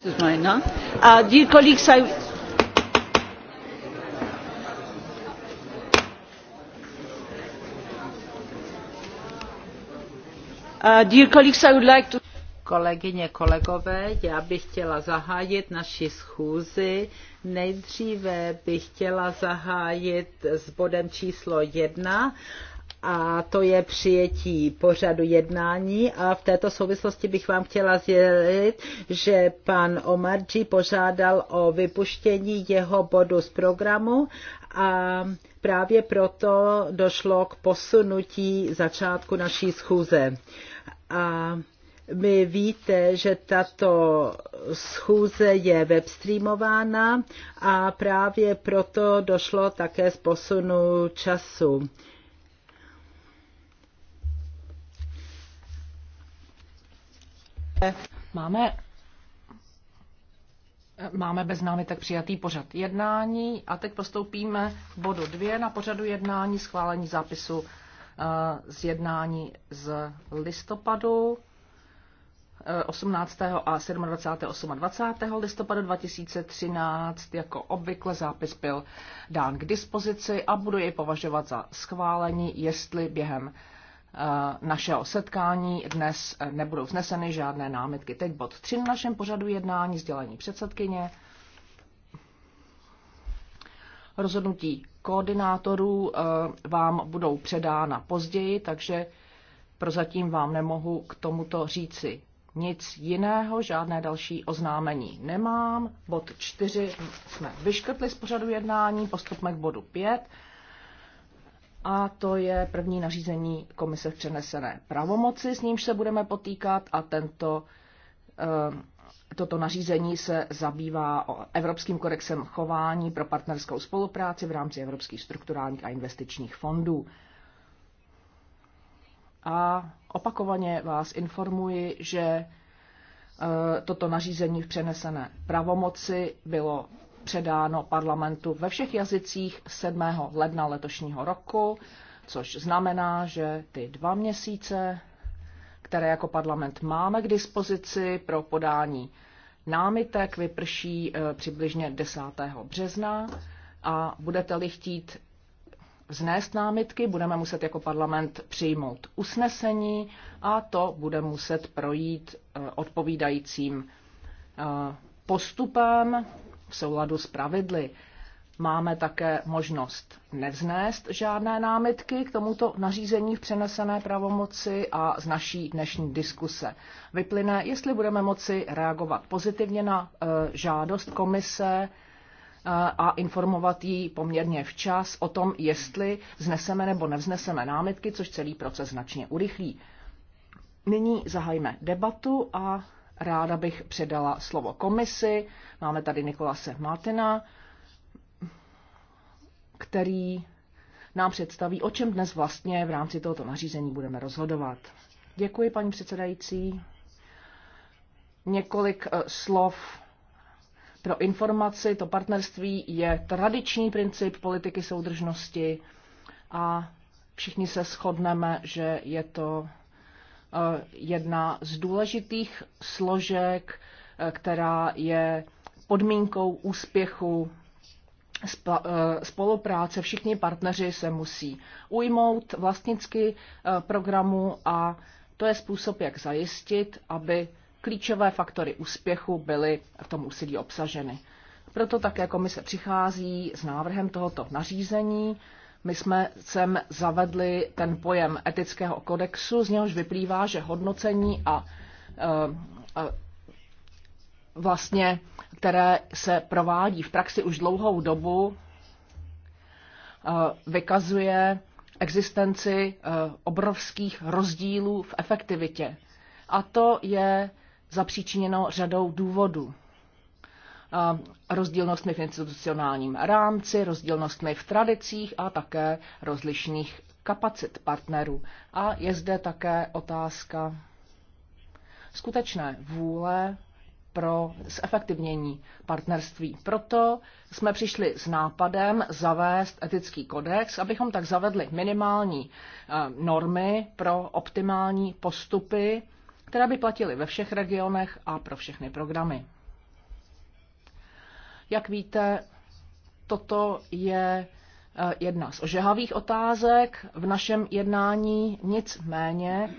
This is mine, no? uh, uh Kolegyně, kolegové, já bych chtěla zahájit naši schůzi. Nejdříve bych chtěla zahájit s bodem číslo jedna a to je přijetí pořadu jednání a v této souvislosti bych vám chtěla sdělit, že pan Omarji požádal o vypuštění jeho bodu z programu a právě proto došlo k posunutí začátku naší schůze. A my víte, že tato schůze je webstreamována a právě proto došlo také z posunu času. Máme Máme bez námitek přijatý pořad jednání a teď postoupíme k bodu 2 na pořadu jednání schválení zápisu eh, z jednání z listopadu 18. Eh, a 27. 28. listopadu 2013. Jako obvykle zápis byl dán k dispozici a budu jej považovat za schválení, jestli během Eh, našeho setkání dnes eh, nebudou vzneseny žádné námitky. Teď bod 3 na našem pořadu jednání, sdělení předsedkyně. Rozhodnutí koordinátorů eh, vám budou předána později, takže prozatím vám nemohu k tomuto říci nic jiného, žádné další oznámení nemám. Bod 4 jsme vyškrtli z pořadu jednání, postupme k bodu 5 a to je první nařízení komise v přenesené pravomoci, s nímž se budeme potýkat a tento, eh, toto nařízení se zabývá Evropským kodexem chování pro partnerskou spolupráci v rámci Evropských strukturálních a investičních fondů. A opakovaně vás informuji, že eh, toto nařízení v přenesené pravomoci bylo předáno parlamentu ve všech jazycích 7. ledna letošního roku, což znamená, že ty dva měsíce, které jako parlament máme k dispozici pro podání námitek, vyprší e, přibližně 10. března a budete-li chtít vznést námitky, budeme muset jako parlament přijmout usnesení a to bude muset projít e, odpovídajícím e, postupem v souladu s pravidly. Máme také možnost nevznést žádné námitky k tomuto nařízení v přenesené pravomoci a z naší dnešní diskuse vyplyne, jestli budeme moci reagovat pozitivně na eh, žádost komise eh, a informovat ji poměrně včas o tom, jestli zneseme nebo nevzneseme námitky, což celý proces značně urychlí. Nyní zahajme debatu a Ráda bych předala slovo komisi. Máme tady Nikolase Martina, který nám představí, o čem dnes vlastně v rámci tohoto nařízení budeme rozhodovat. Děkuji, paní předsedající. Několik eh, slov pro informaci. To partnerství je tradiční princip politiky soudržnosti a všichni se shodneme, že je to Eh, jedna z důležitých složek, eh, která je podmínkou úspěchu eh, spolupráce. Všichni partneři se musí ujmout vlastnicky programu a to je způsob, jak zajistit, aby klíčové faktory úspěchu byly v tom úsilí obsaženy. Proto také komise přichází s návrhem tohoto nařízení, my jsme sem zavedli ten pojem etického kodexu, z něhož vyplývá, že hodnocení a, a eh, eh, vlastně, které se provádí v praxi už dlouhou dobu, eh, vykazuje existenci obrovských rozdílů v efektivitě. A to je zapříčiněno řadou důvodů rozdílnostmi v institucionálním rámci, rozdílnostmi v tradicích a také rozlišných kapacit partnerů. A je zde také otázka skutečné vůle pro zefektivnění partnerství. Proto jsme přišli s nápadem zavést etický kodex, abychom tak zavedli minimální eh, normy pro optimální postupy, které by platily ve všech regionech a pro všechny programy. Jak víte, toto je eh, jedna z ožehavých otázek v našem jednání, nicméně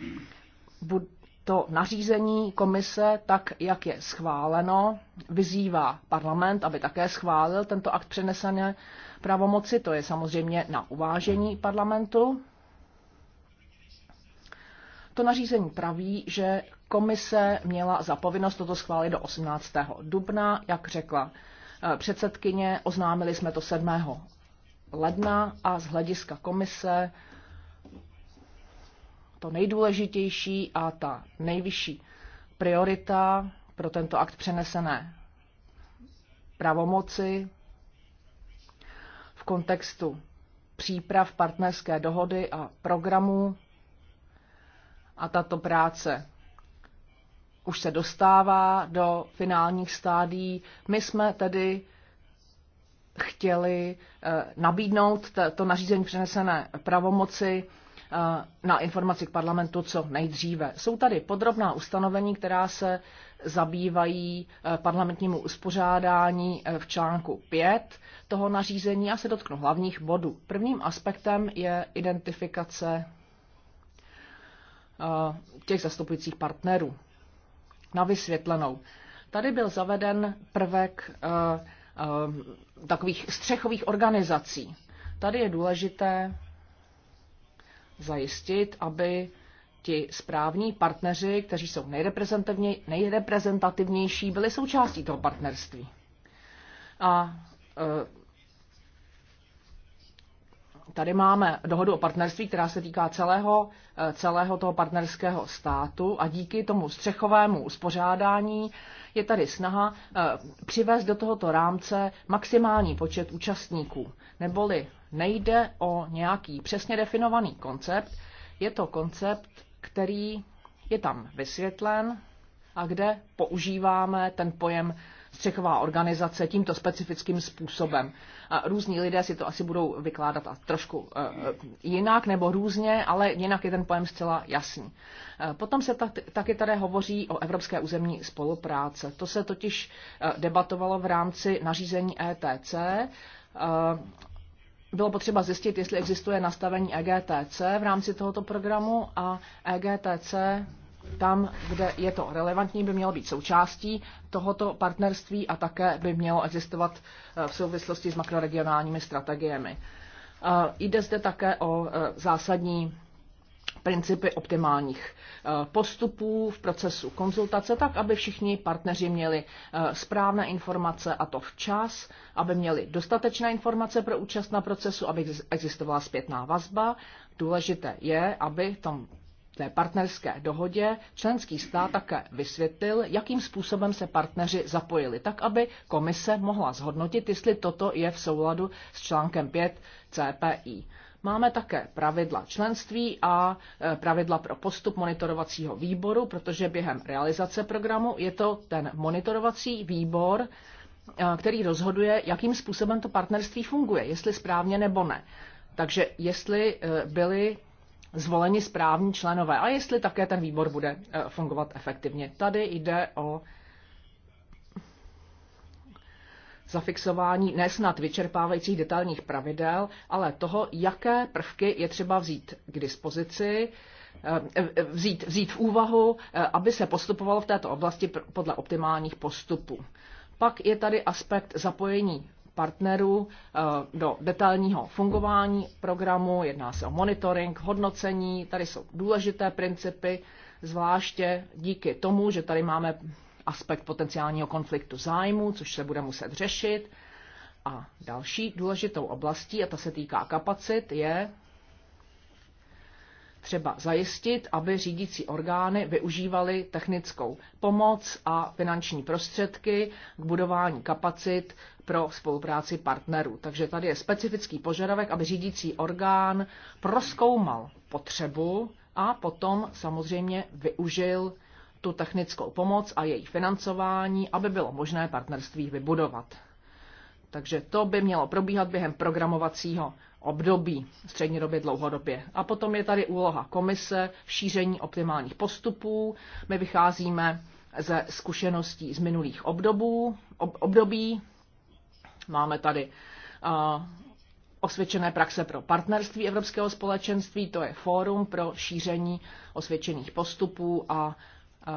to nařízení komise, tak jak je schváleno, vyzývá parlament, aby také schválil tento akt přenesené pravomoci. To je samozřejmě na uvážení parlamentu. To nařízení praví, že komise měla za povinnost toto schválit do 18. dubna, jak řekla Eh, předsedkyně, oznámili jsme to 7. ledna a z hlediska komise to nejdůležitější a ta nejvyšší priorita pro tento akt přenesené pravomoci v kontextu příprav partnerské dohody a programu a tato práce už se dostává do finálních stádií. My jsme tedy chtěli eh, nabídnout to nařízení přenesené pravomoci eh, na informaci k parlamentu co nejdříve. Jsou tady podrobná ustanovení, která se zabývají eh, parlamentnímu uspořádání v článku 5 toho nařízení. Já se dotknu hlavních bodů. Prvním aspektem je identifikace těch zastupujících partnerů na vysvětlenou. Tady byl zaveden prvek uh, uh, takových střechových organizací. Tady je důležité zajistit, aby ti správní partneři, kteří jsou nejreprezentativnější, byli součástí toho partnerství. A eh, Tady máme dohodu o partnerství, která se týká celého, eh, celého toho partnerského státu a díky tomu střechovému uspořádání je tady snaha eh, přivést do tohoto rámce maximální počet účastníků. Neboli nejde o nějaký přesně definovaný koncept, je to koncept, který je tam vysvětlen a kde používáme ten pojem střechová organizace tímto specifickým způsobem. A různí lidé si to asi budou vykládat a trošku eh, jinak nebo různě, ale jinak je ten pojem zcela jasný. Eh, potom se taky tady hovoří o evropské územní spolupráce. To se totiž eh, debatovalo v rámci nařízení ETC bylo potřeba zjistit, jestli existuje nastavení EGTC v rámci tohoto programu a EGTC tam, kde je to relevantní, by mělo být součástí tohoto partnerství a také by mělo existovat eh, v souvislosti s makroregionálními strategiemi. Eh, jde zde také o eh, zásadní principy optimálních postupů v procesu konzultace, tak aby všichni partneři měli správné informace a to včas, aby měli dostatečné informace pro účast na procesu, aby existovala zpětná vazba. Důležité je, aby v tom té partnerské dohodě členský stát také vysvětlil, jakým způsobem se partneři zapojili, tak aby komise mohla zhodnotit, jestli toto je v souladu s článkem 5 CPI. Máme také pravidla členství a e, pravidla pro postup monitorovacího výboru, protože během realizace programu je to ten monitorovací výbor, e, který rozhoduje, jakým způsobem to partnerství funguje, jestli správně nebo ne. Takže jestli e, byly zvoleni správní členové a jestli také ten výbor bude eh, fungovat efektivně. Tady jde o zafixování nesnad vyčerpávajících detailních pravidel, ale toho, jaké prvky je třeba vzít k dispozici, eh, eh, vzít, vzít v úvahu, aby se postupovalo v této oblasti podle optimálních postupů. Pak je tady aspekt zapojení partnerů eh, do detailního fungování programu. Jedná se o monitoring, hodnocení. Tady jsou důležité principy, zvláště díky tomu, že tady máme aspekt potenciálního konfliktu zájmu, což se bude muset řešit. A další důležitou oblastí, a ta se týká kapacit, je třeba zajistit, aby řídící orgány využívaly technickou pomoc a finanční prostředky k budování kapacit pro spolupráci partnerů. Takže tady je specifický požadavek, aby řídící orgán proskoumal potřebu a potom samozřejmě využil tu technickou pomoc a její financování, aby bylo možné partnerství vybudovat. Takže to by mělo probíhat během programovacího období, střednědobě, dlouhodobě. A potom je tady úloha komise v šíření optimálních postupů. My vycházíme ze zkušeností z minulých obdobů, ob, období. Máme tady uh, osvědčené praxe pro partnerství Evropského společenství, to je fórum pro šíření osvědčených postupů a uh,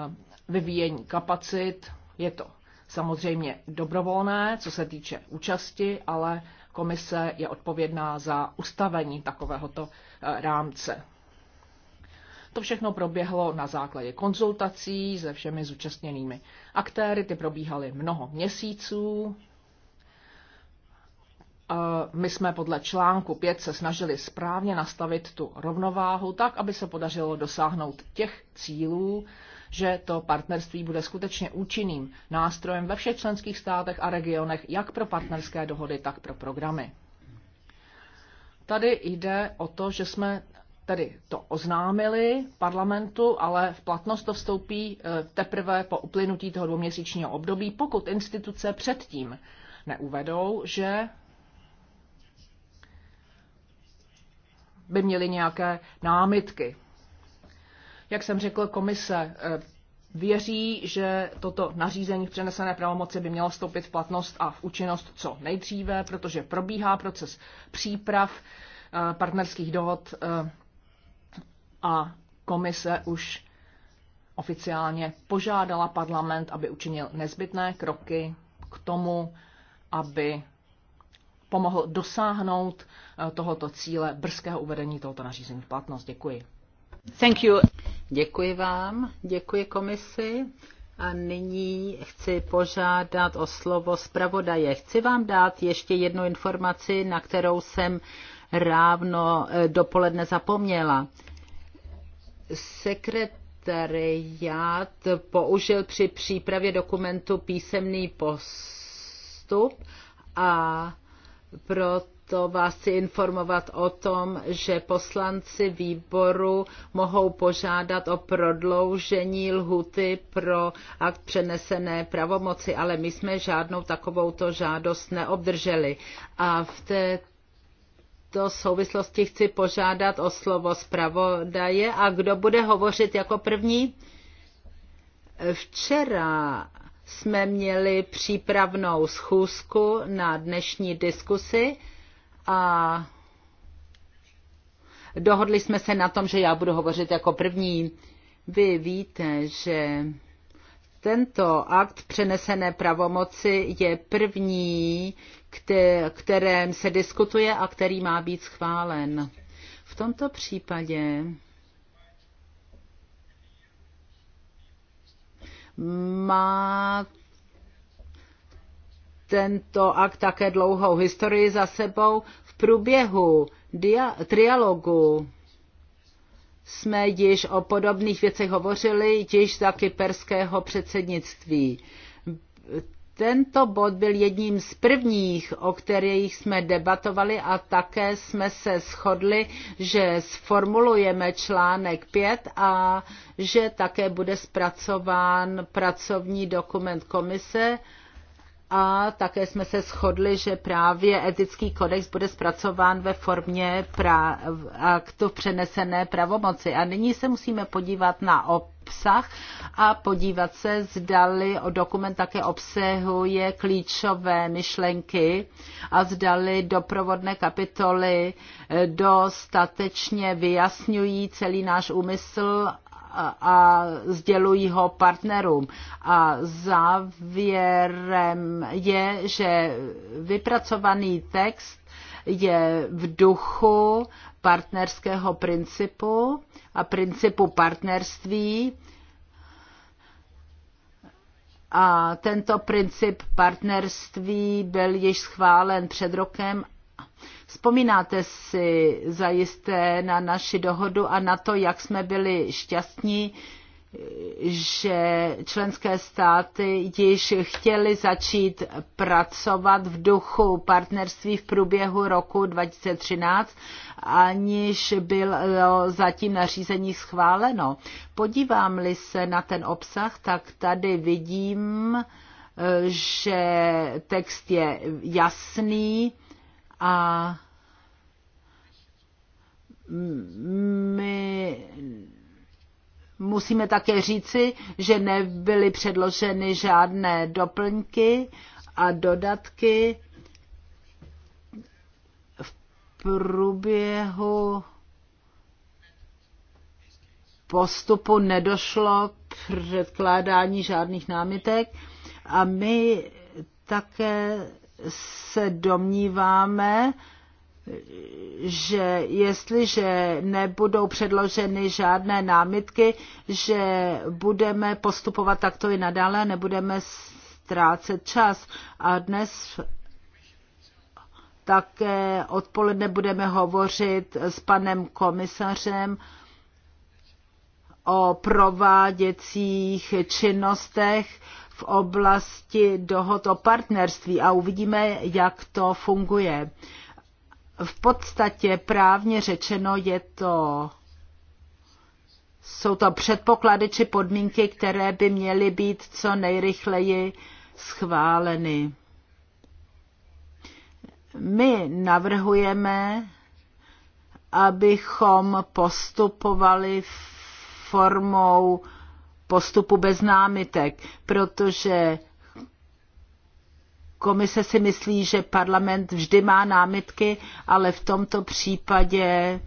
vyvíjení kapacit. Je to samozřejmě dobrovolné, co se týče účasti, ale Komise je odpovědná za ustavení takovéhoto eh, rámce. To všechno proběhlo na základě konzultací se všemi zúčastněnými aktéry. Ty probíhaly mnoho měsíců. Eh, my jsme podle článku 5 se snažili správně nastavit tu rovnováhu tak, aby se podařilo dosáhnout těch cílů, že to partnerství bude skutečně účinným nástrojem ve všech členských státech a regionech, jak pro partnerské dohody, tak pro programy. Tady jde o to, že jsme tedy to oznámili parlamentu, ale v platnost to vstoupí eh, teprve po uplynutí toho dvouměsíčního období, pokud instituce předtím neuvedou, že by měly nějaké námitky. Jak jsem řekl, komise eh, věří, že toto nařízení v přenesené pravomoci by mělo vstoupit v platnost a v účinnost co nejdříve, protože probíhá proces příprav eh, partnerských dohod eh, a komise už oficiálně požádala parlament, aby učinil nezbytné kroky k tomu, aby pomohl dosáhnout tohoto cíle brzkého uvedení tohoto nařízení v platnost. Děkuji. Thank you. Děkuji vám, děkuji komisi. A nyní chci požádat o slovo zpravodaje. Chci vám dát ještě jednu informaci, na kterou jsem rávno eh, dopoledne zapomněla. Sekretariat použil při přípravě dokumentu písemný postup a proto proto vás chci informovat o tom, že poslanci výboru mohou požádat o prodloužení lhuty pro akt přenesené pravomoci, ale my jsme žádnou takovouto žádost neobdrželi. A v té této souvislosti chci požádat o slovo zpravodaje. A kdo bude hovořit jako první? Včera jsme měli přípravnou schůzku na dnešní diskusi a dohodli jsme se na tom, že já budu hovořit jako první. Vy víte, že tento akt přenesené pravomoci je první, kterém se diskutuje a který má být schválen. V tomto případě má tento akt také dlouhou historii za sebou. V průběhu dia- trialogu jsme již o podobných věcech hovořili, již za kyperského předsednictví. Tento bod byl jedním z prvních, o kterých jsme debatovali a také jsme se shodli, že sformulujeme článek 5 a že také bude zpracován pracovní dokument komise, a také jsme se shodli, že právě etický kodex bude zpracován ve formě aktu přenesené pravomoci. A nyní se musíme podívat na obsah a podívat se, zdali dokument také obsahuje klíčové myšlenky a zdali doprovodné kapitoly dostatečně vyjasňují celý náš úmysl a sdělují ho partnerům. A závěrem je, že vypracovaný text je v duchu partnerského principu a principu partnerství. A tento princip partnerství byl již schválen před rokem Vzpomínáte si zajisté na naši dohodu a na to, jak jsme byli šťastní, že členské státy již chtěly začít pracovat v duchu partnerství v průběhu roku 2013, aniž bylo zatím nařízení schváleno. Podívám-li se na ten obsah, tak tady vidím, že text je jasný, a my musíme také říci, že nebyly předloženy žádné doplňky a dodatky v průběhu postupu nedošlo k předkládání žádných námitek a my také se domníváme, že jestliže nebudou předloženy žádné námitky, že budeme postupovat takto i nadále, nebudeme ztrácet čas. A dnes také odpoledne budeme hovořit s panem komisařem o prováděcích činnostech v oblasti dohod o partnerství a uvidíme, jak to funguje. V podstatě právně řečeno je to jsou to předpoklady či podmínky, které by měly být co nejrychleji schváleny. My navrhujeme, abychom postupovali formou postupu bez námitek, protože komise si myslí, že parlament vždy má námitky, ale v tomto případě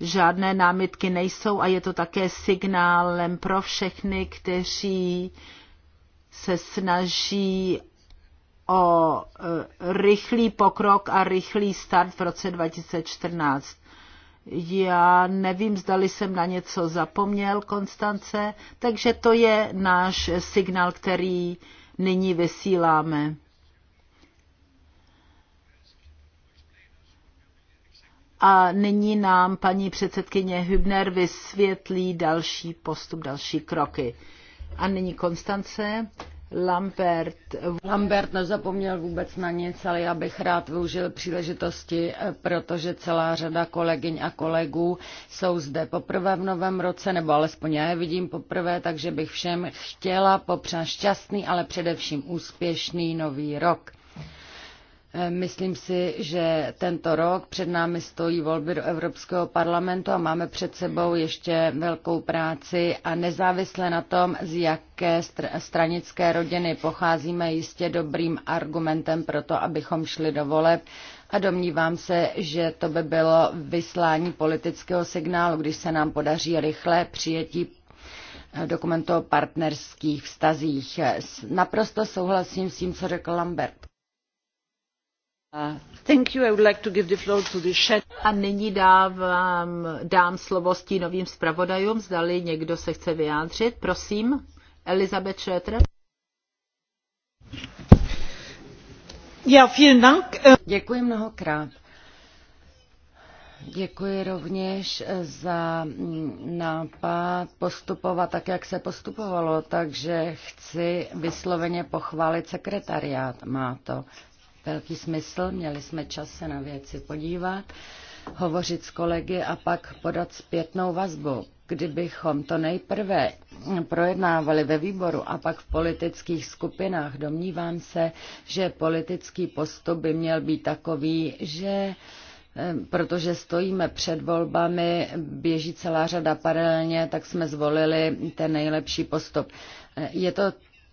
žádné námitky nejsou a je to také signálem pro všechny, kteří se snaží o e, rychlý pokrok a rychlý start v roce 2014. Já nevím, zdali jsem na něco zapomněl, Konstance, takže to je náš signál, který nyní vysíláme. A nyní nám paní předsedkyně Hübner vysvětlí další postup, další kroky. A nyní Konstance. Lambert. Lambert nezapomněl vůbec na nic, ale já bych rád využil příležitosti, eh, protože celá řada kolegyň a kolegů jsou zde poprvé v novém roce, nebo alespoň já je vidím poprvé, takže bych všem chtěla popřát šťastný, ale především úspěšný nový rok. Myslím si, že tento rok před námi stojí volby do Evropského parlamentu a máme před sebou ještě velkou práci a nezávisle na tom, z jaké str- stranické rodiny pocházíme, jistě dobrým argumentem pro to, abychom šli do voleb. A domnívám se, že to by bylo vyslání politického signálu, když se nám podaří rychle přijetí eh, dokumentu o partnerských vztazích. Naprosto souhlasím s tím, co řekl Lambert. Uh, A nyní dávám, dám slovo stínovým zpravodajům, zdali někdo se chce vyjádřit. Prosím, Elizabeth Schroeder. Děkuji mnohokrát. Děkuji rovněž za nápad postupovat tak, jak se postupovalo, takže chci vysloveně pochválit sekretariát. Má to velký smysl, měli jsme čas se na věci podívat, hovořit s kolegy a pak podat zpětnou vazbu. Kdybychom to nejprve projednávali ve výboru a pak v politických skupinách, domnívám se, že politický postup by měl být takový, že eh, protože stojíme před volbami, běží celá řada paralelně, tak jsme zvolili ten nejlepší postup. Eh, je to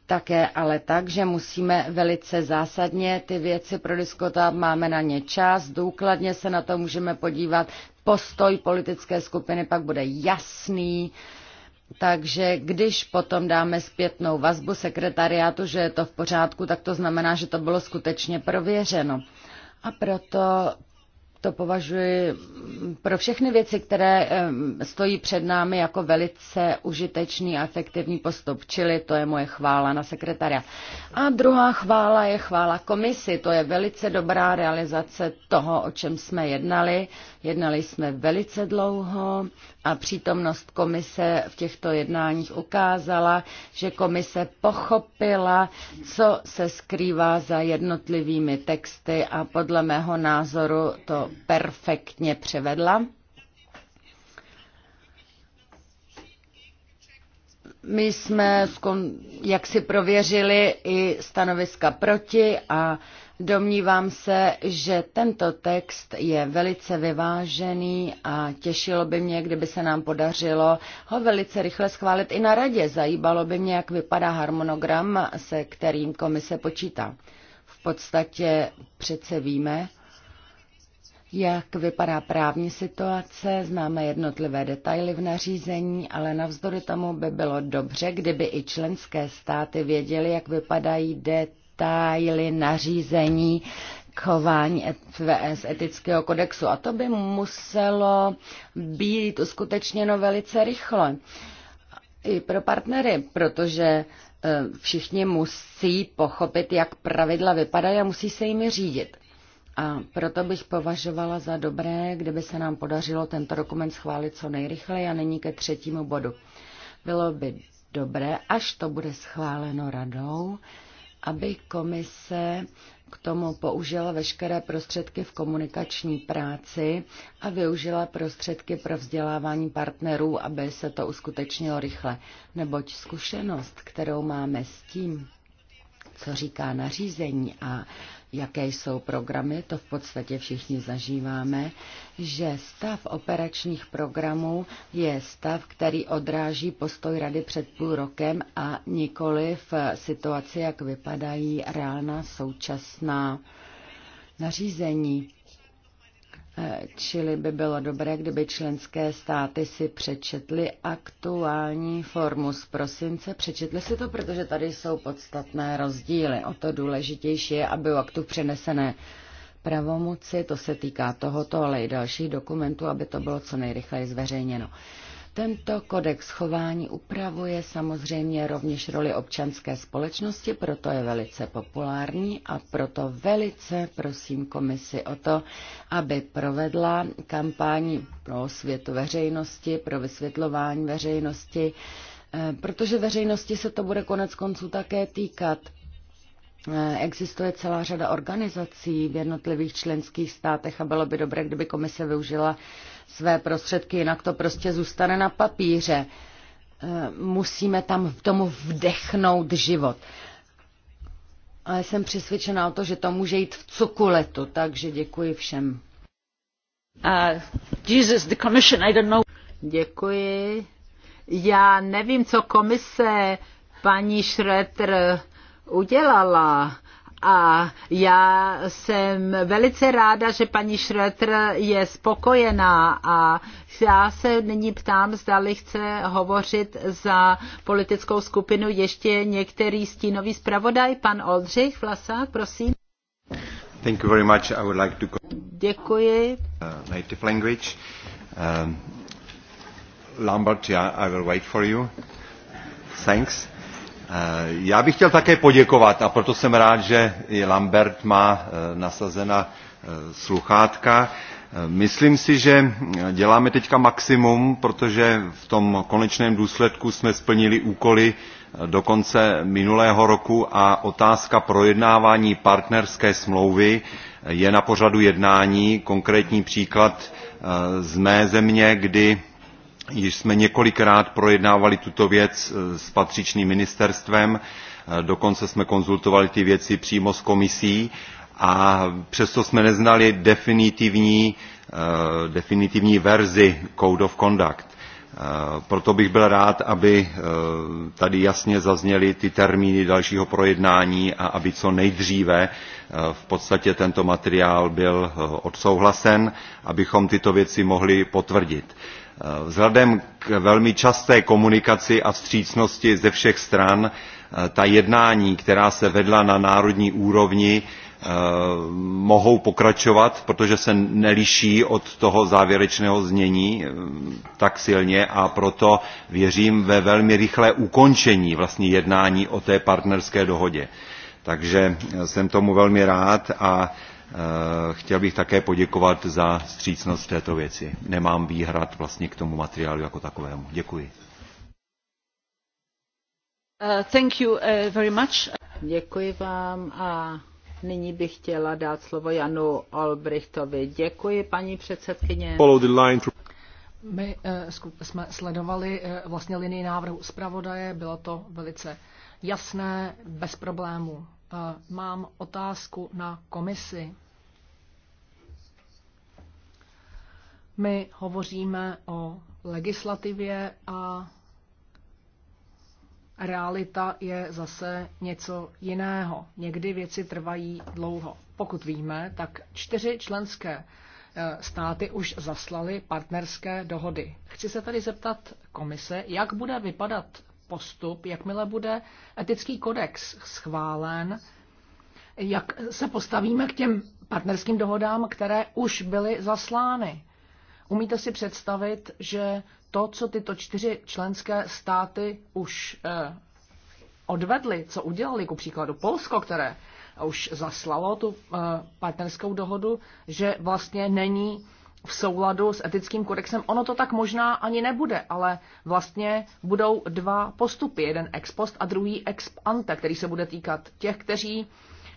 také ale tak, že musíme velice zásadně ty věci prodiskutovat, máme na ně čas, důkladně se na to můžeme podívat, postoj politické skupiny pak bude jasný, takže když potom dáme zpětnou vazbu sekretariátu, že je to v pořádku, tak to znamená, že to bylo skutečně prověřeno. A proto to považuji mm, pro všechny věci, které stojí před námi jako velice užitečný a efektivní postup, čili to je moje chvála na sekretaria. A druhá chvála je chvála komisi, to je velice dobrá realizace toho, o čem jsme jednali, Jednali jsme velice dlouho a přítomnost komise v těchto jednáních ukázala, že komise pochopila, co se skrývá za jednotlivými texty a podle mého názoru to perfektně převedla. my jsme jak si prověřili i stanoviska proti a Domnívám se, že tento text je velice vyvážený a těšilo by mě, kdyby se nám podařilo ho velice rychle schválit i na radě. Zajíbalo by mě, jak vypadá harmonogram, se kterým komise počítá. V podstatě přece víme, jak vypadá právní situace, známe jednotlivé detaily v nařízení, ale navzdory tomu by bylo dobře, kdyby i členské státy věděly, jak vypadají detaily detaily nařízení chování z etického kodexu. A to by muselo být uskutečněno velice rychle. I pro partnery, protože e, všichni musí pochopit, jak pravidla vypadají a musí se jimi řídit. A proto bych považovala za dobré, kdyby se nám podařilo tento dokument schválit co nejrychleji a není ke třetímu bodu. Bylo by dobré, až to bude schváleno radou, aby komise k tomu použila veškeré prostředky v komunikační práci a využila prostředky pro vzdělávání partnerů, aby se to uskutečnilo rychle. Neboť zkušenost, kterou máme s tím, co říká nařízení a jaké jsou programy, to v podstatě všichni zažíváme, že stav operačních programů je stav, který odráží postoj rady před půl rokem a nikoli v situaci, jak vypadají reálná současná nařízení. Čili by bylo dobré, kdyby členské státy si přečetly aktuální formu z prosince. Přečetli si to, protože tady jsou podstatné rozdíly. O to důležitější je, aby u aktu přenesené pravomoci, to se týká tohoto, ale i dalších dokumentů, aby to bylo co nejrychleji zveřejněno. Tento kodex chování upravuje samozřejmě rovněž roli občanské společnosti, proto je velice populární a proto velice prosím komisi o to, aby provedla kampaň pro svět veřejnosti, pro vysvětlování veřejnosti, eh, protože veřejnosti se to bude konec konců také týkat. Eh, existuje celá řada organizací v jednotlivých členských státech a bylo by dobré, kdyby komise využila své prostředky, jinak to prostě zůstane na papíře. Eh, musíme tam v tomu vdechnout život. Ale jsem přesvědčená o to, že to může jít v cukuletu, takže děkuji všem. Uh, Jesus, the commission, I don't know. Děkuji. Já nevím, co komise paní Schroeder udělala. A já jsem velice ráda, že paní Šretr je spokojená a já se nyní ptám, zda chce hovořit za politickou skupinu ještě některý stínový zpravodaj, pan Oldřich Vlasák, prosím. Thank you very much. I would like to... Děkuji. Uh, native language. Um, Lambert, yeah, I will wait for you. Thanks. Eh, já bych chtěl také poděkovat a proto jsem rád, že i Lambert má eh, nasazena eh, sluchátka. Myslím si, že děláme teďka maximum, protože v tom konečném důsledku jsme splnili úkoly do konce minulého roku a otázka projednávání partnerské smlouvy je na pořadu jednání. Konkrétní příklad z mé země, kdy Již jsme několikrát projednávali tuto věc eh, s patřičným ministerstvem, eh, dokonce jsme konzultovali ty věci přímo s komisí a přesto jsme neznali definitivní, eh, definitivní verzi Code of Conduct. Proto bych byl rád, aby tady jasně zazněly ty termíny dalšího projednání a aby co nejdříve v podstatě tento materiál byl odsouhlasen, abychom tyto věci mohli potvrdit. Vzhledem k velmi časté komunikaci a vstřícnosti ze všech stran, eh, ta jednání, která se vedla na národní úrovni, eh, mohou pokračovat, protože se neliší od toho závěrečného znění eh, tak silně a proto věřím ve velmi rychlé ukončení vlastně jednání o té partnerské dohodě. Takže jsem tomu velmi rád a Eh, chtěl bych také poděkovat za střícnost této věci. Nemám výhrad vlastně k tomu materiálu jako takovému. Děkuji. Uh, thank you, uh, very much. Děkuji vám a nyní bych chtěla dát slovo Janu Olbrichtovi. Děkuji, paní předsedkyně. Follow the line through. My uh, jsme sledovali uh, vlastně linii návrhu zpravodaje, bylo to velice jasné, bez problémů mám otázku na komisi. My hovoříme o legislativě a realita je zase něco jiného. Někdy věci trvají dlouho. Pokud víme, tak čtyři členské eh, státy už zaslaly partnerské dohody. Chci se tady zeptat komise, jak bude vypadat postup, jakmile bude etický kodex schválen, jak se postavíme k těm partnerským dohodám, které už byly zaslány. Umíte si představit, že to, co tyto čtyři členské státy už eh, odvedly, co udělali, ku příkladu Polsko, které už zaslalo tu eh, partnerskou dohodu, že vlastně není eh, v souladu s etickým kodexem. Ono to tak možná ani nebude, ale vlastně budou dva postupy. Jeden ex post a druhý ex ante, který se bude týkat těch, kteří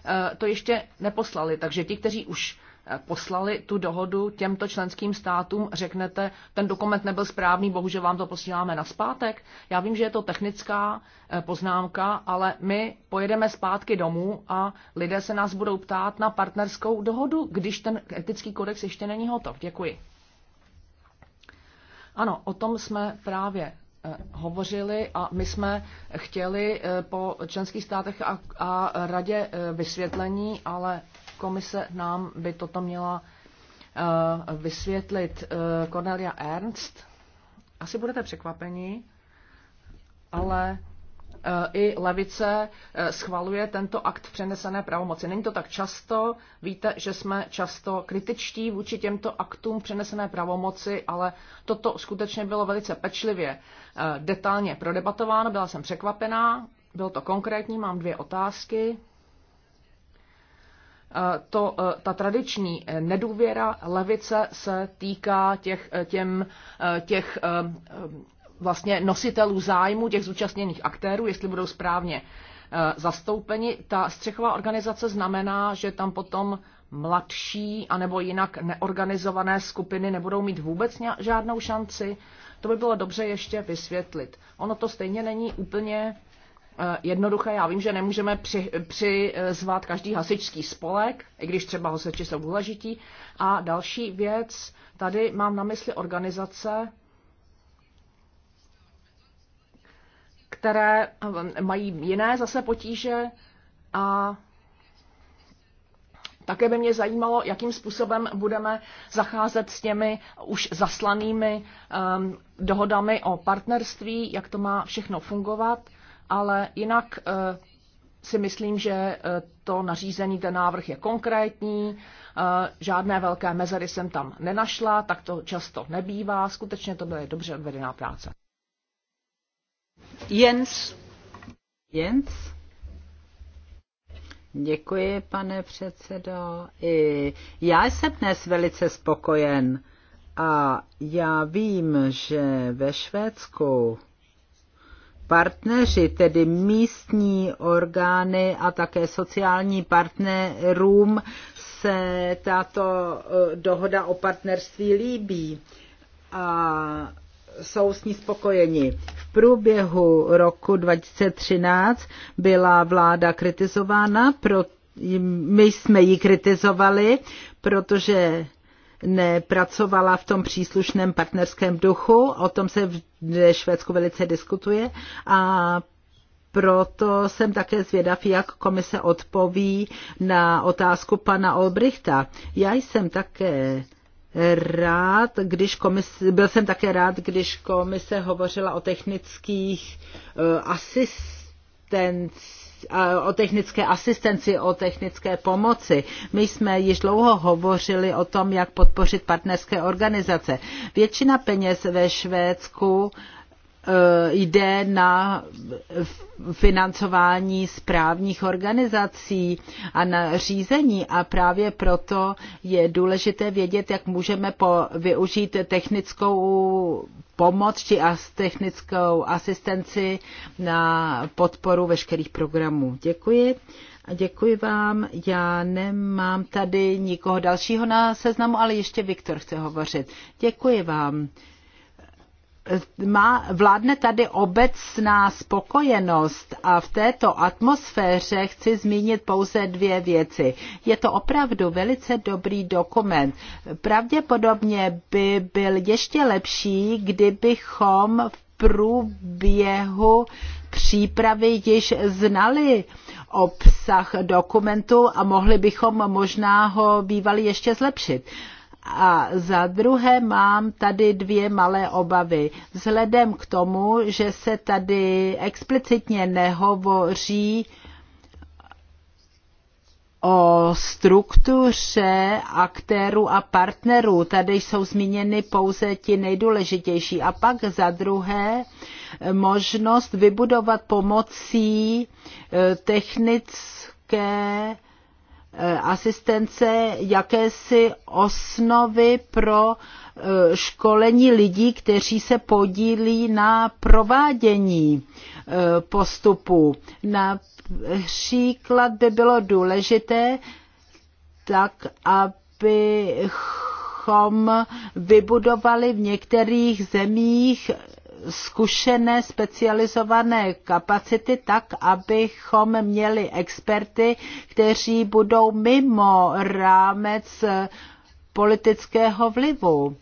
eh, to ještě neposlali. Takže ti, kteří už poslali tu dohodu těmto členským státům, řeknete, ten dokument nebyl správný, bohužel vám to posíláme na zpátek. Já vím, že je to technická eh, poznámka, ale my pojedeme zpátky domů a lidé se nás budou ptát na partnerskou dohodu, když ten etický kodex ještě není hotov. Děkuji. Ano, o tom jsme právě eh, hovořili a my jsme chtěli eh, po členských státech a, a radě vysvětlení, ale komise nám by toto měla eh, vysvětlit eh, Cornelia Ernst. Asi budete překvapeni, ale eh, i levice schvaluje tento akt přenesené pravomoci. Není to tak často, víte, že jsme často kritičtí vůči těmto aktům přenesené pravomoci, ale toto skutečně bylo velice pečlivě detailně prodebatováno, byla jsem překvapená, bylo to konkrétní, mám dvě otázky. Eh, to, eh, ta tradiční eh, nedůvěra levice se týká těch, těm, těch vlastně nositelů zájmu, těch zúčastněných aktérů, jestli budou správně zastoupeni. Ta střechová organizace znamená, že tam potom mladší anebo jinak neorganizované skupiny nebudou mít vůbec žádnou šanci. To by bylo dobře ještě vysvětlit. Ono to stejně není úplně Eh, jednoduché. Já vím, že nemůžeme při, přizvat každý hasičský spolek, i když třeba hasiči jsou důležití. A další věc, tady mám na mysli organizace, které eh, mají jiné zase potíže a také by mě zajímalo, jakým způsobem budeme zacházet s těmi už zaslanými um, dohodami o partnerství, jak to má všechno fungovat ale jinak eh, si myslím, že eh, to nařízení, ten návrh je konkrétní, eh, žádné velké mezery jsem tam nenašla, tak to často nebývá, skutečně to byla dobře odvedená práce. Jens. Jens. Děkuji, pane předsedo. I já jsem dnes velice spokojen a já vím, že ve Švédsku partneři, tedy místní orgány a také sociální partnerům se tato e, dohoda o partnerství líbí a jsou s ní spokojeni. V průběhu roku 2013 byla vláda kritizována, pro, my jsme ji kritizovali, protože nepracovala v tom příslušném partnerském duchu. O tom se v Švédsku velice diskutuje a proto jsem také zvědav, jak komise odpoví na otázku pana Olbrichta. Já jsem také rád, když komise, byl jsem také rád, když komise hovořila o technických uh, eh, asistencích o technické asistenci, o technické pomoci. My jsme již dlouho hovořili o tom, jak podpořit partnerské organizace. Většina peněz ve Švédsku uh, Eh, jde na financování správních organizací a na řízení a právě proto je důležité vědět, jak můžeme po, využít technickou pomoc či as, technickou asistenci na podporu veškerých programů. Děkuji. A děkuji vám. Já nemám tady nikoho dalšího na seznamu, ale ještě Viktor chce hovořit. Děkuji vám má, vládne tady obecná spokojenost a v této atmosféře chci zmínit pouze dvě věci. Je to opravdu velice dobrý dokument. Pravděpodobně by byl ještě lepší, kdybychom v průběhu přípravy již znali obsah dokumentu a mohli bychom možná ho bývali ještě zlepšit. A za druhé mám tady dvě malé obavy. Vzhledem k tomu, že se tady explicitně nehovoří o struktuře aktérů a partnerů. Tady jsou zmíněny pouze ti nejdůležitější. A pak za druhé možnost vybudovat pomocí eh, technické Eh, asistence jakési osnovy pro eh, školení lidí, kteří se podílí na provádění eh, postupu. Například by bylo důležité tak, abychom vybudovali v některých zemích zkušené specializované kapacity tak, abychom měli experty, kteří budou mimo rámec eh, politického vlivu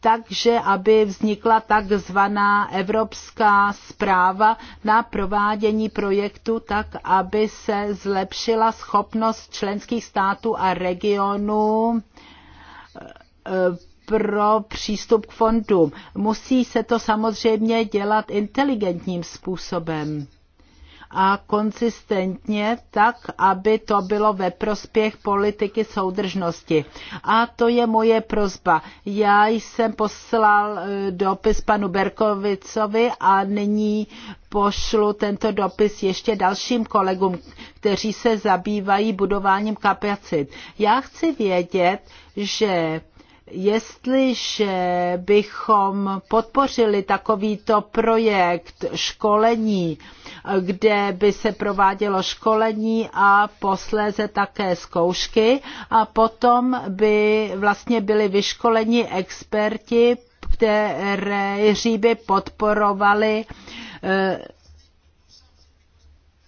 takže aby vznikla takzvaná evropská zpráva na provádění projektu, tak aby se zlepšila schopnost členských států a regionů eh, eh, pro přístup k fondům. Musí se to samozřejmě dělat inteligentním způsobem a konzistentně tak, aby to bylo ve prospěch politiky soudržnosti. A to je moje prozba. Já jsem poslal eh, dopis panu Berkovicovi a nyní pošlu tento dopis ještě dalším kolegům, kteří se zabývají budováním kapacit. Já chci vědět, že Jestliže bychom podpořili takovýto projekt školení, kde by se provádělo školení a posléze také zkoušky a potom by vlastně byli vyškoleni experti, kteří by podporovali eh,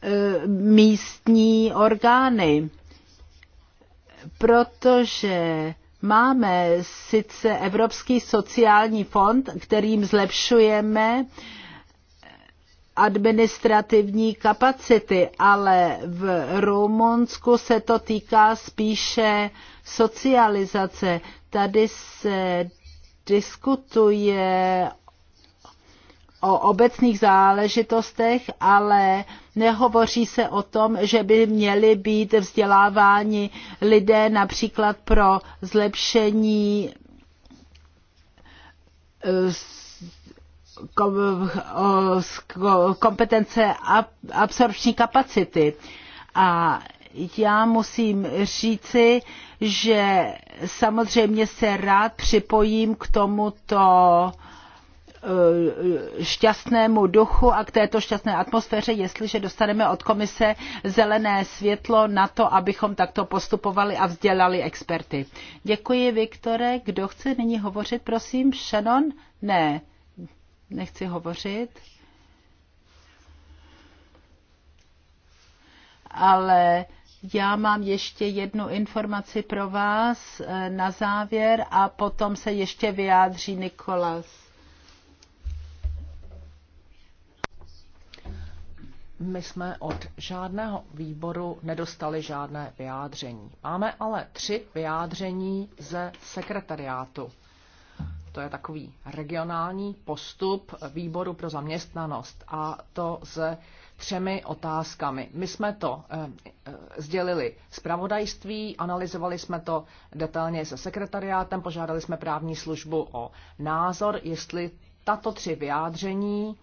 eh, místní orgány, protože Máme sice Evropský sociální fond, kterým zlepšujeme administrativní kapacity, ale v Rumunsku se to týká spíše socializace. Tady se diskutuje o obecných záležitostech, ale nehovoří se o tom, že by měly být vzděláváni lidé například pro zlepšení eh, eh, kompetence absorpční kapacity. A já musím říci, že samozřejmě se rád připojím k tomuto Eh, šťastnému duchu a k této šťastné atmosféře, jestliže dostaneme od komise zelené světlo na to, abychom takto postupovali a vzdělali experty. Děkuji, Viktore. Kdo chce nyní hovořit, prosím? Shannon? Ne, nechci hovořit. Ale já mám ještě jednu informaci pro vás eh, na závěr a potom se ještě vyjádří Nikolas. My jsme od žádného výboru nedostali žádné vyjádření. Máme ale tři vyjádření ze sekretariátu. To je takový regionální postup výboru pro zaměstnanost a to ze třemi otázkami. My jsme to e, e, sdělili zpravodajství, analyzovali jsme to detailně se sekretariátem, požádali jsme právní službu o názor, jestli tato tři vyjádření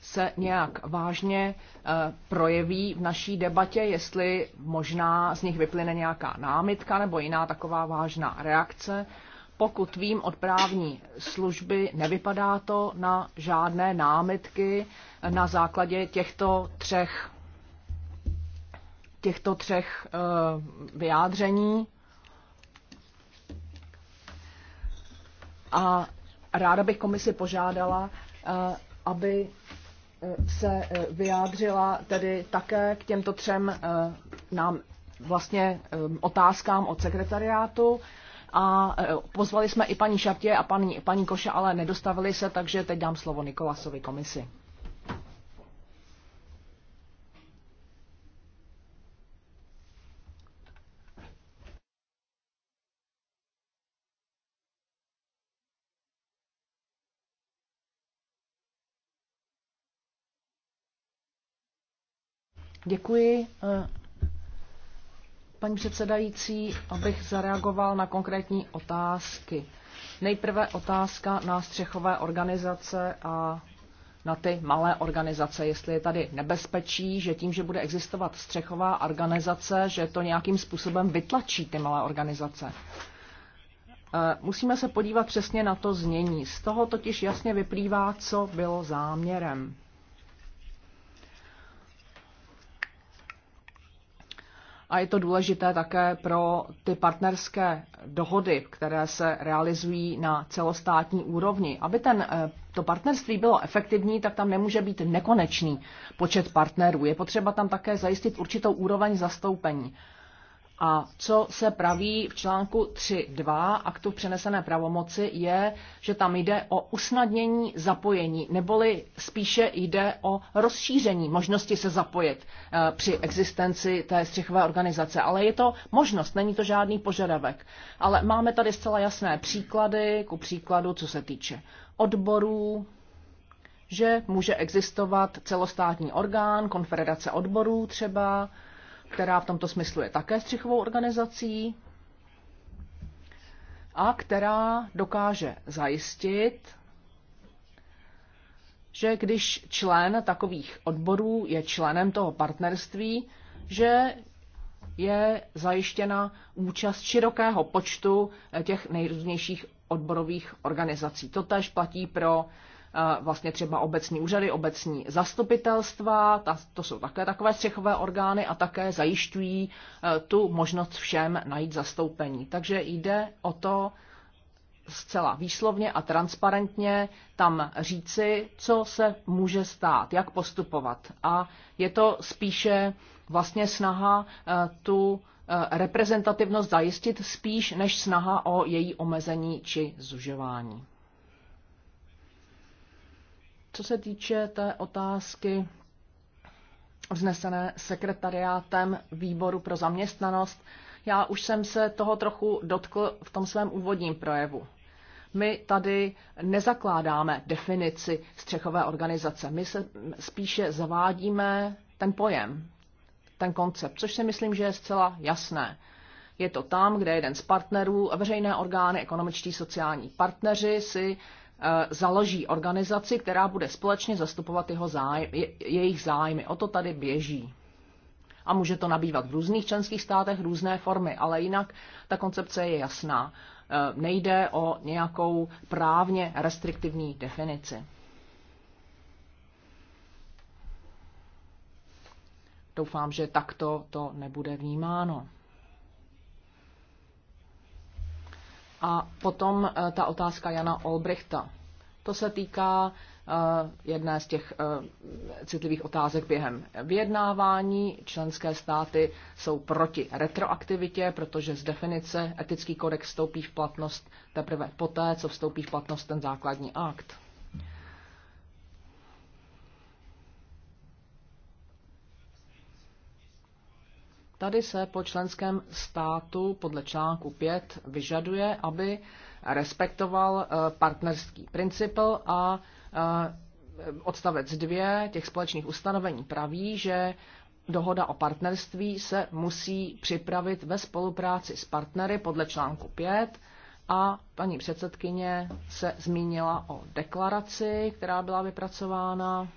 se nějak vážně eh, projeví v naší debatě, jestli možná z nich vyplyne nějaká námitka nebo jiná taková vážná reakce. Pokud vím od právní služby, nevypadá to na žádné námitky na základě těchto třech, těchto třech eh, vyjádření. A ráda bych komisi požádala, eh, aby eh, se eh, vyjádřila tedy také k těmto třem eh, nám vlastně otázkám od sekretariátu. A pozvali jsme i paní Šatě a paní, paní Koša, ale nedostavili se, takže teď dám slovo Nikolasovi komisi. Děkuji. Eh, paní předsedající, abych zareagoval na konkrétní otázky. Nejprve otázka na střechové organizace a na ty malé organizace, jestli je tady nebezpečí, že tím, že bude existovat střechová organizace, že to nějakým způsobem vytlačí ty malé organizace. Eh, musíme se podívat přesně na to znění. Z toho totiž jasně vyplývá, co bylo záměrem. a je to důležité také pro ty partnerské dohody, které se realizují na celostátní úrovni. Aby ten, eh, to partnerství bylo efektivní, tak tam nemůže být nekonečný počet partnerů. Je potřeba tam také zajistit určitou úroveň zastoupení. A co se praví v článku 3.2 aktu přenesené pravomoci je, že tam jde o usnadnění zapojení, neboli spíše jde o rozšíření možnosti se zapojit eh, při existenci té střechové organizace. Ale je to možnost, není to žádný požadavek. Ale máme tady zcela jasné příklady, ku příkladu, co se týče odborů, že může existovat celostátní orgán, konfederace odborů třeba, která v tomto smyslu je také střichovou organizací a která dokáže zajistit, že když člen takových odborů je členem toho partnerství, že je zajištěna účast širokého počtu eh, těch nejrůznějších odborových organizací. To tež platí pro Eh, vlastně třeba obecní úřady, obecní zastupitelstva, ta, to jsou také takové střechové orgány a také zajišťují eh, tu možnost všem najít zastoupení. Takže jde o to zcela výslovně a transparentně tam říci, co se může stát, jak postupovat. A je to spíše vlastně snaha eh, tu reprezentativnost zajistit spíš než snaha o její omezení či zužování. Co se týče té otázky vznesené sekretariátem výboru pro zaměstnanost, já už jsem se toho trochu dotkl v tom svém úvodním projevu. My tady nezakládáme definici střechové organizace, my se spíše zavádíme ten pojem, ten koncept, což si myslím, že je zcela jasné. Je to tam, kde jeden z partnerů, veřejné orgány, ekonomičtí sociální partneři si Eh, založí organizaci, která bude společně zastupovat jeho zájmy, jejich zájmy. O to tady běží. A může to nabývat v různých členských státech různé formy, ale jinak ta koncepce je jasná. Eh, nejde o nějakou právně restriktivní definici. Doufám, že takto to nebude vnímáno. A potom eh, ta otázka Jana Olbrichta. To se týká eh, jedné z těch eh, citlivých otázek během vyjednávání. Členské státy jsou proti retroaktivitě, protože z definice etický kodex vstoupí v platnost teprve poté, co vstoupí v platnost ten základní akt. Tady se po členském státu podle článku 5 vyžaduje, aby respektoval eh, partnerský princip a eh, odstavec 2 těch společných ustanovení praví, že dohoda o partnerství se musí připravit ve spolupráci s partnery podle článku 5 a paní předsedkyně se zmínila o deklaraci, která byla vypracována,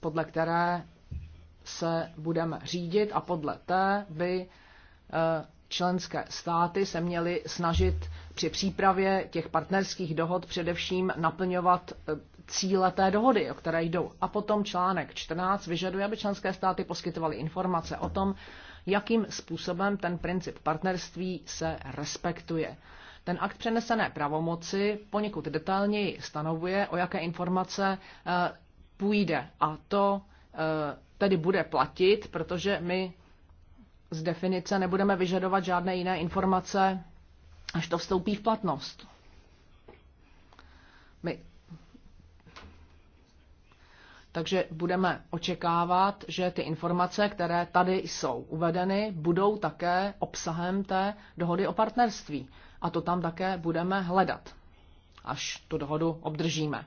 podle které se budeme řídit a podle té by eh, členské státy se měly snažit při přípravě těch partnerských dohod především naplňovat eh, cíle té dohody, o které jdou. A potom článek 14 vyžaduje, aby členské státy poskytovaly informace o tom, jakým způsobem ten princip partnerství se respektuje. Ten akt přenesené pravomoci poněkud detailněji stanovuje, o jaké informace eh, půjde. A to tedy bude platit, protože my z definice nebudeme vyžadovat žádné jiné informace, až to vstoupí v platnost. My takže budeme očekávat, že ty informace, které tady jsou uvedeny, budou také obsahem té dohody o partnerství. A to tam také budeme hledat, až tu dohodu obdržíme.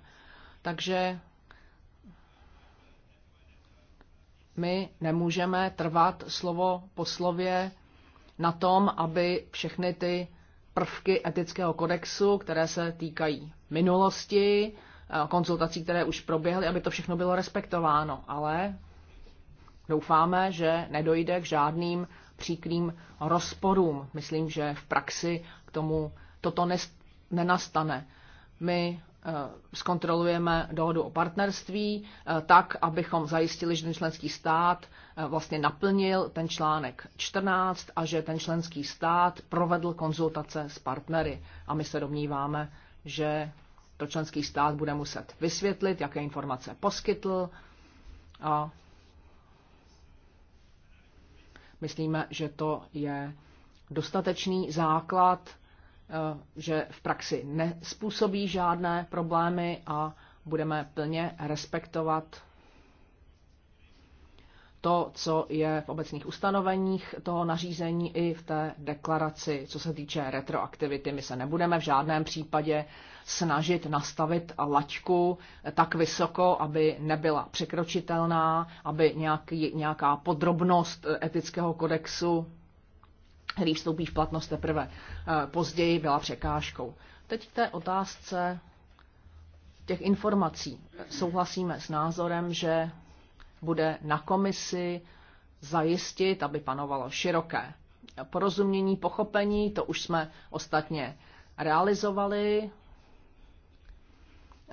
Takže my nemůžeme trvat slovo po slově na tom, aby všechny ty prvky etického kodexu, které se týkají minulosti, eh, konzultací, které už proběhly, aby to všechno bylo respektováno. Ale doufáme, že nedojde k žádným příklým rozporům. Myslím, že v praxi k tomu toto nenastane. My Eh, zkontrolujeme dohodu o partnerství eh, tak, abychom zajistili, že ten členský stát eh, vlastně naplnil ten článek 14 a že ten členský stát provedl konzultace s partnery. A my se domníváme, že to členský stát bude muset vysvětlit, jaké informace poskytl. A myslíme, že to je dostatečný základ Eh, že v praxi nespůsobí žádné problémy a budeme plně respektovat to, co je v obecných ustanoveních toho nařízení i v té deklaraci, co se týče retroaktivity. My se nebudeme v žádném případě snažit nastavit laťku tak vysoko, aby nebyla překročitelná, aby nějaký, nějaká podrobnost etického kodexu který vstoupí v platnost teprve eh, později, byla překážkou. Teď k té otázce těch informací. Souhlasíme s názorem, že bude na komisi zajistit, aby panovalo široké porozumění, pochopení, to už jsme ostatně realizovali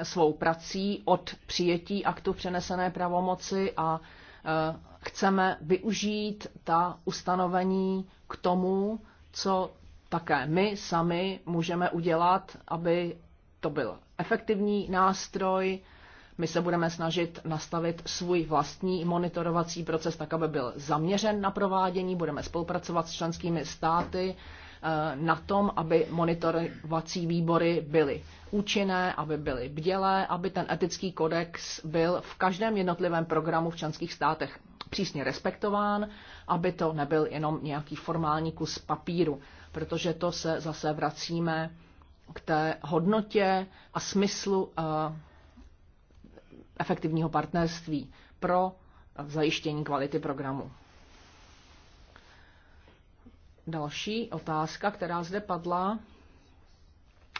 svou prací od přijetí aktu přenesené pravomoci a Eh, chceme využít ta ustanovení k tomu, co také my sami můžeme udělat, aby to byl efektivní nástroj. My se budeme snažit nastavit svůj vlastní monitorovací proces tak, aby byl zaměřen na provádění. Budeme spolupracovat s členskými státy Eh, na tom, aby monitorovací výbory byly účinné, aby byly bdělé, aby ten etický kodex byl v každém jednotlivém programu v členských státech přísně respektován, aby to nebyl jenom nějaký formální kus papíru, protože to se zase vracíme k té hodnotě a smyslu eh, efektivního partnerství pro zajištění kvality programu. Další otázka, která zde padla,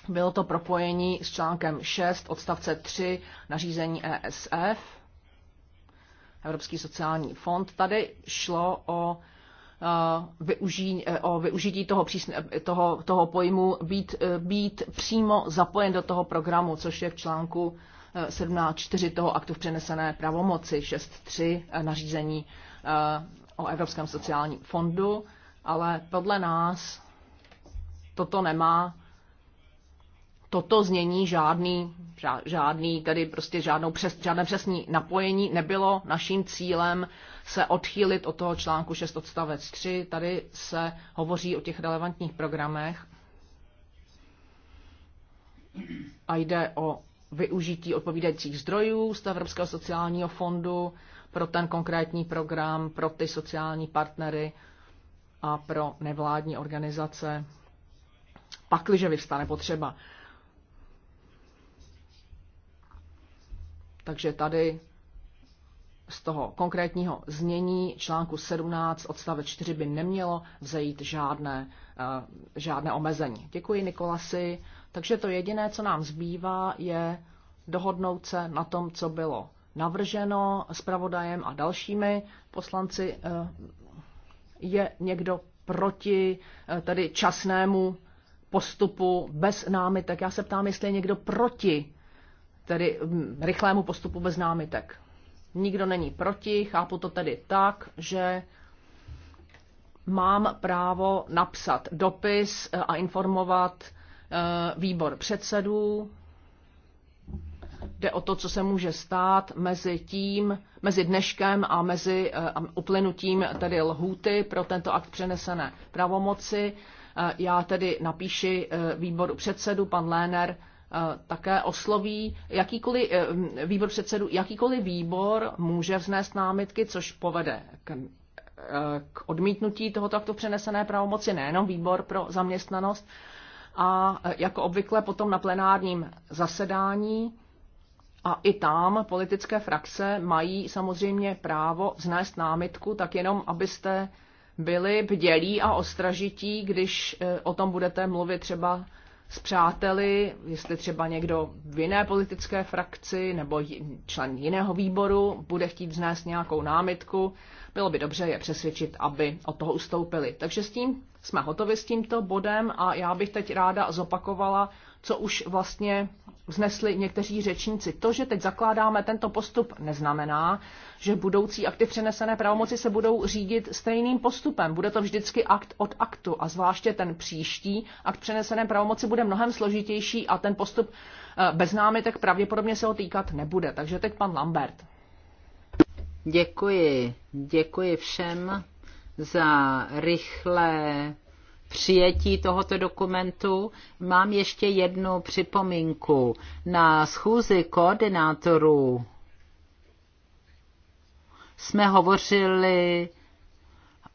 bylo to propojení s článkem 6 odstavce 3 nařízení ESF, Evropský sociální fond. Tady šlo o eh, využí, eh, o využití toho, přísne, toho, toho pojmu být, eh, být přímo zapojen do toho programu, což je v článku 17.4 toho aktu v přenesené pravomoci 6.3 nařízení o Evropském sociálním fondu ale podle nás toto nemá toto znění žádný, žádný tedy prostě žádnou přes, žádné přesní napojení nebylo naším cílem se odchýlit od toho článku 6 odstavec 3. Tady se hovoří o těch relevantních programech a jde o využití odpovídajících zdrojů z Evropského sociálního fondu pro ten konkrétní program, pro ty sociální partnery, a pro nevládní organizace, pakliže vyvstane potřeba. Takže tady z toho konkrétního znění článku 17 odstavec 4 by nemělo vzejít žádné, eh, žádné omezení. Děkuji Nikolasi. Takže to jediné, co nám zbývá, je dohodnout se na tom, co bylo navrženo zpravodajem a dalšími poslanci eh, je někdo proti eh, tady časnému postupu bez námitek. Já se ptám, jestli je někdo proti tedy mm, rychlému postupu bez námitek. Nikdo není proti, chápu to tedy tak, že mám právo napsat dopis eh, a informovat eh, výbor předsedů jde o to, co se může stát mezi tím, mezi dneškem a mezi eh, uplynutím tedy lhůty pro tento akt přenesené pravomoci. Eh, já tedy napíši eh, výboru předsedu, pan Léner také osloví jakýkoliv výbor předsedu, jakýkoliv výbor může vznést námitky, což povede k, k odmítnutí tohoto aktu přenesené pravomoci, nejenom výbor pro zaměstnanost. A jako obvykle potom na plenárním zasedání a i tam politické frakce mají samozřejmě právo vznést námitku, tak jenom abyste byli bdělí a ostražití, když e, o tom budete mluvit třeba s přáteli, jestli třeba někdo v jiné politické frakci nebo člen jiného výboru bude chtít vznést nějakou námitku, bylo by dobře je přesvědčit, aby od toho ustoupili. Takže s tím jsme hotovi s tímto bodem a já bych teď ráda zopakovala co už vlastně vznesli někteří řečníci. To, že teď zakládáme tento postup, neznamená, že budoucí akty přenesené pravomoci se budou řídit stejným postupem. Bude to vždycky akt od aktu a zvláště ten příští akt přenesené pravomoci bude mnohem složitější a ten postup eh, bez tak pravděpodobně se ho týkat nebude. Takže teď pan Lambert. Děkuji. Děkuji všem za rychlé přijetí tohoto dokumentu. Mám ještě jednu připomínku. Na schůzi koordinátorů jsme hovořili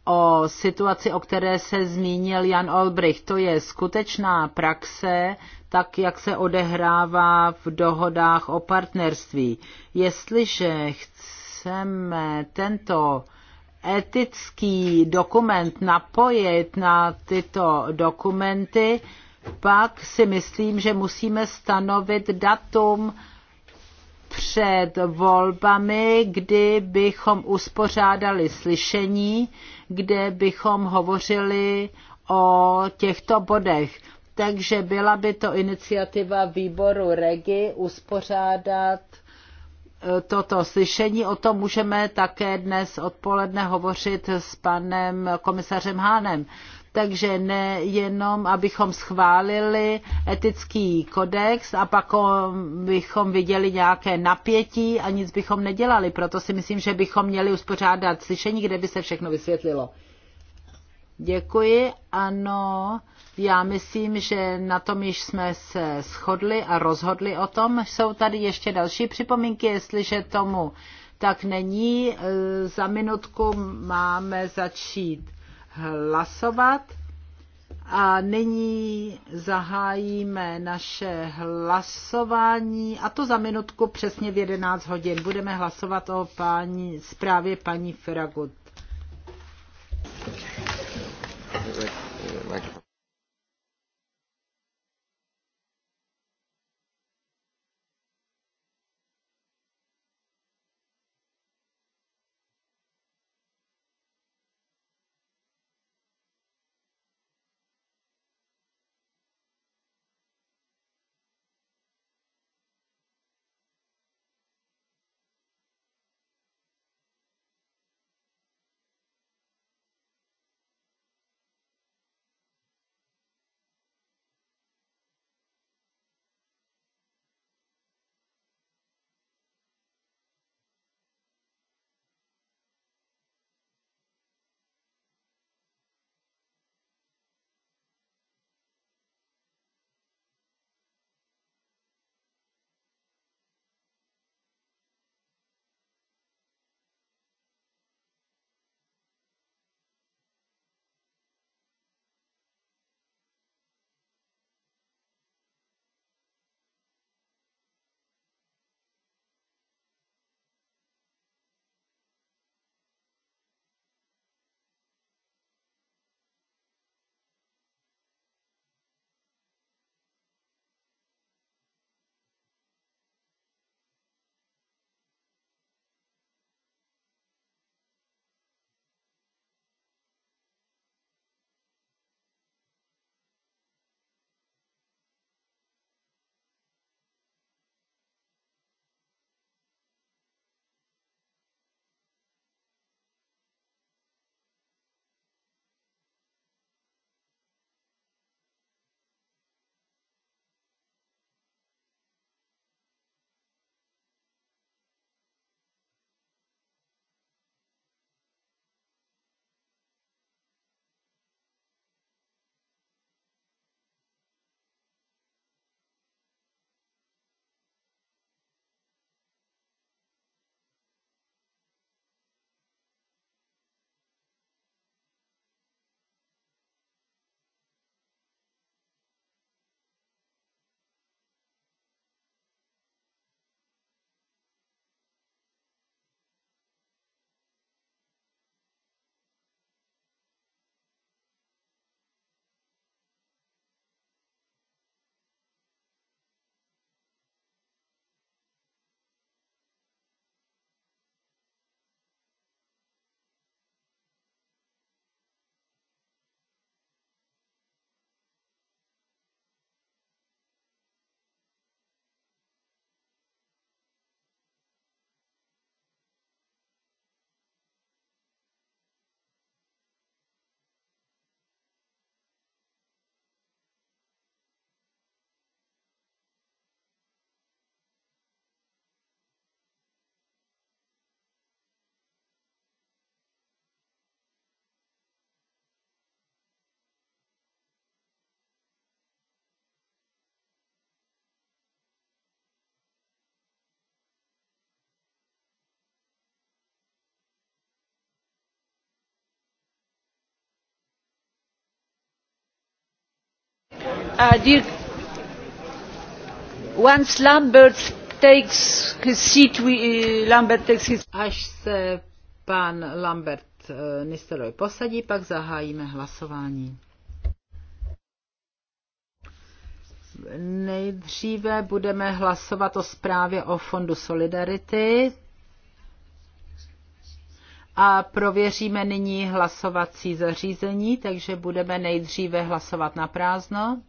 o situaci, o které se zmínil Jan Olbricht. To je skutečná praxe, tak jak se odehrává v dohodách o partnerství. Jestliže chceme tento etický dokument napojit na tyto dokumenty, pak si myslím, že musíme stanovit datum před volbami, kdy bychom uspořádali slyšení, kde bychom hovořili o těchto bodech. Takže byla by to iniciativa výboru Regi uspořádat toto slyšení. O tom můžeme také dnes odpoledne hovořit s panem komisařem Hánem. Takže nejenom, abychom schválili etický kodex a pak bychom viděli nějaké napětí a nic bychom nedělali. Proto si myslím, že bychom měli uspořádat slyšení, kde by se všechno vysvětlilo. Děkuji. Ano, já myslím, že na tom již jsme se shodli a rozhodli o tom. Jsou tady ještě další připomínky, jestliže tomu tak není. E, za minutku máme začít hlasovat. A nyní zahájíme naše hlasování, a to za minutku přesně v 11 hodin. Budeme hlasovat o paní, zprávě paní Feragut. Like, like. Uh, once Lambert takes his seat, uh, Lambert takes his... Až se pan Lambert uh, Nisteroj posadí, pak zahájíme hlasování. Nejdříve budeme hlasovat o zprávě o Fondu Solidarity a prověříme nyní hlasovací zařízení, takže budeme nejdříve hlasovat na prázdno.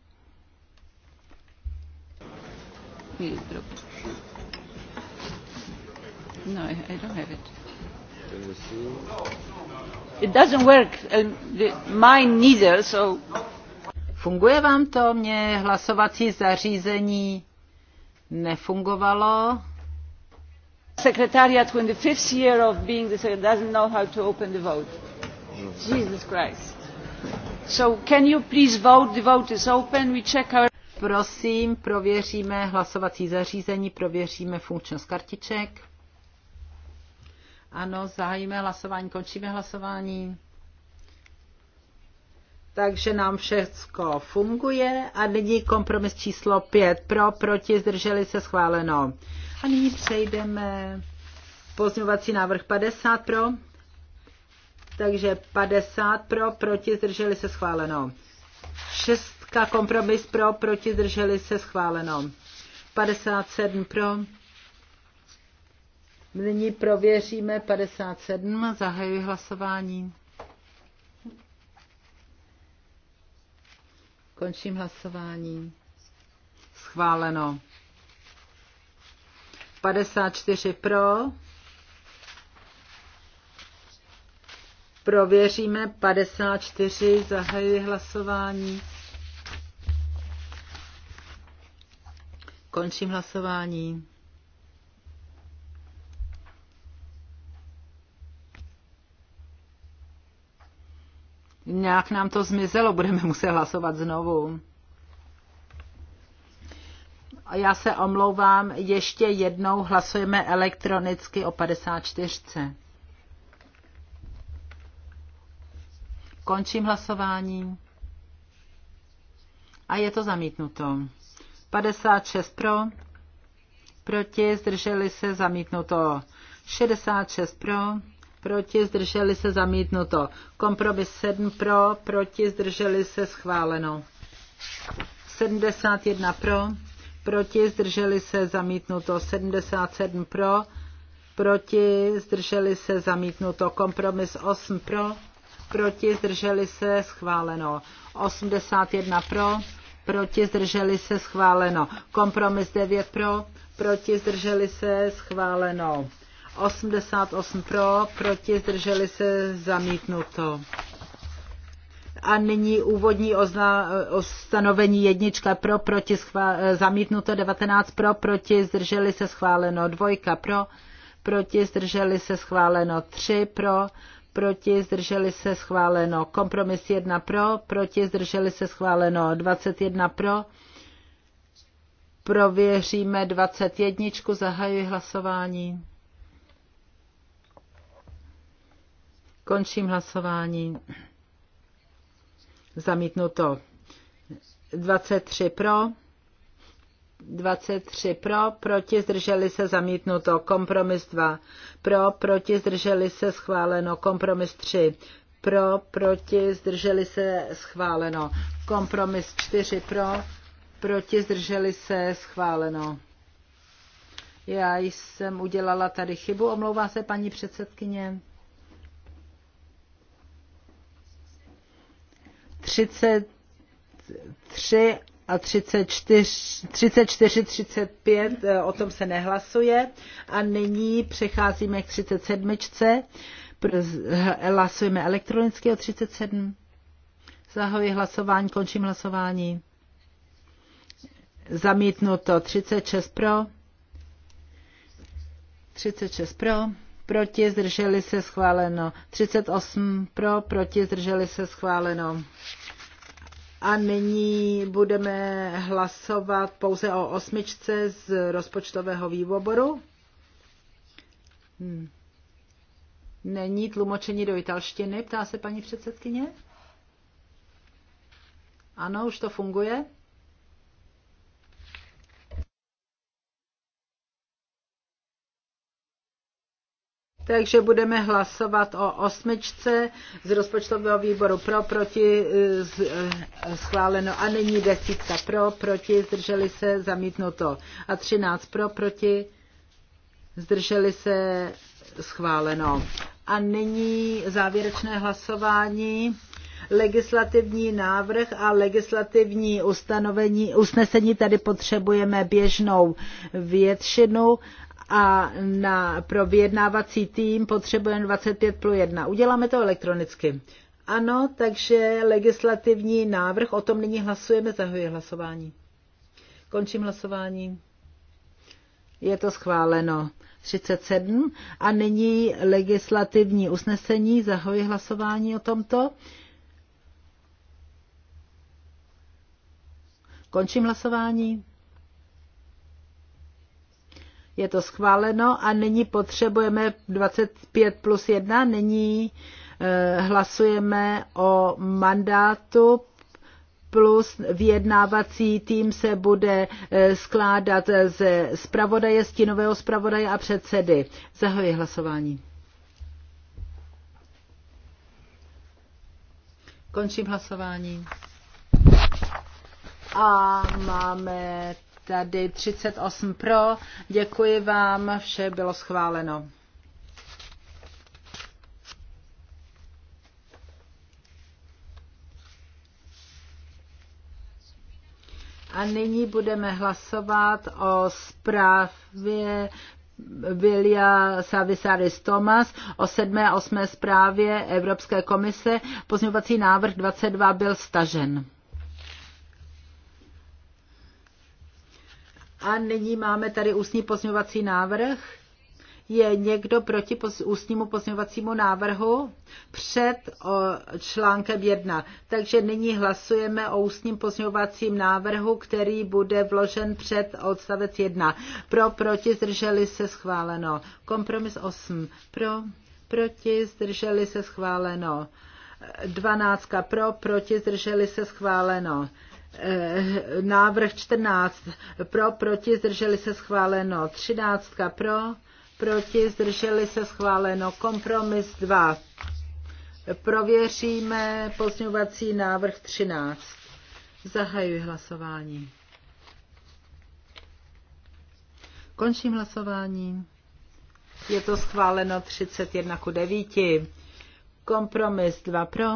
No, I, I don't have it. Can you see? It doesn't work. Um, mine neither, so... Funguje vám to? Mně hlasovací zařízení nefungovalo. Secretariat, when the fifth year of being the secretary doesn't know how to open the vote. Jesus Christ. So can you please vote? The vote is open. We check our... Prosím, prověříme hlasovací zařízení, prověříme funkčnost kartiček. Ano, zahájíme hlasování, končíme hlasování. Takže nám všechno funguje a nyní kompromis číslo 5. Pro, proti, zdrželi se schváleno. A nyní přejdeme pozňovací návrh 50 pro. Takže 50 pro, proti, zdrželi se schváleno. 6 k kompromis pro, proti, zdrželi se, schváleno. 57 pro. Nyní prověříme 57. Zahajuji hlasování. Končím hlasování. Schváleno. 54 pro. Prověříme 54. Zahajuji hlasování. Končím hlasování. Nějak nám to zmizelo, budeme muset hlasovat znovu. A já se omlouvám, ještě jednou hlasujeme elektronicky o 54. Končím hlasování. A je to zamítnuto. 56 pro, proti, zdrželi se, zamítnuto. 66 pro, proti, zdrželi se, zamítnuto. Kompromis 7 pro, proti, zdrželi se, schváleno. 71 pro, proti, zdrželi se, zamítnuto. 77 pro, proti, zdrželi se, zamítnuto. Kompromis 8 pro, proti, zdrželi se, schváleno. 81 pro, proti, zdrželi se, schváleno. Kompromis 9 pro, proti, zdrželi se, schváleno. 88 pro, proti, zdrželi se, zamítnuto. A nyní úvodní ozna, eh, stanovení jednička pro, proti, schvá, eh, zamítnuto, 19 pro, proti, zdrželi se, schváleno. Dvojka pro, proti, zdrželi se, schváleno. 3 pro, proti, zdrželi se schváleno. Kompromis 1 pro, proti, zdrželi se schváleno. 21 pro, prověříme 21, zahajuji hlasování. Končím hlasování. Zamítnuto. 23 pro, 23 pro, proti zdrželi se zamítnuto, kompromis 2 pro, proti zdrželi se schváleno, kompromis 3 pro, proti zdrželi se schváleno, kompromis 4 pro, proti zdrželi se schváleno. Já jsem udělala tady chybu, omlouvá se paní předsedkyně. 33 a 34, 34, 35, o tom se nehlasuje. A nyní přecházíme k 37. Eh, hlasujeme elektronicky o 37. Zahoji hlasování, končím hlasování. Zamítnuto 36 pro. 36 pro. Proti zdrželi se schváleno. 38 pro, proti zdrželi se schváleno. A nyní budeme hlasovat pouze o osmičce z rozpočtového výboru. Hmm. Není tlumočení do italštiny, ptá se paní předsedkyně? Ano, už to funguje. Takže budeme hlasovat o osmičce z rozpočtového výboru pro, proti, eh, eh, schváleno. A nyní desítka pro, proti, zdrželi se, zamítnuto. A třináct pro, proti, zdrželi se, schváleno. A nyní závěrečné hlasování legislativní návrh a legislativní ustanovení, usnesení tady potřebujeme běžnou většinu a na, pro vyjednávací tým potřebujeme 25 plus 1. Uděláme to elektronicky. Ano, takže legislativní návrh, o tom nyní hlasujeme, zahajuji hlasování. Končím hlasování. Je to schváleno. 37. A nyní legislativní usnesení, zahoji hlasování o tomto. Končím hlasování je to schváleno a nyní potřebujeme 25 plus 1, nyní eh, hlasujeme o mandátu plus vyjednávací tým se bude eh, skládat ze zpravodaje, stínového zpravodaje a předsedy. Zahoji hlasování. Končím hlasování. A máme tady 38 pro. Děkuji vám, vše bylo schváleno. A nyní budeme hlasovat o zprávě Vilja Savisaris Thomas o sedmé a osmé zprávě Evropské komise. Pozměňovací návrh 22 byl stažen. A nyní máme tady ústní pozměňovací návrh. Je někdo proti ústnímu pozměňovacímu návrhu před článkem 1. Takže nyní hlasujeme o ústním pozměňovacím návrhu, který bude vložen před odstavec 1. Pro, proti, zdrželi se schváleno. Kompromis 8. Pro, proti, zdrželi se schváleno. 12 pro, proti, zdrželi se schváleno. Eh, návrh 14 pro, proti, zdrželi se schváleno 13 pro, proti, zdrželi se schváleno kompromis 2. Prověříme pozňovací návrh 13. Zahajuji hlasování. Končím hlasování. Je to schváleno 31 ku 9. Kompromis 2 pro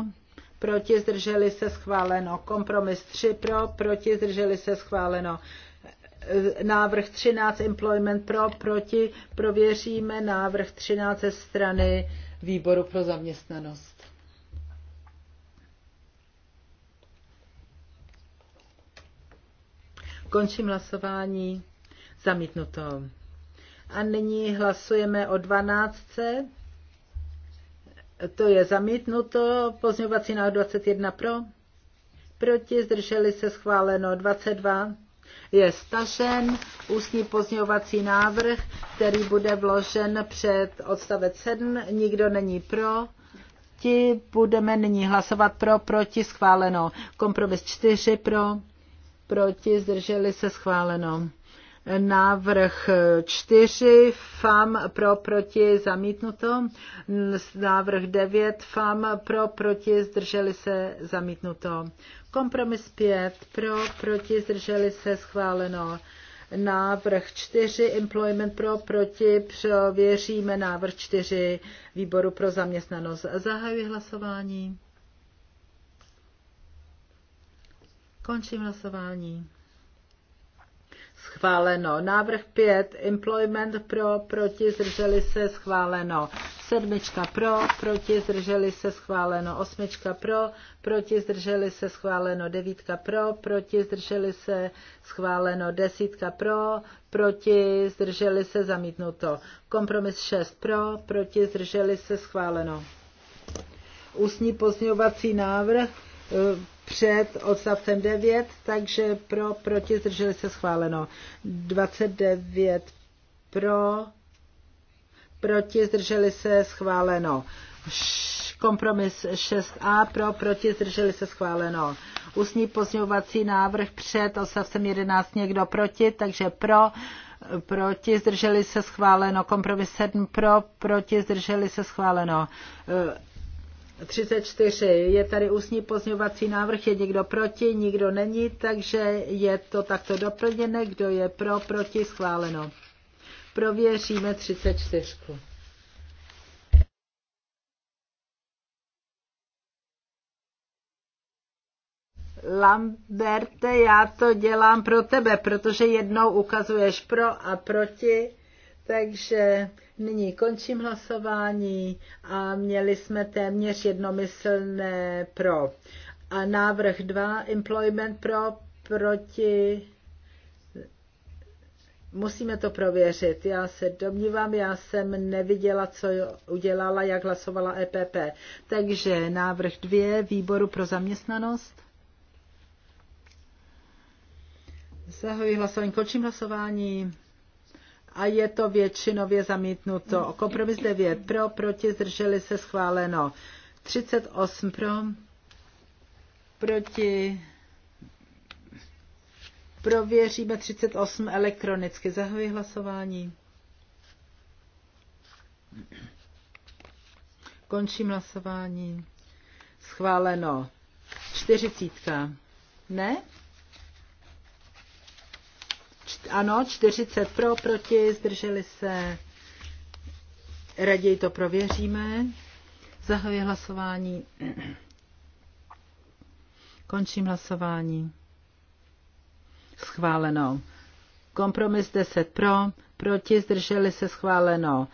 proti zdrželi se schváleno. Kompromis 3 pro, proti zdrželi se schváleno. Návrh 13 employment pro, proti prověříme návrh 13 ze strany výboru pro zaměstnanost. Končím hlasování. Zamítnuto. A nyní hlasujeme o 12. To je zamítnuto. Pozměňovací návrh 21 pro. Proti zdrželi se schváleno 22. Je stažen ústní pozměňovací návrh, který bude vložen před odstavec 7. Nikdo není pro. Ti budeme nyní hlasovat pro, proti schváleno. Kompromis 4 pro, proti zdrželi se schváleno. Návrh 4 FAM pro proti zamítnuto. Návrh 9 FAM pro proti zdrželi se zamítnuto. Kompromis 5 pro proti zdrželi se schváleno. Návrh 4 Employment pro proti prověříme návrh 4 výboru pro zaměstnanost. Zahajuji hlasování. Končím hlasování schváleno. Návrh 5, employment pro, proti, zdrželi se, schváleno. Sedmička pro, proti, zdrželi se, schváleno. Osmička pro, proti, zdrželi se, schváleno. Devítka pro, proti, zdrželi se, schváleno. Desítka pro, proti, zdrželi se, zamítnuto. Kompromis 6 pro, proti, zdrželi se, schváleno. Ústní pozměňovací návrh Eh, před odstavcem 9, takže pro, proti, zdrželi se schváleno. 29 pro, proti, zdrželi se schváleno. Kompromis 6a pro, proti, zdrželi se schváleno. Ústní pozměňovací návrh před odstavcem 11 někdo proti, takže pro, proti, zdrželi se schváleno. Kompromis 7 pro, proti, zdrželi se schváleno. Eh, 34. Je tady ústní pozměňovací návrh, je někdo proti, nikdo není, takže je to takto doplněné, kdo je pro, proti, schváleno. Prověříme 34. Lamberte, já to dělám pro tebe, protože jednou ukazuješ pro a proti takže nyní končím hlasování a měli jsme téměř jednomyslné pro. A návrh 2, employment pro, proti, musíme to prověřit. Já se domnívám, já jsem neviděla, co udělala, jak hlasovala EPP. Takže návrh 2, výboru pro zaměstnanost. Zahoji hlasování, končím hlasování a je to většinově zamítnuto. Kompromis 9 pro, proti, zdrželi se schváleno. 38 pro, proti, prověříme 38 elektronicky. Zahajuji hlasování. Končím hlasování. Schváleno. Čtyřicítka. Ne? Ano, 40 pro, proti, zdrželi se. Raději to prověříme. Zahajuji hlasování. Končím hlasování. Schváleno. Kompromis 10 pro, proti, zdrželi se schváleno.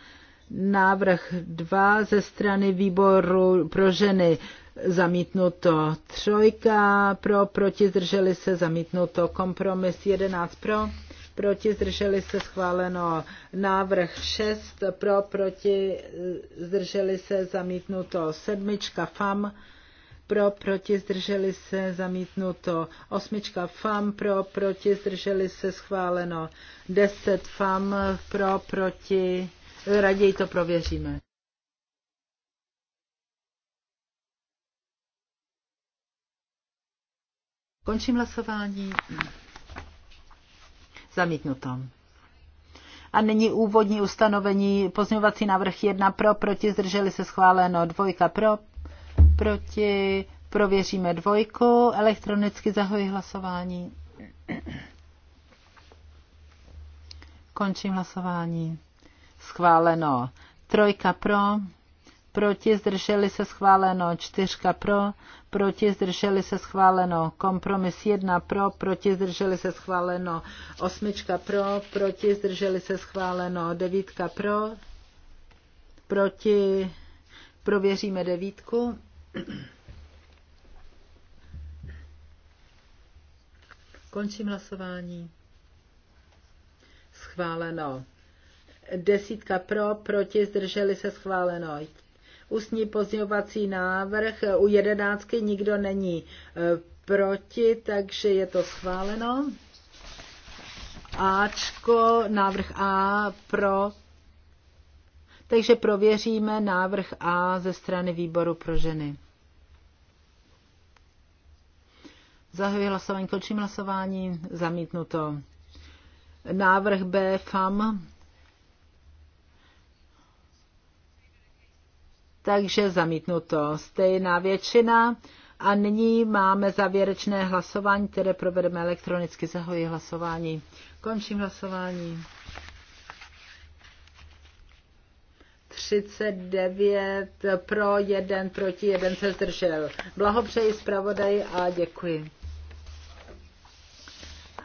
Návrh 2 ze strany výboru pro ženy zamítnuto. Trojka pro, proti, zdrželi se zamítnuto. Kompromis 11 pro proti, zdrželi se schváleno. Návrh 6 pro, proti, zdrželi se zamítnuto. Sedmička FAM pro, proti, zdrželi se zamítnuto. Osmička FAM pro, proti, zdrželi se schváleno. Deset FAM pro, proti, raději to prověříme. Končím hlasování. Zamítnuto. A nyní úvodní ustanovení, pozměňovací návrh 1 pro, proti, zdrželi se schváleno, dvojka pro, proti, prověříme dvojku, elektronicky zahoji hlasování. Končím hlasování. Schváleno. Trojka pro, proti, zdrželi se schváleno, čtyřka pro, proti, zdrželi se schváleno, kompromis jedna pro, proti, zdrželi se schváleno, osmička pro, proti, zdrželi se schváleno, devítka pro, proti, prověříme devítku. Končím hlasování. Schváleno. Desítka pro, proti, zdrželi se schváleno ústní pozňovací návrh. U jedenáctky nikdo není eh, proti, takže je to schváleno. Ačko, návrh A pro. Takže prověříme návrh A ze strany výboru pro ženy. Zahajuji hlasování, končím hlasování, zamítnuto. Návrh B, FAM takže zamítnuto. Stejná většina. A nyní máme závěrečné hlasování, které provedeme elektronicky. Zahoji hlasování. Končím hlasování. 39 pro, 1 proti, 1 se zdržel. Blahopřeji zpravodaji a děkuji.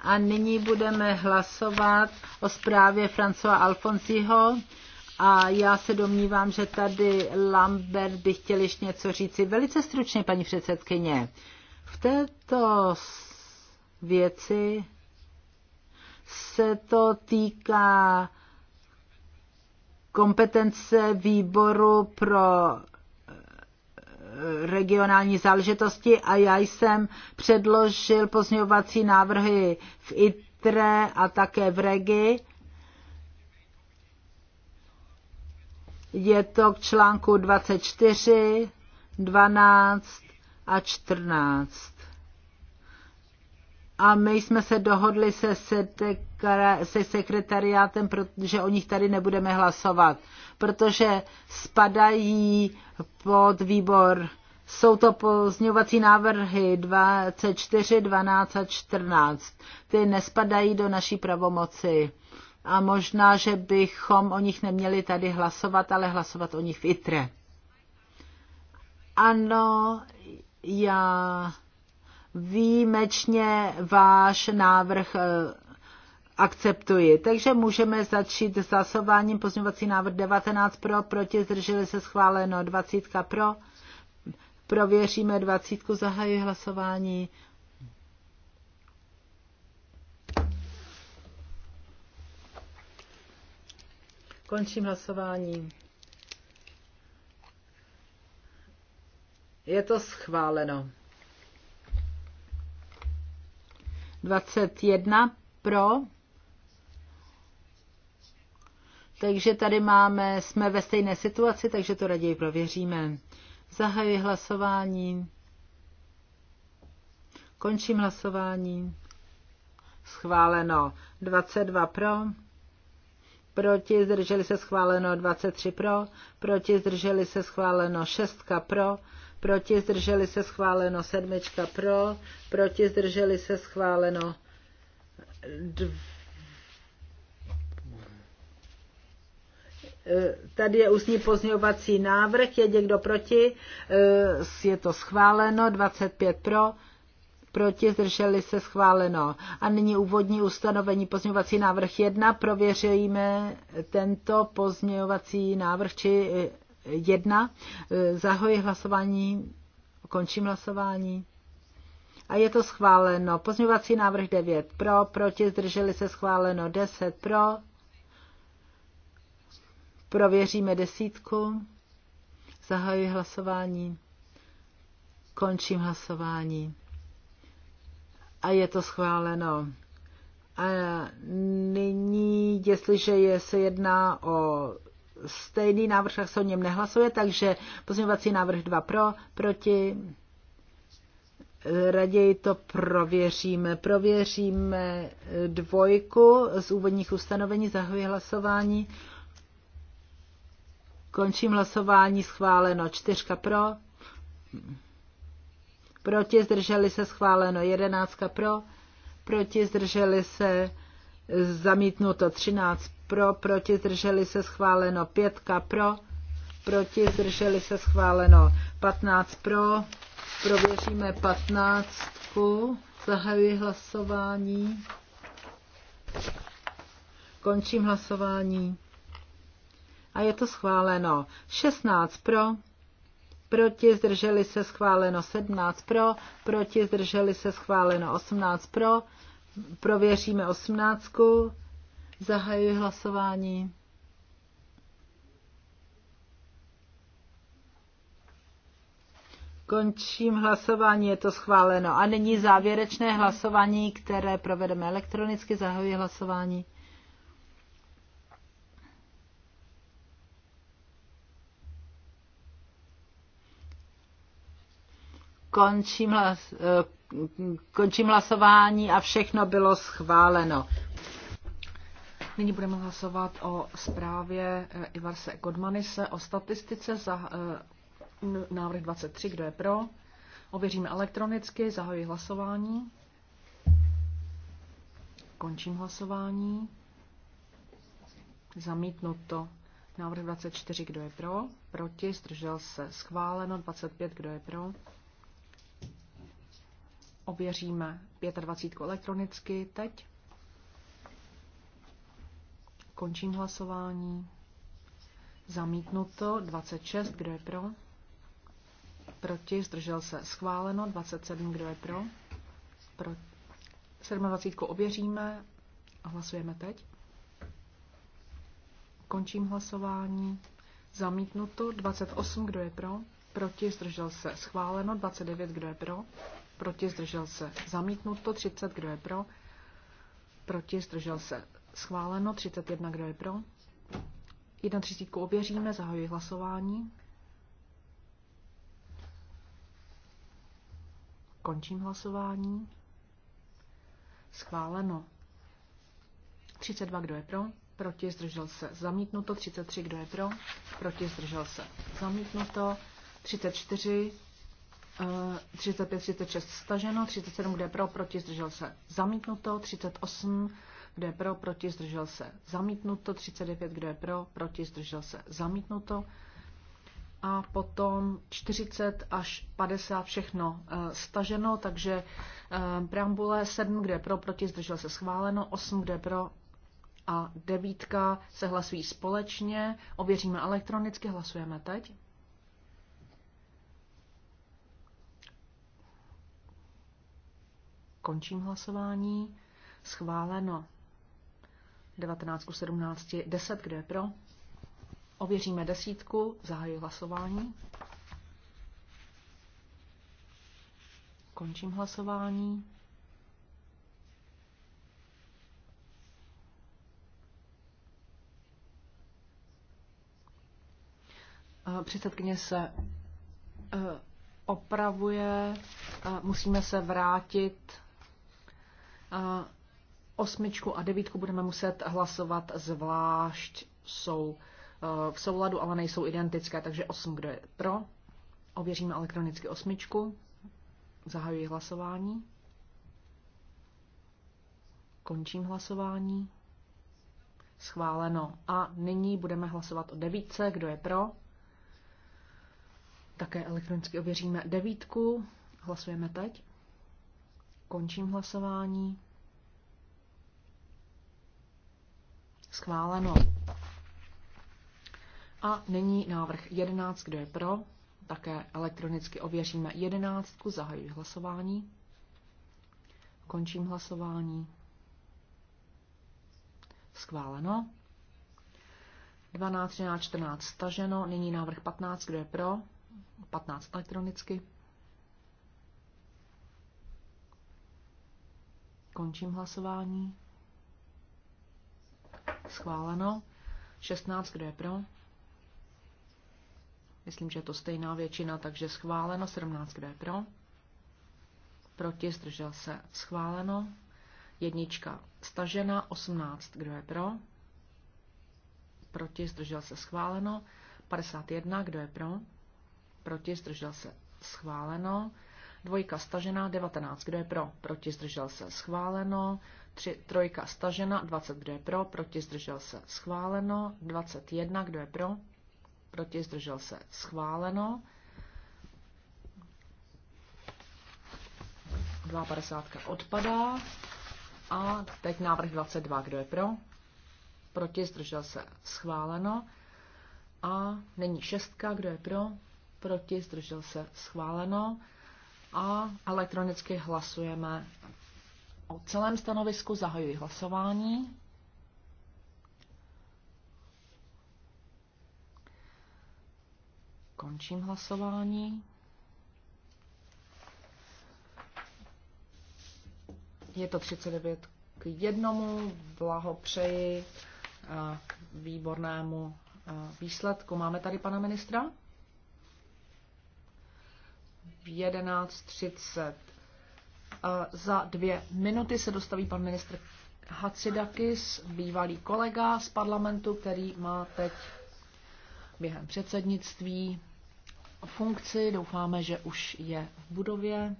A nyní budeme hlasovat o zprávě Francoa Alfonsího. A já se domnívám, že tady Lambert by chtěl ještě něco říci. Velice stručně, paní předsedkyně. V této věci se to týká kompetence výboru pro eh, regionální záležitosti a já jsem předložil pozměňovací návrhy v ITRE a také v REGI Je to k článku 24, 12 a 14. A my jsme se dohodli se, se sekretariátem, že o nich tady nebudeme hlasovat, protože spadají pod výbor jsou to pozňovací návrhy 24, 12 a 14. Ty nespadají do naší pravomoci a možná, že bychom o nich neměli tady hlasovat, ale hlasovat o nich v ITRE. Ano, já výjimečně váš návrh eh, akceptuji. Takže můžeme začít s hlasováním. Pozměňovací návrh 19 pro, proti zdrželi se schváleno 20 pro. Prověříme 20. Zahajuji hlasování. Končím hlasování. Je to schváleno. 21 pro. Takže tady máme, jsme ve stejné situaci, takže to raději prověříme. Zahajuji hlasování. Končím hlasování. Schváleno 22 pro proti zdrželi se schváleno 23 pro, proti zdrželi se schváleno 6 pro, proti zdrželi se schváleno 7 pro, proti zdrželi se schváleno 2. Eh, tady je ústní pozměňovací návrh, je někdo proti, eh, je to schváleno, 25 pro, proti, zdrželi se schváleno. A nyní úvodní ustanovení pozměňovací návrh 1. Prověříme tento pozměňovací návrh či 1. Eh, eh, zahoji hlasování, končím hlasování. A je to schváleno. Pozměňovací návrh 9 pro, proti, zdrželi se schváleno 10 pro. Prověříme desítku. Zahajuji hlasování. Končím hlasování a je to schváleno. A nyní, jestliže je, se jedná o stejný návrh, tak se o něm nehlasuje, takže pozměňovací návrh 2 pro, proti, raději to prověříme. Prověříme dvojku z úvodních ustanovení, zahajuji hlasování. Končím hlasování, schváleno čtyřka pro, proti, zdrželi se schváleno 11 pro, proti, zdrželi se zamítnuto 13 pro, proti, zdrželi se schváleno 5 pro, proti, zdrželi se schváleno 15 pro, prověříme 15, zahajuji hlasování, končím hlasování a je to schváleno 16 pro, proti, zdrželi se schváleno 17 pro, proti, zdrželi se schváleno 18 pro, prověříme 18. Zahajuji hlasování. Končím hlasování, je to schváleno. A nyní závěrečné hlasování, které provedeme elektronicky. Zahajuji hlasování. Končím, hlas, eh, končím hlasování a všechno bylo schváleno. Nyní budeme hlasovat o zprávě eh, Ivarse Godmanise o statistice za eh, návrh 23. Kdo je pro? Ověříme elektronicky, zahajuji hlasování. Končím hlasování. Zamítnuto. Návrh 24, kdo je pro? Proti, zdržel se. Schváleno. 25, kdo je pro? Ověříme 25 elektronicky teď. Končím hlasování. Zamítnuto 26, kdo je pro? Proti, zdržel se. Schváleno 27, kdo je pro? pro 27 ověříme a hlasujeme teď. Končím hlasování. Zamítnuto 28, kdo je pro? Proti, zdržel se. Schváleno 29, kdo je pro? proti, zdržel se. Zamítnuto 30, kdo je pro, proti, zdržel se. Schváleno 31, kdo je pro. 31 ověříme, zahajuji hlasování. Končím hlasování. Schváleno. 32, kdo je pro? Proti, zdržel se. Zamítnuto. 33, kdo je pro? Proti, zdržel se. Zamítnuto. 34, 35, 36 staženo, 37, kde pro, proti, zdržel se, zamítnuto, 38, kde pro, proti, zdržel se, zamítnuto, 39, kde pro, proti, zdržel se, zamítnuto. A potom 40 až 50 všechno eh, staženo, takže eh, preambule 7, kde pro, proti, zdržel se, schváleno, 8, kde pro, a devítka se hlasují společně, ověříme elektronicky, hlasujeme teď. Končím hlasování. Schváleno. 19 ku 17, 10, kde je pro. Ověříme desítku, zahajuji hlasování. Končím hlasování. Eh, předsedkyně se eh, opravuje. Eh, musíme se vrátit Osmičku a devítku budeme muset hlasovat zvlášť. Jsou eh, v souladu, ale nejsou identické, takže osm kdo je pro. Ověříme elektronicky osmičku. Zahajuji hlasování. Končím hlasování. Schváleno. A nyní budeme hlasovat o devítce. Kdo je pro? Také elektronicky ověříme devítku. Hlasujeme teď. Končím hlasování. Schváleno. A nyní návrh 11, kdo je pro. Také elektronicky ověříme 11. Zahajuji hlasování. Končím hlasování. Schváleno. 12, 13, 14 staženo. Nyní návrh 15, kdo je pro. 15 elektronicky. Končím hlasování. Schváleno. 16, kdo je pro? Myslím, že je to stejná většina, takže schváleno. 17, kdo je pro? Proti, zdržel se. Schváleno. Jednička stažena. 18, kdo je pro? Proti, zdržel se. Schváleno. 51, kdo je pro? Proti, zdržel se. Schváleno. Dvojka stažená 19, kdo je pro, proti zdržel se schváleno. Tři, trojka stažena 20, kdo je pro, proti zdržel se schváleno. 21, kdo je pro, proti zdržel se schváleno. 52 odpadá. A teď návrh 22, kdo je pro, proti zdržel se schváleno. A není šestka, kdo je pro, proti zdržel se schváleno a elektronicky hlasujeme o celém stanovisku. Zahajuji hlasování. Končím hlasování. Je to 39 k jednomu. Blahopřeji eh, výbornému eh, výsledku. Máme tady pana ministra? 11.30. Za dvě minuty se dostaví pan ministr Hatsidakis, bývalý kolega z parlamentu, který má teď během předsednictví funkci. Doufáme, že už je v budově.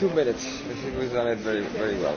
Two minutes. I think we've done it very, very well.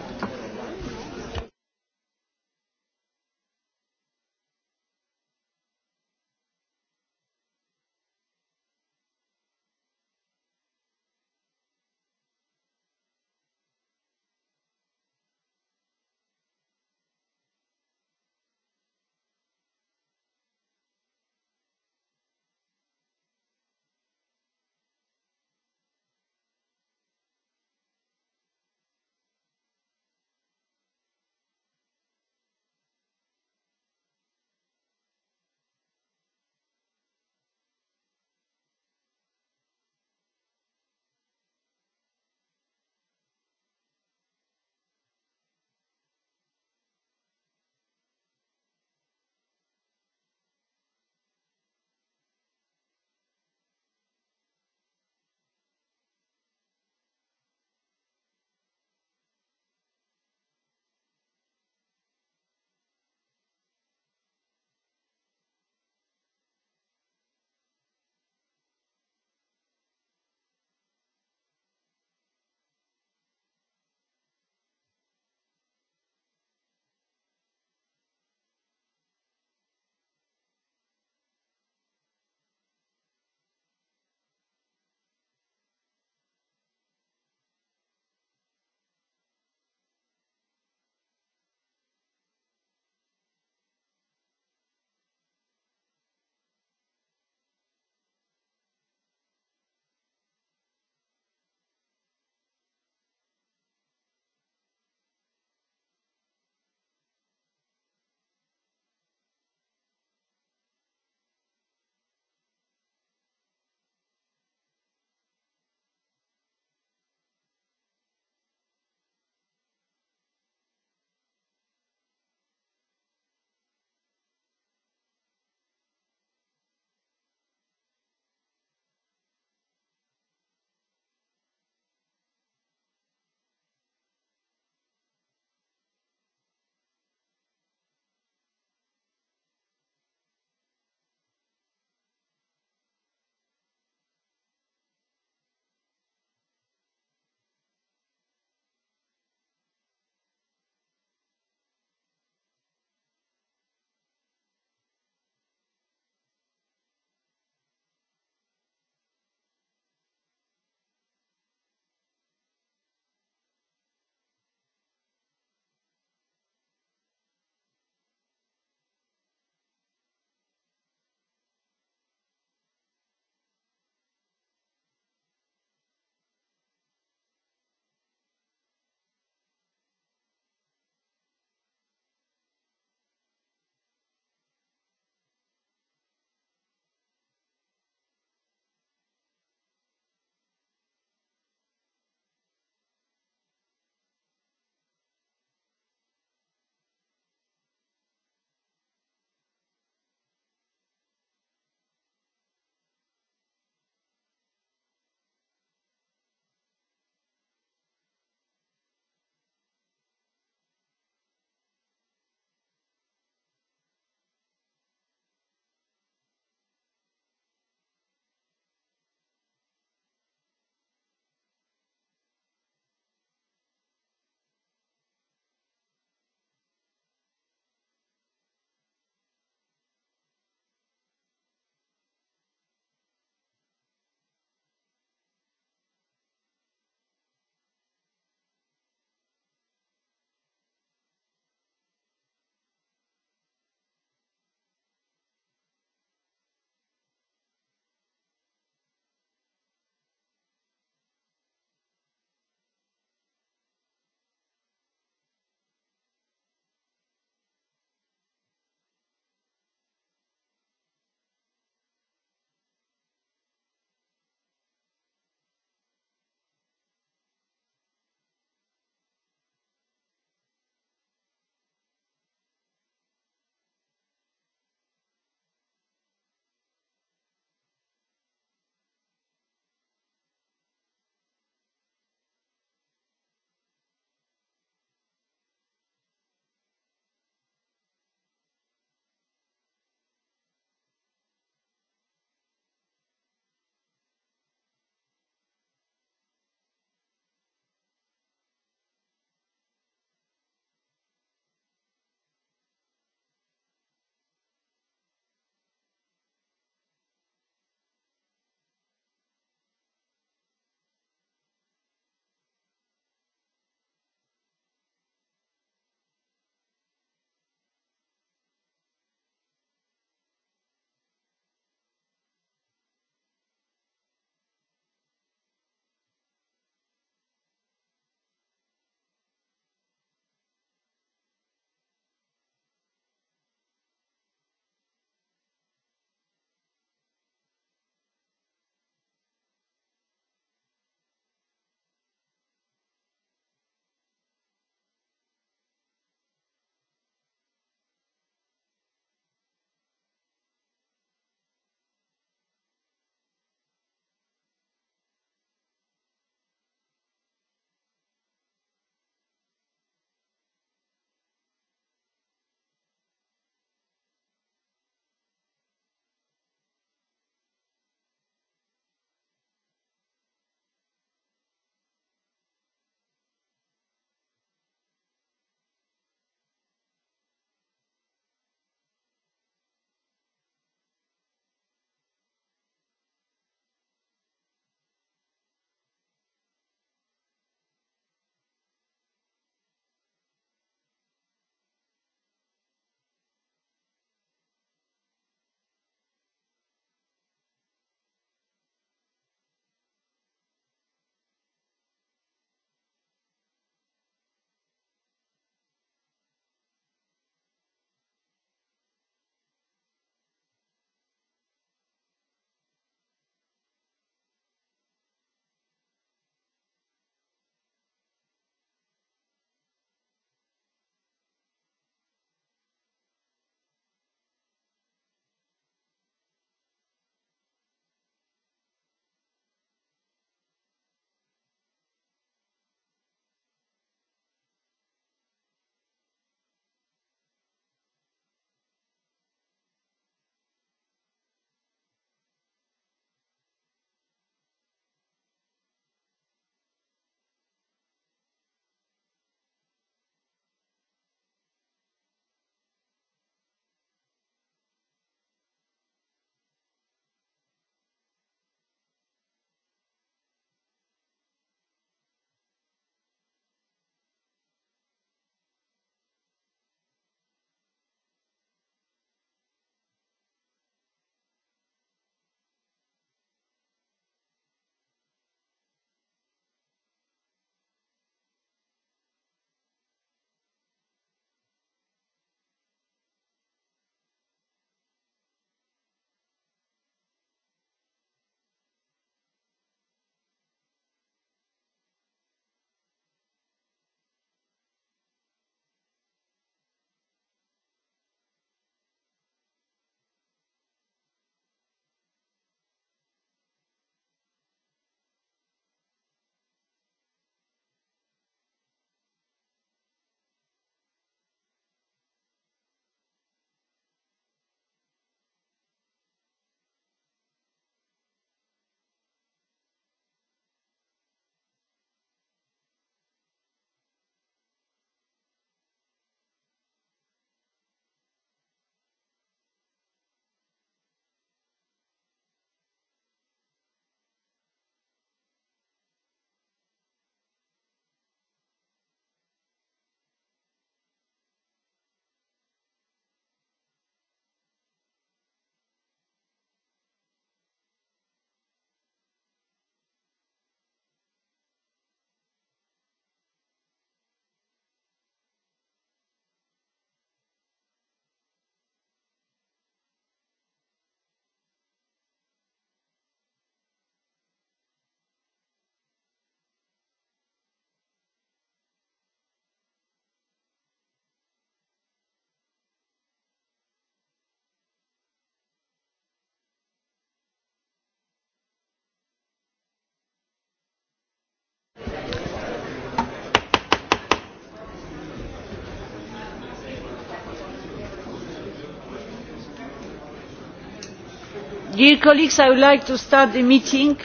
Dear colleagues, I would like to start the meeting.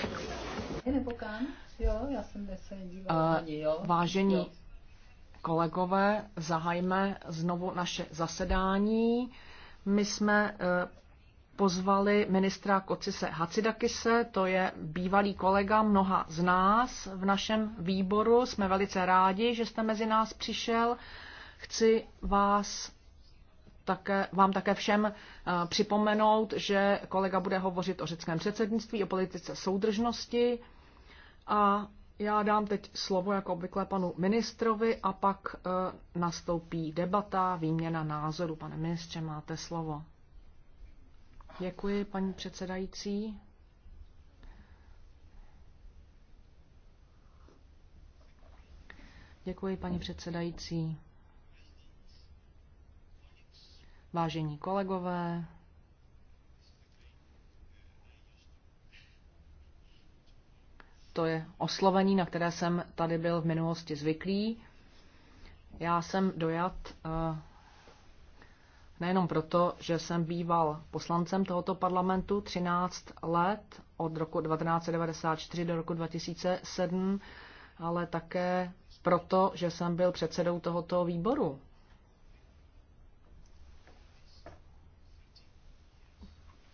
Vážení kolegové, zahajme znovu naše zasedání. My jsme eh, pozvali ministra Kocise Hacidakise, to je bývalý kolega mnoha z nás v našem výboru. Jsme velice rádi, že jste mezi nás přišel. Chci vás také, vám také všem eh, připomenout, že kolega bude hovořit o řeckém předsednictví, o politice soudržnosti a já dám teď slovo jako obvykle panu ministrovi a pak eh, nastoupí debata, výměna názoru. Pane ministře, máte slovo. Děkuji, paní předsedající. Děkuji, paní předsedající. Vážení kolegové, to je oslovení, na které jsem tady byl v minulosti zvyklý. Já jsem dojat eh, nejenom proto, že jsem býval poslancem tohoto parlamentu 13 let od roku 1994 do roku 2007, ale také proto, že jsem byl předsedou tohoto výboru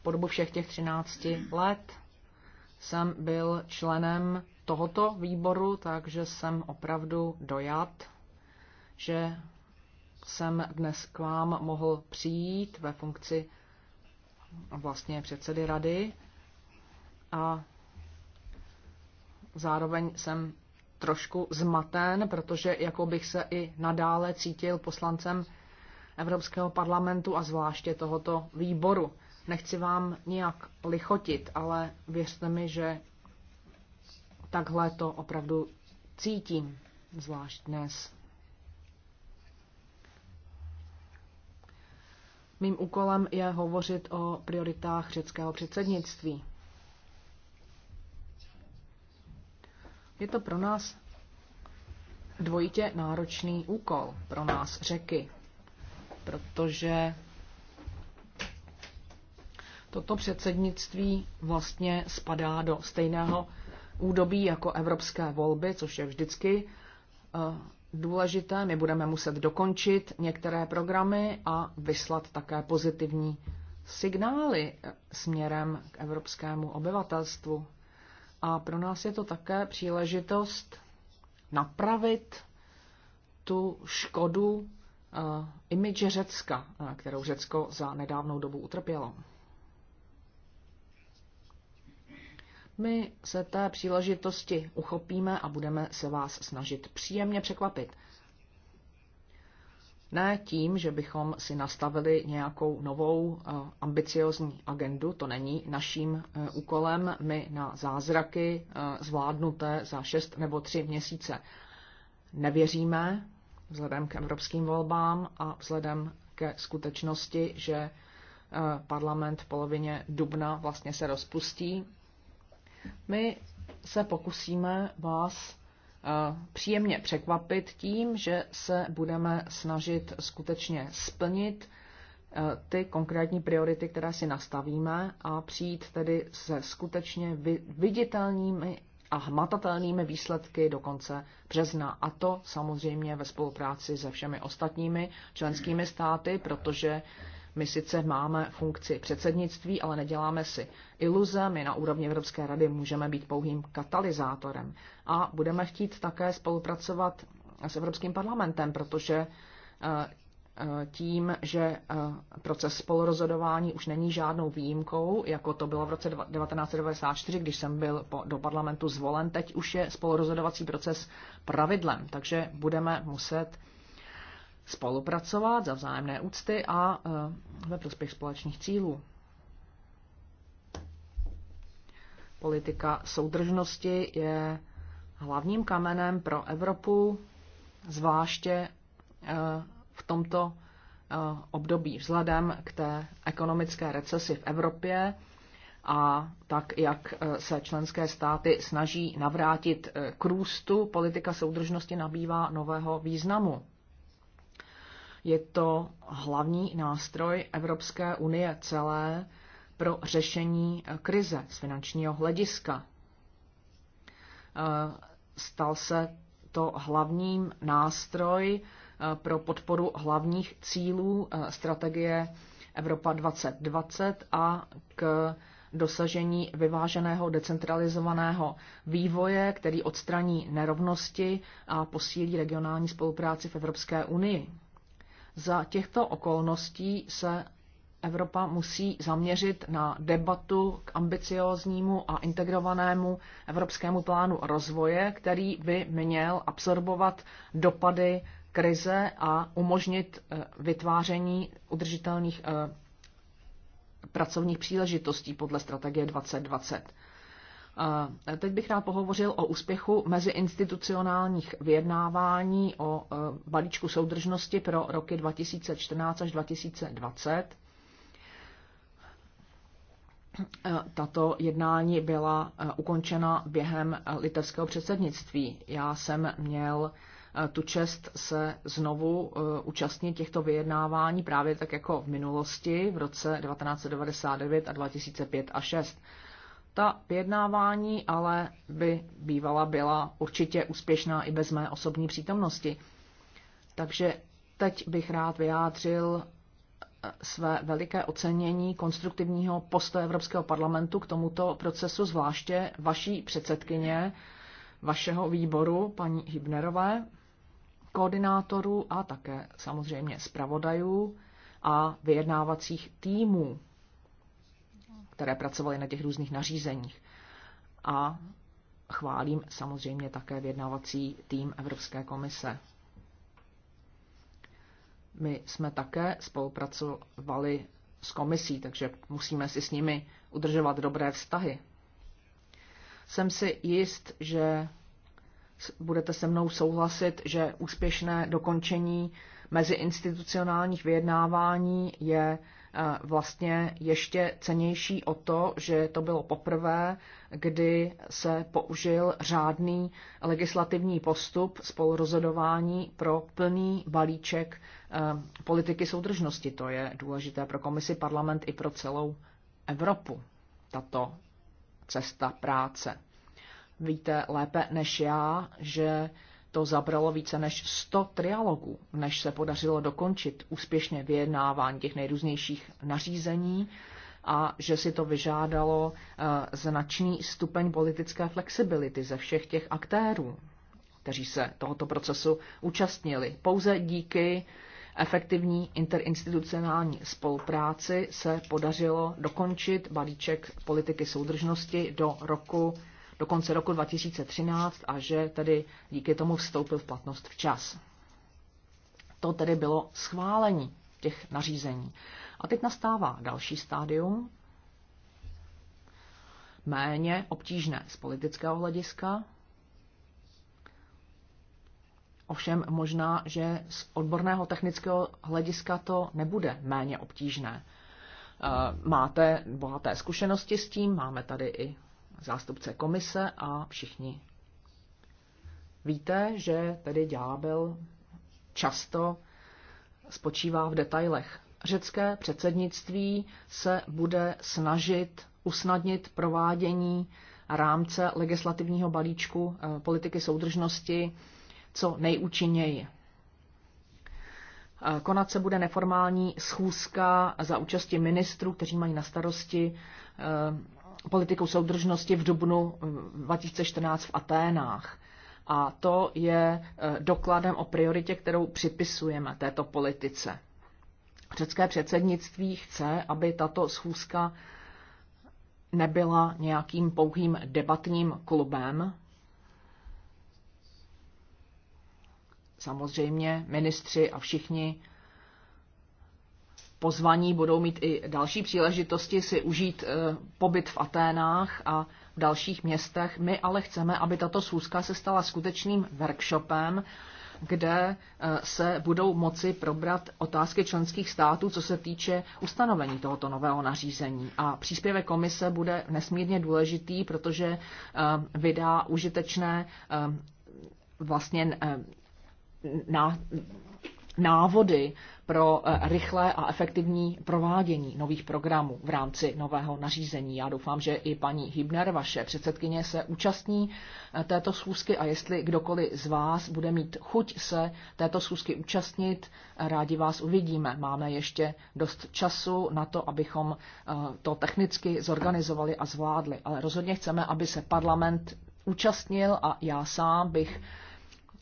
po dobu všech těch 13 let jsem byl členem tohoto výboru, takže jsem opravdu dojat, že jsem dnes k vám mohl přijít ve funkci vlastně předsedy rady a zároveň jsem trošku zmaten, protože jako bych se i nadále cítil poslancem Evropského parlamentu a zvláště tohoto výboru. Nechci vám nějak lichotit, ale věřte mi, že takhle to opravdu cítím, zvlášť dnes. Mým úkolem je hovořit o prioritách řeckého předsednictví. Je to pro nás dvojitě náročný úkol, pro nás řeky, protože Toto předsednictví vlastně spadá do stejného údobí jako evropské volby, což je vždycky eh, důležité. My budeme muset dokončit některé programy a vyslat také pozitivní signály eh, směrem k evropskému obyvatelstvu. A pro nás je to také příležitost napravit tu škodu uh, imidže Řecka, kterou Řecko za nedávnou dobu utrpělo. My se té příležitosti uchopíme a budeme se vás snažit příjemně překvapit. Ne tím, že bychom si nastavili nějakou novou eh, ambiciozní agendu, to není naším eh, úkolem. My na zázraky eh, zvládnuté za šest nebo tři měsíce nevěříme, vzhledem k evropským volbám a vzhledem ke skutečnosti, že parlament v polovině dubna vlastně se rozpustí my se pokusíme vás eh, příjemně překvapit tím, že se budeme snažit skutečně splnit eh, ty konkrétní priority, které si nastavíme a přijít tedy se skutečně viditelnými a hmatatelnými výsledky do konce března. A to samozřejmě ve spolupráci se všemi ostatními členskými státy, protože my sice máme funkci předsednictví, ale neděláme si iluze. My na úrovni Evropské rady můžeme být pouhým katalyzátorem. A budeme chtít také spolupracovat s Evropským parlamentem, protože eh, eh, tím, že eh, proces spolurozhodování už není žádnou výjimkou, jako to bylo v roce 1994, když jsem byl do parlamentu zvolen, teď už je spolurozhodovací proces pravidlem, takže budeme muset spolupracovat za vzájemné úcty a e, ve prospěch společných cílů. Politika soudržnosti je hlavním kamenem pro Evropu, zvláště e, v tomto e, období vzhledem k té ekonomické recesi v Evropě a tak, jak se členské státy snaží navrátit k růstu, politika soudržnosti nabývá nového významu. Je to hlavní nástroj Evropské unie celé pro řešení eh, krize z finančního hlediska. Eh, stal se to hlavním nástroj eh, pro podporu hlavních cílů strategie Evropa 2020 a k dosažení vyváženého decentralizovaného vývoje, který odstraní nerovnosti a posílí regionální spolupráci v Evropské unii. Za těchto okolností se Evropa musí zaměřit na debatu k ambicióznímu a integrovanému evropskému plánu rozvoje, který by měl absorbovat dopady krize a umožnit eh, vytváření udržitelných eh, pracovních příležitostí podle strategie 2020. Eh, teď bych rád pohovořil o úspěchu meziinstitucionálních vyjednávání o eh, balíčku soudržnosti pro roky 2014 až 2020. Eh, tato jednání byla ukončena během litevského předsednictví. Já jsem měl tu čest se znovu účastnit těchto vyjednávání právě tak jako v minulosti v roce 1999 a 2005 a 6 ta vyjednávání, ale by bývala byla určitě úspěšná i bez mé osobní přítomnosti. Takže teď bych rád vyjádřil eh, své veliké ocenění konstruktivního postoje Evropského parlamentu k tomuto procesu, zvláště vaší předsedkyně, vašeho výboru, paní Hibnerové, koordinátorů a také samozřejmě zpravodajů a vyjednávacích týmů které pracovaly na těch různých nařízeních. A chválím samozřejmě také vyjednávací tým Evropské komise. My jsme také spolupracovali s komisí, takže musíme si s nimi udržovat dobré vztahy. Jsem si jist, že budete se mnou souhlasit, že úspěšné dokončení meziinstitucionálních vyjednávání je Eh, vlastně ještě cenější o to, že to bylo poprvé, kdy se použil řádný legislativní postup spolurozhodování pro plný balíček eh, politiky soudržnosti. To je důležité pro komisi, parlament i pro celou Evropu, tato cesta práce. Víte lépe než já, že to zabralo více než 100 trialogů, než se podařilo dokončit úspěšně vyjednávání těch nejrůznějších nařízení a že si to vyžádalo eh, značný stupeň politické flexibility ze všech těch aktérů, kteří se tohoto procesu účastnili. Pouze díky efektivní interinstitucionální spolupráci se podařilo dokončit balíček politiky soudržnosti do roku do konce roku 2013 a že tedy díky tomu vstoupil v platnost včas. To tedy bylo schválení těch nařízení. A teď nastává další stádium, méně obtížné z politického hlediska, Ovšem možná, že z odborného technického hlediska to nebude méně obtížné. E, máte bohaté zkušenosti s tím, máme tady i zástupce komise a všichni. Víte, že tedy ďábel často spočívá v detailech. Řecké předsednictví se bude snažit usnadnit provádění rámce legislativního balíčku eh, politiky soudržnosti co nejúčinněji. Eh, konat se bude neformální schůzka za účasti ministrů, kteří mají na starosti eh, politikou soudržnosti v dubnu 2014 eh, v Aténách. A to je eh, dokladem o prioritě, kterou připisujeme této politice. Řecké předsednictví chce, aby tato schůzka nebyla nějakým pouhým debatním klubem. Samozřejmě ministři a všichni pozvaní budou mít i další příležitosti si užít eh, pobyt v Aténách a v dalších městech. My ale chceme, aby tato schůzka se stala skutečným workshopem, kde eh, se budou moci probrat otázky členských států, co se týče ustanovení tohoto nového nařízení. A příspěvek komise bude nesmírně důležitý, protože eh, vydá užitečné vlastně na návody pro eh, rychlé a efektivní provádění nových programů v rámci nového nařízení. Já doufám, že i paní Hibner, vaše předsedkyně, se účastní eh, této schůzky a jestli kdokoliv z vás bude mít chuť se této schůzky účastnit, eh, rádi vás uvidíme. Máme ještě dost času na to, abychom to technicky zorganizovali a zvládli, ale rozhodně chceme, aby se parlament účastnil a já sám bych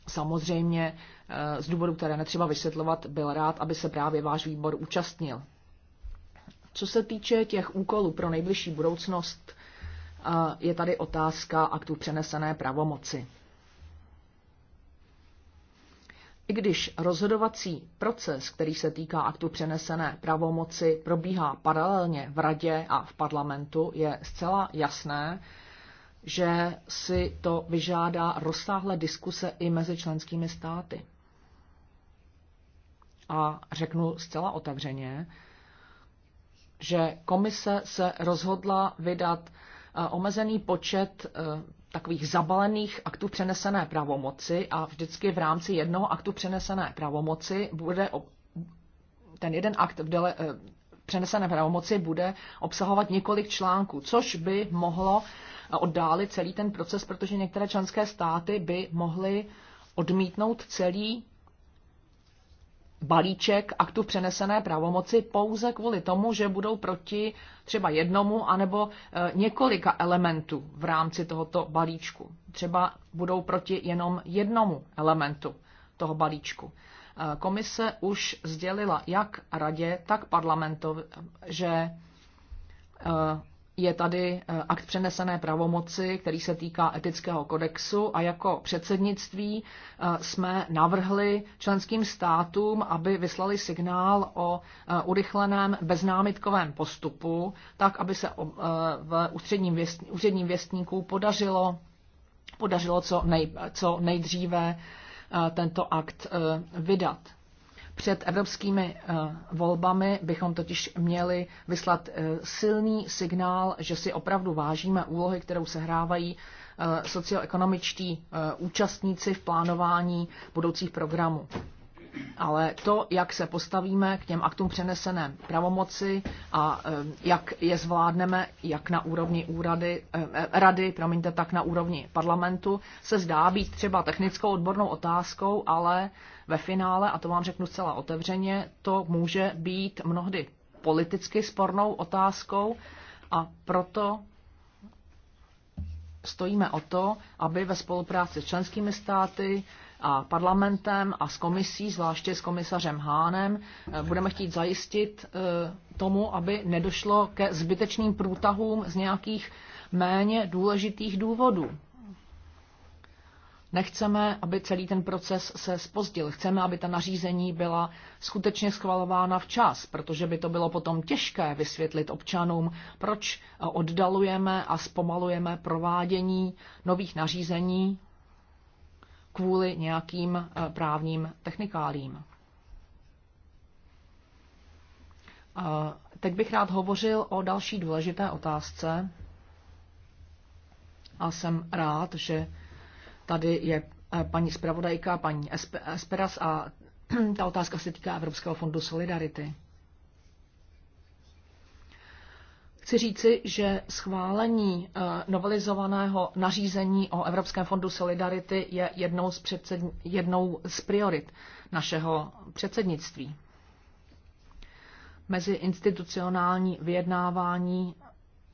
samozřejmě Eh, z důvodu, které netřeba vysvětlovat, byl rád, aby se právě váš výbor účastnil. Co se týče těch úkolů pro nejbližší budoucnost, eh, je tady otázka aktu přenesené pravomoci. I když rozhodovací proces, který se týká aktu přenesené pravomoci, probíhá paralelně v radě a v parlamentu, je zcela jasné, že si to vyžádá rozsáhlé diskuse i mezi členskými státy a řeknu zcela otevřeně, že komise se rozhodla vydat eh, omezený počet eh, takových zabalených aktů přenesené pravomoci a vždycky v rámci jednoho aktu přenesené pravomoci bude ten jeden akt v dele, eh, přenesené pravomoci bude obsahovat několik článků, což by mohlo oddálit celý ten proces, protože některé členské státy by mohly odmítnout celý balíček aktu přenesené pravomoci pouze kvůli tomu, že budou proti třeba jednomu anebo e, několika elementů v rámci tohoto balíčku. Třeba budou proti jenom jednomu elementu toho balíčku. E, komise už sdělila jak radě, tak parlamentu, že e, je tady eh, akt přenesené pravomoci, který se týká etického kodexu a jako předsednictví eh, jsme navrhli členským státům, aby vyslali signál o eh, urychleném beznámitkovém postupu, tak aby se v ústředním, věst, ústředním věstníku podařilo, podařilo co, nej, co nejdříve tento akt vydat. Před evropskými eh, volbami bychom totiž měli vyslat eh, silný signál, že si opravdu vážíme úlohy, kterou sehrávají eh, socioekonomičtí účastníci v plánování budoucích programů ale to, jak se postavíme k těm aktům přenesené pravomoci a eh, jak je zvládneme, jak na úrovni úrady, eh, eh, rady, promiňte, tak na úrovni parlamentu, se zdá být třeba technickou odbornou otázkou, ale ve finále, a to vám řeknu zcela otevřeně, to může být mnohdy politicky spornou otázkou a proto stojíme o to, aby ve spolupráci s členskými státy, a parlamentem a s komisí, zvláště s komisařem Hánem, eh, budeme chtít zajistit eh, tomu, aby nedošlo ke zbytečným průtahům z nějakých méně důležitých důvodů. Nechceme, aby celý ten proces se spozdil. Chceme, aby ta nařízení byla skutečně schvalována včas, protože by to bylo potom těžké vysvětlit občanům, proč oddalujeme a zpomalujeme provádění nových nařízení kvůli nějakým eh, právním technikálím. Eh, teď bych rád hovořil o další důležité otázce a jsem rád, že tady je eh, paní zpravodajka, paní Esperas a ta otázka se týká Evropského fondu Solidarity. Chci říci, že schválení eh, novelizovaného nařízení o Evropském fondu Solidarity je jednou z, předsed, jednou z priorit našeho předsednictví. institucionální vyjednávání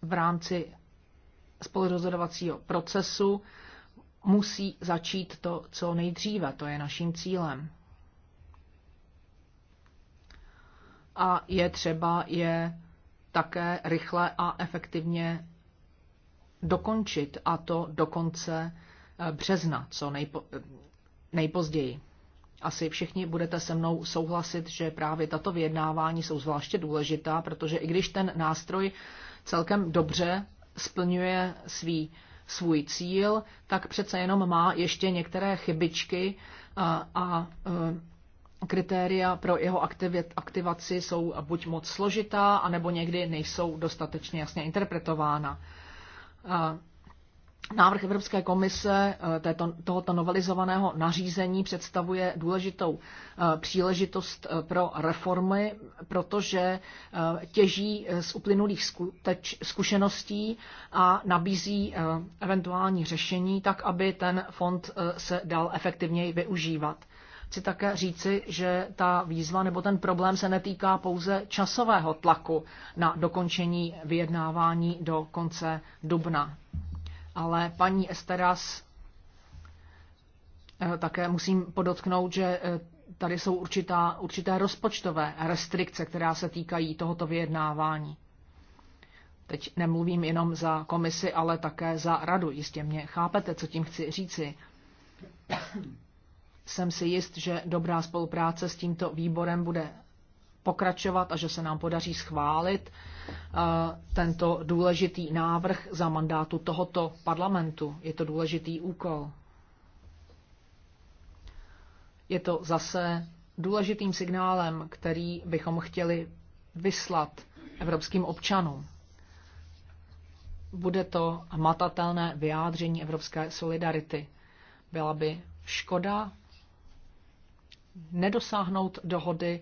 v rámci spolurozhodovacího procesu musí začít to, co nejdříve. To je naším cílem. A je třeba je také rychle a efektivně dokončit, a to do konce eh, března, co nejpo, eh, nejpozději. Asi všichni budete se mnou souhlasit, že právě tato vyjednávání jsou zvláště důležitá, protože i když ten nástroj celkem dobře splňuje svý, svůj cíl, tak přece jenom má ještě některé chybičky eh, a, a kritéria pro jeho aktivaci jsou buď moc složitá, anebo někdy nejsou dostatečně jasně interpretována. Návrh Evropské komise e, této, tohoto novelizovaného nařízení představuje důležitou e, příležitost e, pro reformy, protože těží z uplynulých zkušeností a nabízí eventuální řešení tak, aby ten fond se dal efektivněji využívat. Chci také říci, že ta výzva nebo ten problém se netýká pouze časového tlaku na dokončení vyjednávání do konce dubna. Ale paní Esteras, eh, také musím podotknout, že eh, tady jsou určitá, určité rozpočtové restrikce, která se týkají tohoto vyjednávání. Teď nemluvím jenom za komisi, ale také za radu. Jistě mě chápete, co tím chci říci jsem si jist, že dobrá spolupráce s tímto výborem bude pokračovat a že se nám podaří schválit eh, tento důležitý návrh za mandátu tohoto parlamentu. Je to důležitý úkol. Je to zase důležitým signálem, který bychom chtěli vyslat evropským občanům. Bude to matatelné vyjádření evropské solidarity. Byla by škoda, nedosáhnout dohody,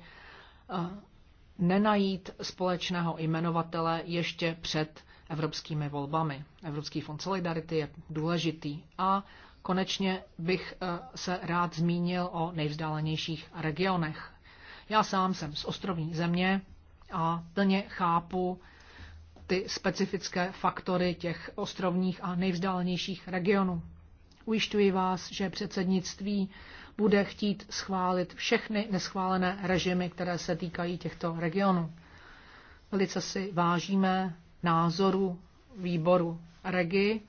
nenajít společného jmenovatele ještě před evropskými volbami. Evropský fond Solidarity je důležitý. A konečně bych e, se rád zmínil o nejvzdálenějších regionech. Já sám jsem z ostrovní země a plně chápu ty specifické faktory těch ostrovních a nejvzdálenějších regionů. Ujišťuji vás, že předsednictví bude chtít schválit všechny neschválené režimy, které se týkají těchto regionů. Velice si vážíme názoru výboru REGI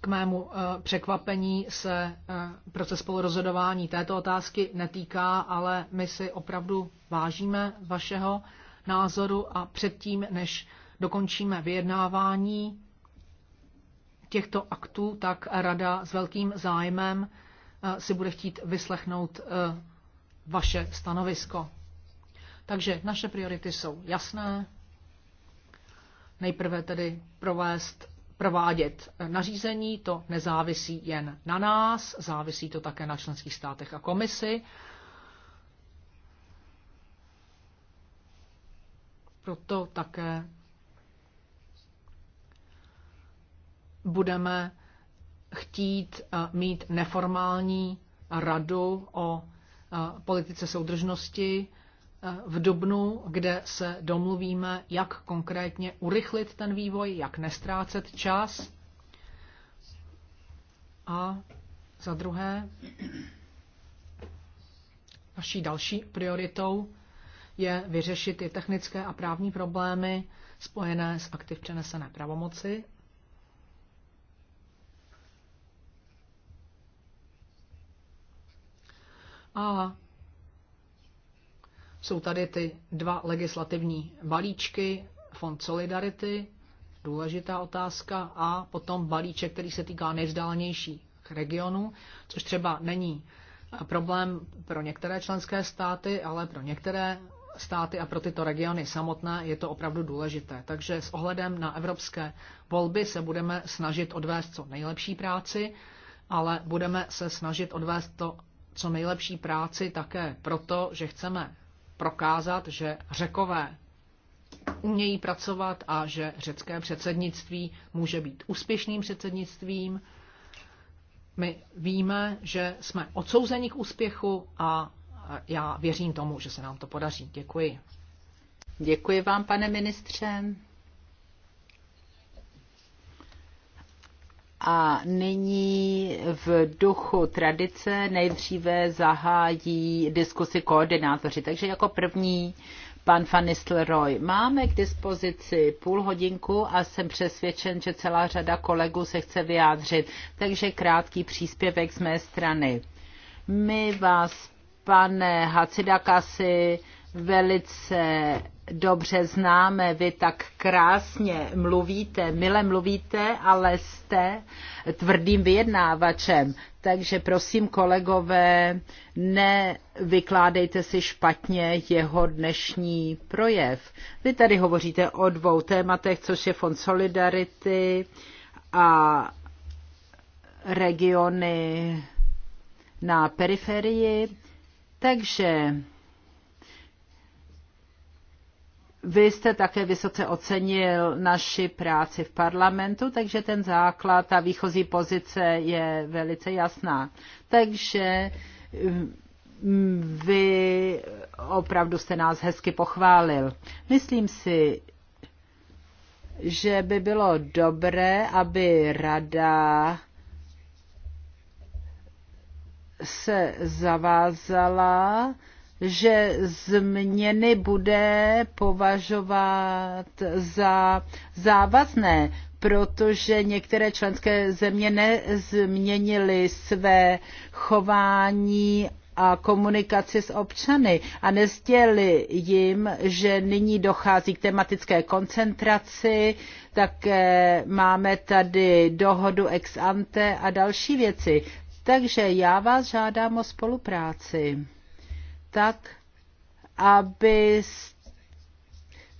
K mému eh, překvapení se eh, proces spolurozhodování této otázky netýká, ale my si opravdu vážíme vašeho názoru a předtím, než dokončíme vyjednávání, těchto aktů, tak Rada s velkým zájmem eh, si bude chtít vyslechnout eh, vaše stanovisko. Takže naše priority jsou jasné. Nejprve tedy provést, provádět nařízení, to nezávisí jen na nás, závisí to také na členských státech a komisi. Proto také budeme chtít eh, mít neformální radu o eh, politice soudržnosti eh, v Dubnu, kde se domluvíme, jak konkrétně urychlit ten vývoj, jak nestrácet čas. A za druhé, naší další prioritou je vyřešit i technické a právní problémy spojené s aktiv přenesené pravomoci A jsou tady ty dva legislativní balíčky, Fond Solidarity, důležitá otázka, a potom balíček, který se týká nejvzdálnějších regionů, což třeba není problém pro některé členské státy, ale pro některé státy a pro tyto regiony samotné je to opravdu důležité. Takže s ohledem na evropské volby se budeme snažit odvést co nejlepší práci, ale budeme se snažit odvést to co nejlepší práci také proto, že chceme prokázat, že řekové umějí pracovat a že řecké předsednictví může být úspěšným předsednictvím. My víme, že jsme odsouzeni k úspěchu a já věřím tomu, že se nám to podaří. Děkuji. Děkuji vám, pane ministře. A nyní v duchu tradice nejdříve zahájí diskusy koordinátoři. Takže jako první pan Van Nistelrooy. Máme k dispozici půl hodinku a jsem přesvědčen, že celá řada kolegů se chce vyjádřit, takže krátký příspěvek z mé strany. My vás, pane Hacidakasi, velice dobře známe. Vy tak krásně mluvíte, mile mluvíte, ale jste tvrdým vyjednávačem. Takže prosím, kolegové, nevykládejte si špatně jeho dnešní projev. Vy tady hovoříte o dvou tématech, což je Fond Solidarity a regiony na periferii. Takže Vy jste také vysoce ocenil naši práci v parlamentu, takže ten základ, ta výchozí pozice je velice jasná. Takže mm, vy opravdu jste nás hezky pochválil. Myslím si, že by bylo dobré, aby rada se zavázala že změny bude považovat za závazné, protože některé členské země nezměnily své chování a komunikaci s občany a nezděli jim, že nyní dochází k tematické koncentraci, tak máme tady dohodu ex ante a další věci. Takže já vás žádám o spolupráci tak, aby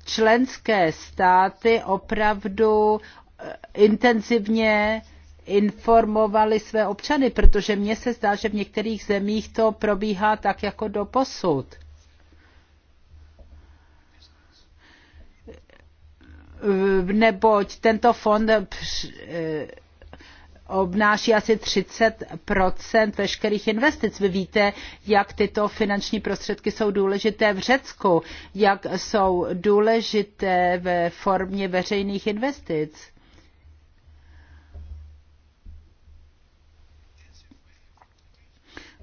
členské státy opravdu eh, intenzivně informovali své občany, protože mně se zdá, že v některých zemích to probíhá tak jako do posud. Neboť tento fond eh, obnáší asi 30 veškerých investic. Vy víte, jak tyto finanční prostředky jsou důležité v Řecku, jak jsou důležité ve formě veřejných investic.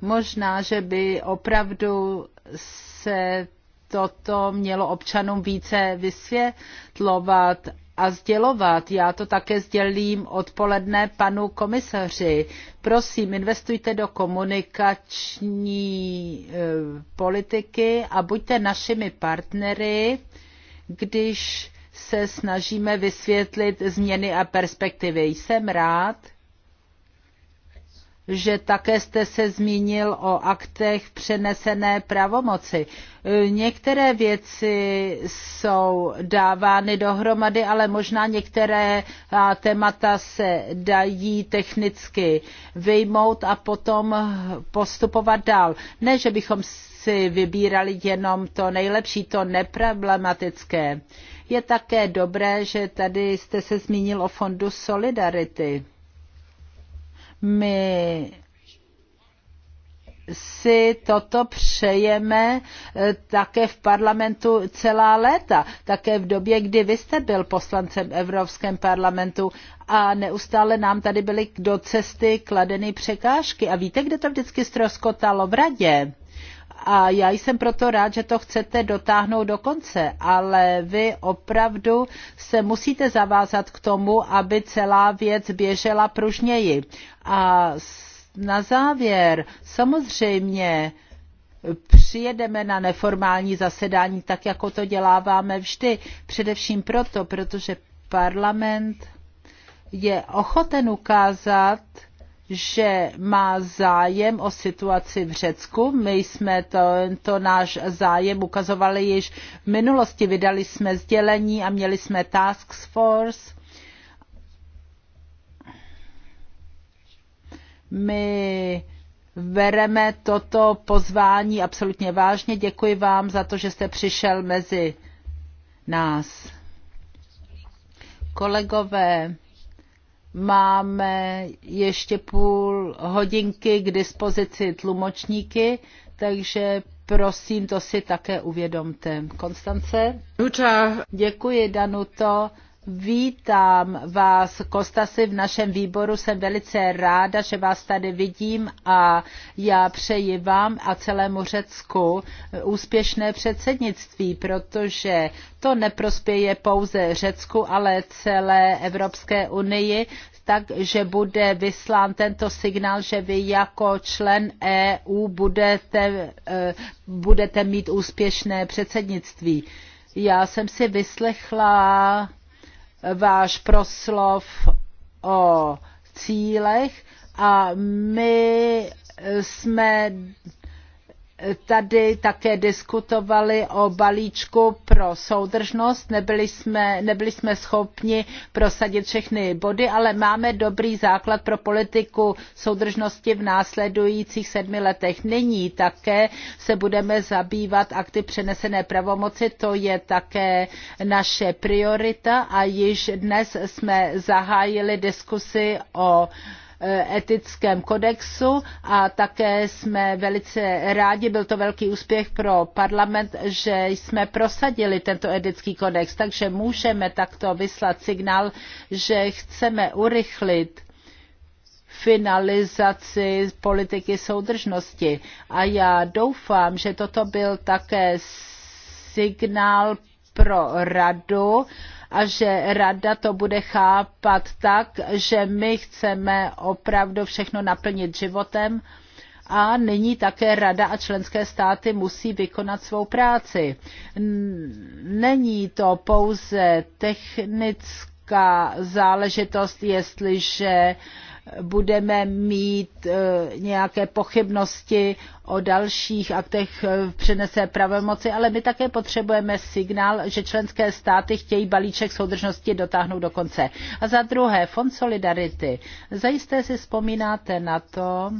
Možná, že by opravdu se toto mělo občanům více vysvětlovat a sdělovat. Já to také sdělím odpoledne panu komisaři. Prosím, investujte do komunikační e, politiky a buďte našimi partnery, když se snažíme vysvětlit změny a perspektivy. Jsem rád, že také jste se zmínil o aktech přenesené pravomoci. E, některé věci jsou dávány dohromady, ale možná některé témata se dají technicky vyjmout a potom postupovat dál. Ne, že bychom si vybírali jenom to nejlepší, to neproblematické. Je také dobré, že tady jste se zmínil o fondu Solidarity. My si toto přejeme eh, také v parlamentu celá léta, také v době, kdy vy jste byl poslancem Evropském parlamentu a neustále nám tady byly do cesty kladeny překážky. A víte, kde to vždycky stroskotalo? V radě a já jsem proto rád, že to chcete dotáhnout do konce, ale vy opravdu se musíte zavázat k tomu, aby celá věc běžela pružněji. A na závěr, samozřejmě, přijedeme na neformální zasedání, tak jako to děláváme vždy. Především proto, protože parlament je ochoten ukázat, že má zájem o situaci v Řecku. My jsme to, to náš zájem ukazovali již v minulosti. Vydali jsme sdělení a měli jsme task force. My bereme toto pozvání absolutně vážně. Děkuji vám za to, že jste přišel mezi nás. Kolegové, máme ještě půl hodinky k dispozici tlumočníky, takže prosím, to si také uvědomte. Konstance? Děkuji, Danuto. Vítám vás, Kostasi, v našem výboru. Jsem velice ráda, že vás tady vidím a já přeji vám a celému Řecku úspěšné předsednictví, protože to neprospěje pouze Řecku, ale celé Evropské unii, takže bude vyslán tento signál, že vy jako člen EU budete, e, budete mít úspěšné předsednictví. Já jsem si vyslechla váš proslov o cílech a my jsme tady také diskutovali o balíčku pro soudržnost. Nebyli jsme, nebyli jsme schopni prosadit všechny body, ale máme dobrý základ pro politiku soudržnosti v následujících sedmi letech. Nyní také se budeme zabývat akty přenesené pravomoci, to je také naše priorita a již dnes jsme zahájili diskusi o Eh, etickém kodexu a také jsme velice rádi, byl to velký úspěch pro parlament, že jsme prosadili tento etický kodex, takže můžeme takto vyslat signál, že chceme urychlit finalizaci politiky soudržnosti. A já doufám, že toto byl také signál pro radu, a že rada to bude chápat tak, že my chceme opravdu všechno naplnit životem a nyní také rada a členské státy musí vykonat svou práci. Není to pouze technická záležitost, jestliže uh, budeme mít eh, nějaké pochybnosti o dalších aktech eh, přenese pravomoci, ale my také potřebujeme signál, že členské státy chtějí balíček soudržnosti dotáhnout do konce. A za druhé, Fond Solidarity. Zajisté si vzpomínáte na to,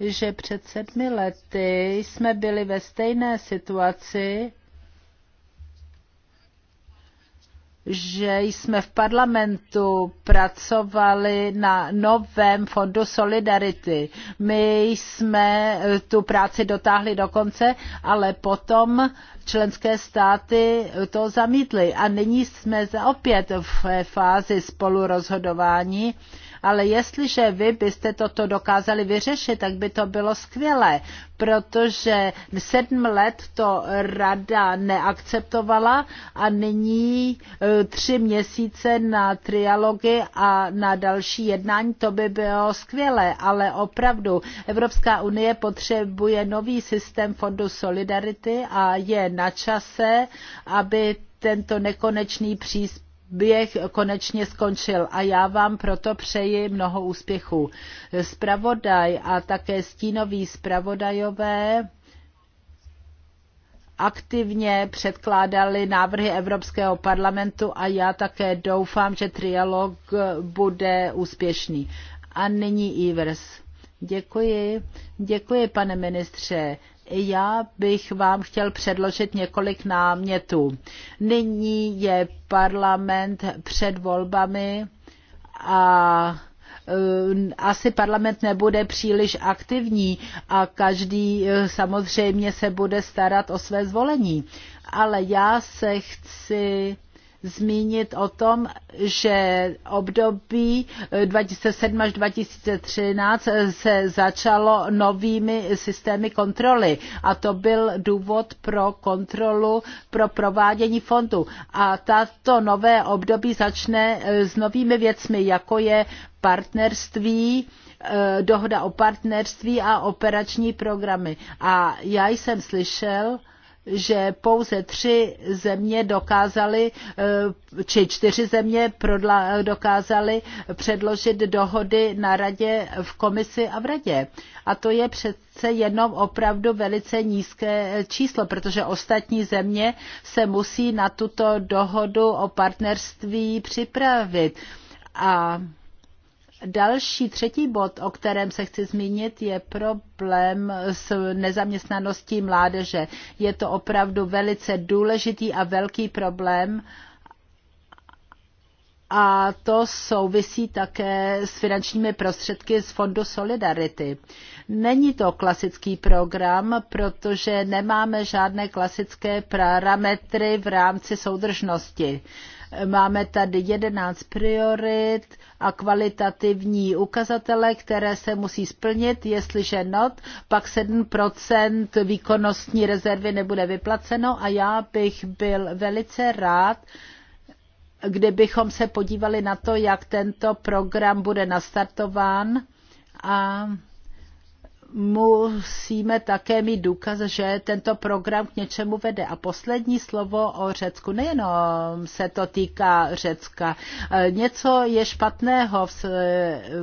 že před sedmi lety jsme byli ve stejné situaci, že jsme v parlamentu pracovali na novém fondu Solidarity. My jsme eh, tu práci dotáhli do konce, ale potom členské státy to zamítly. A nyní jsme opět v fázi spolurozhodování. rozhodování ale jestliže vy byste toto dokázali vyřešit, tak by to bylo skvělé, protože sedm let to rada neakceptovala a nyní e, tři měsíce na trialogy a na další jednání, to by bylo skvělé, ale opravdu Evropská unie potřebuje nový systém fondu Solidarity a je na čase, aby tento nekonečný příspěvek běh konečně skončil a já vám proto přeji mnoho úspěchů. Spravodaj a také stínoví spravodajové aktivně předkládali návrhy Evropského parlamentu a já také doufám, že trialog bude úspěšný. A nyní Ivers. Děkuji. Děkuji, pane ministře já bych vám chtěl předložit několik námětů. Nyní je parlament před volbami a eh, asi parlament nebude příliš aktivní a každý eh, samozřejmě se bude starat o své zvolení. Ale já se chci zmínit o tom, že období 2007 eh, až 2013 eh, se začalo novými systémy kontroly a to byl důvod pro kontrolu pro provádění fondu. A tato nové období začne eh, s novými věcmi, jako je partnerství, dohoda o partnerství a operační programy. A já jsem slyšel, že pouze tři země dokázaly, eh, či čtyři země dokázaly předložit dohody na radě, v komisi a v radě. A to je přece jenom opravdu velice nízké eh, číslo, protože ostatní země se musí na tuto dohodu o partnerství připravit. A Další třetí bod, o kterém se chci zmínit, je problém s nezaměstnaností mládeže. Je to opravdu velice důležitý a velký problém a to souvisí také s finančními prostředky z Fondu Solidarity. Není to klasický program, protože nemáme žádné klasické parametry v rámci soudržnosti. Máme tady 11 priorit a kvalitativní ukazatele, které se musí splnit, jestliže not, pak 7% výkonnostní rezervy nebude vyplaceno a já bych byl velice rád, kdybychom se podívali na to, jak tento program bude nastartován a musíme také mít důkaz, že tento program k něčemu vede. A poslední slovo o Řecku. Nejenom se to týká Řecka. E, něco je špatného v,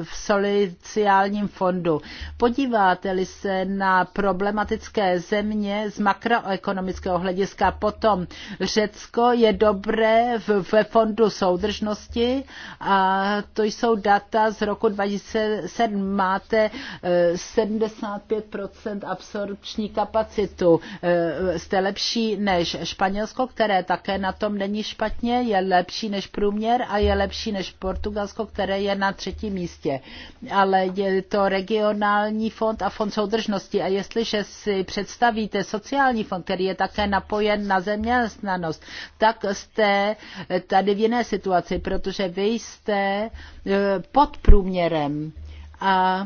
v sociálním fondu. Podíváte-li se na problematické země z makroekonomického hlediska, potom Řecko je dobré ve fondu soudržnosti a to jsou data z roku 2007. Máte 70 e, 65 absorpční kapacitu. Eh, jste lepší než Španělsko, které také na tom není špatně, je lepší než průměr a je lepší než Portugalsko, které je na třetím místě. Ale je to regionální fond a fond soudržnosti. A jestliže si představíte sociální fond, který je také napojen na zaměstnanost, tak jste tady v jiné situaci, protože vy jste eh, pod průměrem. A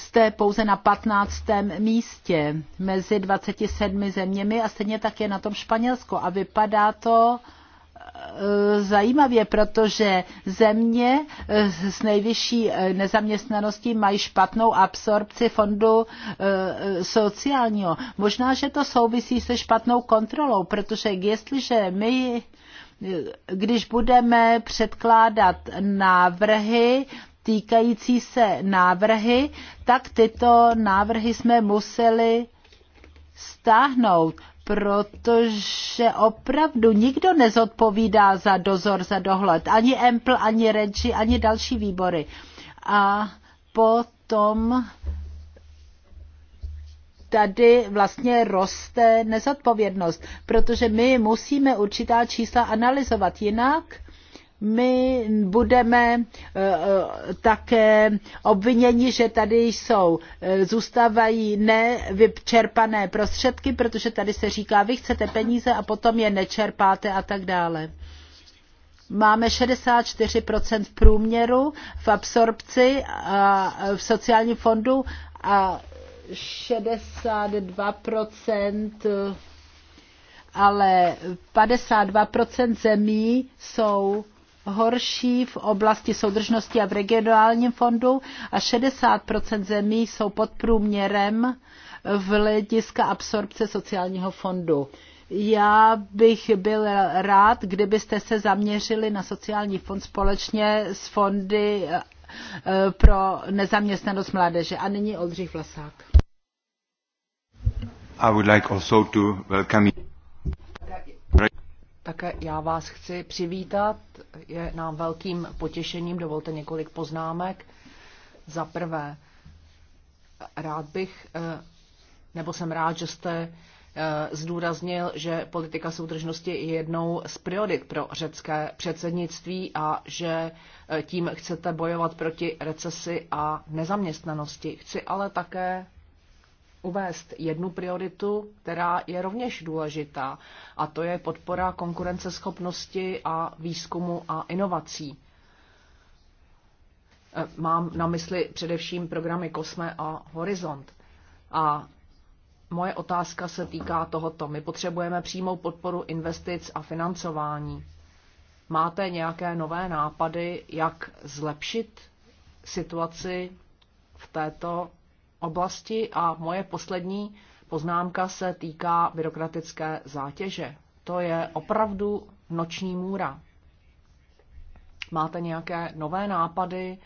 jste pouze na 15. místě mezi 27 zeměmi a stejně tak je na tom Španělsko. A vypadá to eh, zajímavě, protože země eh, s nejvyšší eh, nezaměstnaností mají špatnou absorpci fondu sociálního. Možná, že to souvisí se špatnou kontrolou, protože jestliže my když budeme předkládat návrhy týkající se návrhy, tak tyto návrhy jsme museli stáhnout, protože opravdu nikdo nezodpovídá za dozor, za dohled. Ani Empl, ani Regi, ani další výbory. A potom tady vlastně roste nezodpovědnost, protože my musíme určitá čísla analyzovat jinak my budeme eh, eh, také obviněni, že tady jsou, eh, zůstávají nevyčerpané prostředky, protože tady se říká, vy chcete peníze a potom je nečerpáte a tak dále. Máme 64% v průměru v absorpci a v sociálním fondu a 62%, ale 52% zemí jsou horší v oblasti soudržnosti a v regionálním fondu a 60 zemí jsou pod průměrem v hlediska absorpce sociálního fondu. Já bych byl rád, kdybyste se zaměřili na sociální fond společně s fondy eh, pro nezaměstnanost mládeže. A nyní Oldřich Vlasák. I would like also to welcome you. Také já vás chci přivítat. Je nám velkým potěšením, dovolte několik poznámek. Za prvé, rád bych, eh, nebo jsem rád, že jste eh, zdůraznil, že politika soudržnosti je jednou z priorit pro řecké předsednictví a že eh, tím chcete bojovat proti recesi a nezaměstnanosti. Chci ale také uvést jednu prioritu, která je rovněž důležitá, a to je podpora konkurenceschopnosti a výzkumu a inovací. E, mám na mysli především programy Kosme a Horizont. A moje otázka se týká tohoto. My potřebujeme přímou podporu investic a financování. Máte nějaké nové nápady, jak zlepšit situaci v této oblasti a moje poslední poznámka se týká byrokratické zátěže. To je opravdu noční můra. Máte nějaké nové nápady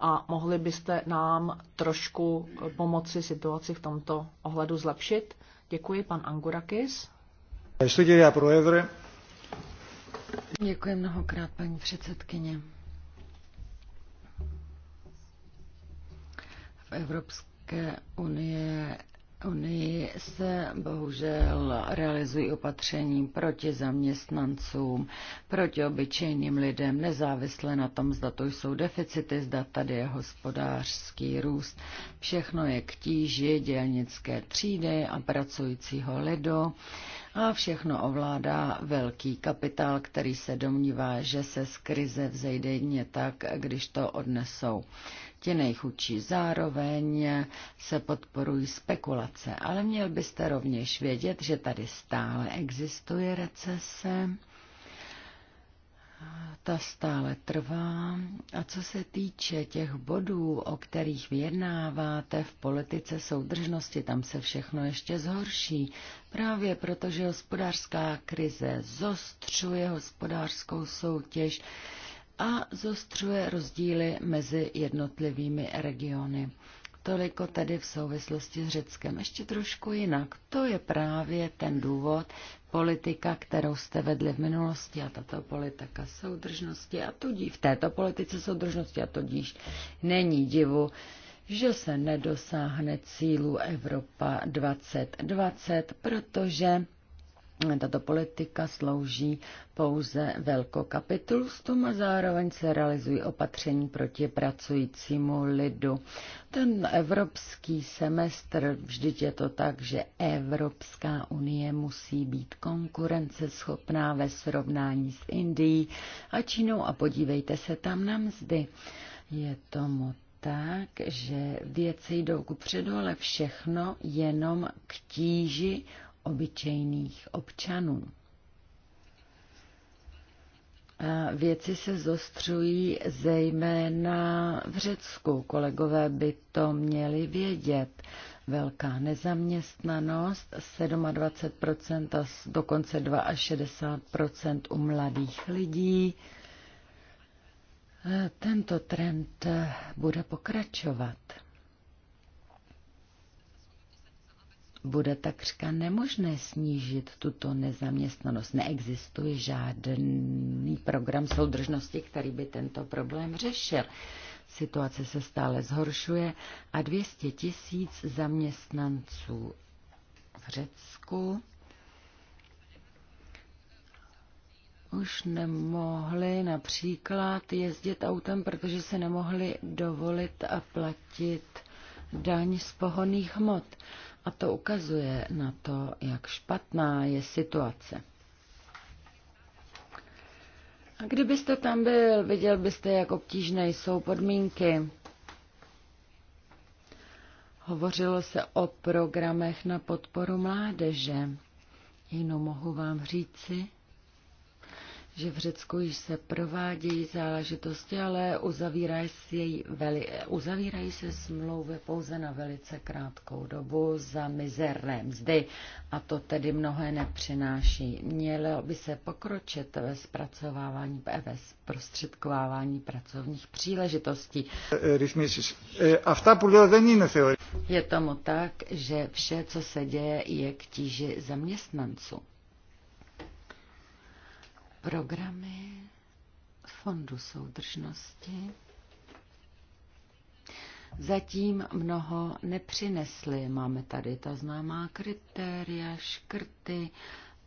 a mohli byste nám trošku pomoci situaci v tomto ohledu zlepšit? Děkuji, pan Angurakis. Děkuji mnohokrát, paní předsedkyně. v Evropské unie, unii se bohužel realizují opatření proti zaměstnancům, proti obyčejným lidem, nezávisle na tom, zda to jsou deficity, zda tady je hospodářský růst. Všechno je k tíži dělnické třídy a pracujícího lidu a všechno ovládá velký kapitál, který se domnívá, že se z krize vzejde jedně tak, když to odnesou ti nejchudší. Zároveň se podporují spekulace, ale měl byste rovněž vědět, že tady stále existuje recese, ta stále trvá. A co se týče těch bodů, o kterých vyjednáváte v politice soudržnosti, tam se všechno ještě zhorší. Právě protože hospodářská krize zostřuje hospodářskou soutěž, a zostřuje rozdíly mezi jednotlivými regiony. Toliko tedy v souvislosti s Řeckem. Ještě trošku jinak. To je právě ten důvod, politika, kterou jste vedli v minulosti a tato politika soudržnosti a tudíž v této politice soudržnosti a tudíž není divu, že se nedosáhne cílu Evropa 2020, protože tato politika slouží pouze velkokapitulistům a zároveň se realizují opatření proti pracujícímu lidu. Ten evropský semestr, vždyť je to tak, že Evropská unie musí být konkurenceschopná ve srovnání s Indií a Čínou a podívejte se tam na mzdy. Je tomu tak, že věci jdou kupředu, ale všechno jenom k tíži obyčejných občanů. Věci se zostřují zejména v Řecku. Kolegové by to měli vědět. Velká nezaměstnanost, 27% a dokonce 62% u mladých lidí. E, tento trend e, bude pokračovat. bude takřka nemožné snížit tuto nezaměstnanost. Neexistuje žádný program soudržnosti, který by tento problém řešil. Situace se stále zhoršuje a 200 tisíc zaměstnanců v Řecku už nemohli například jezdit autem, protože se nemohli dovolit a platit daň z pohoných hmot. A to ukazuje na to, jak špatná je situace. A kdybyste tam byl, viděl byste, jak obtížné jsou podmínky. Hovořilo se o programech na podporu mládeže. Jenom mohu vám říci, že v Řecku již se provádějí záležitosti, ale uzavírají se, veli, uzavírají se smlouvy pouze na velice krátkou dobu za mizerné mzdy a to tedy mnohé nepřináší. Mělo by se pokročit ve zpracovávání, ve zprostředkovávání pracovních příležitostí. Je tomu tak, že vše, co se děje, je k tíži zaměstnanců programy Fondu soudržnosti zatím mnoho nepřinesly. Máme tady ta známá kritéria, škrty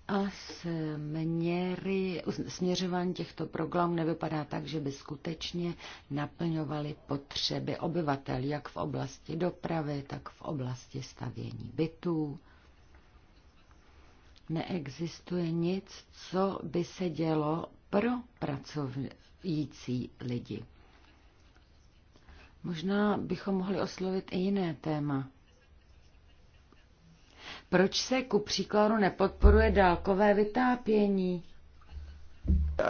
a směry, směřování těchto programů nevypadá tak, že by skutečně naplňovaly potřeby obyvatel, jak v oblasti dopravy, tak v oblasti stavění bytů neexistuje nic, co by se dělo pro pracující lidi. Možná bychom mohli oslovit i jiné téma. Proč se ku příkladu nepodporuje dálkové vytápění?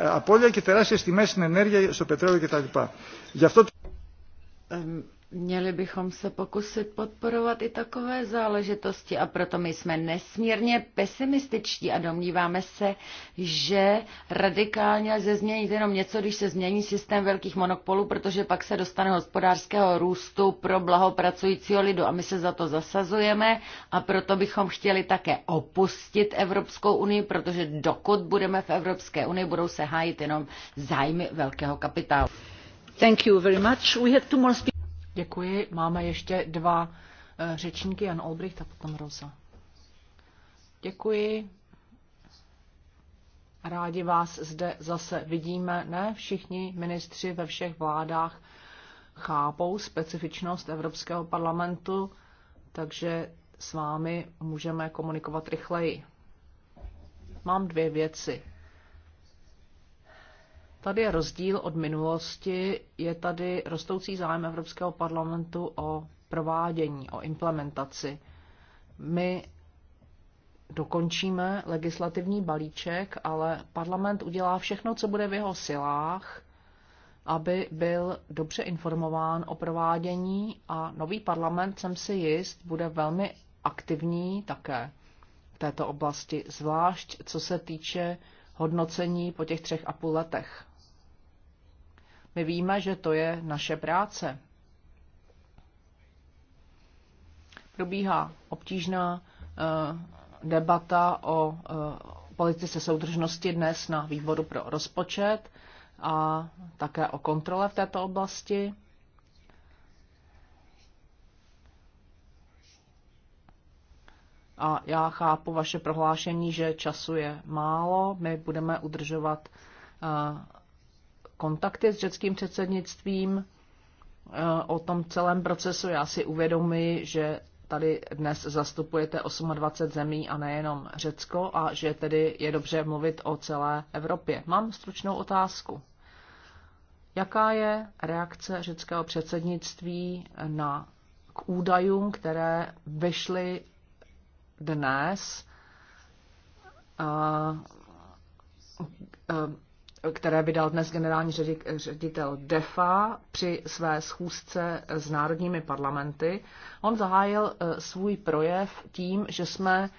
Απόλυτα και τεράστιες s στην ενέργεια, στο πετρέλαιο Já v tom Měli bychom se pokusit podporovat i takové záležitosti a proto my jsme nesmírně pesimističtí a domníváme se, že radikálně lze změnit jenom něco, když se změní systém velkých monopolů, protože pak se dostane hospodářského růstu pro blaho pracujícího lidu a my se za to zasazujeme a proto bychom chtěli také opustit Evropskou unii, protože dokud budeme v Evropské unii, budou se hájit jenom zájmy velkého kapitálu. Thank you very much. We have two more Děkuji. Máme ještě dva eh, řečníky, Jan Olbricht a potom Rosa. Děkuji. Rádi vás zde zase vidíme. Ne všichni ministři ve všech vládách chápou specifičnost Evropského parlamentu, takže s vámi můžeme komunikovat rychleji. Mám dvě věci. Tady je rozdíl od minulosti, je tady rostoucí zájem Evropského parlamentu o provádění, o implementaci. My dokončíme legislativní balíček, ale parlament udělá všechno, co bude v jeho silách, aby byl dobře informován o provádění a nový parlament, jsem si jist, bude velmi aktivní také v této oblasti, zvlášť co se týče hodnocení po těch třech a půl letech. My víme, že to je naše práce. Probíhá obtížná eh, debata o eh, politice soudržnosti dnes na výboru pro rozpočet a také o kontrole v této oblasti. A já chápu vaše prohlášení, že času je málo. My budeme udržovat eh, kontakty s řeckým předsednictvím eh, o tom celém procesu. Já si uvědomuji, že tady dnes zastupujete 28 zemí a nejenom Řecko a že tedy je dobře mluvit o celé Evropě. Mám stručnou otázku. Jaká je reakce řeckého předsednictví na k údajům, které vyšly dnes? A, eh, a, eh, které vydal dnes generální ředitel DEFA při své schůzce s národními parlamenty. On zahájil eh, svůj projev tím, že jsme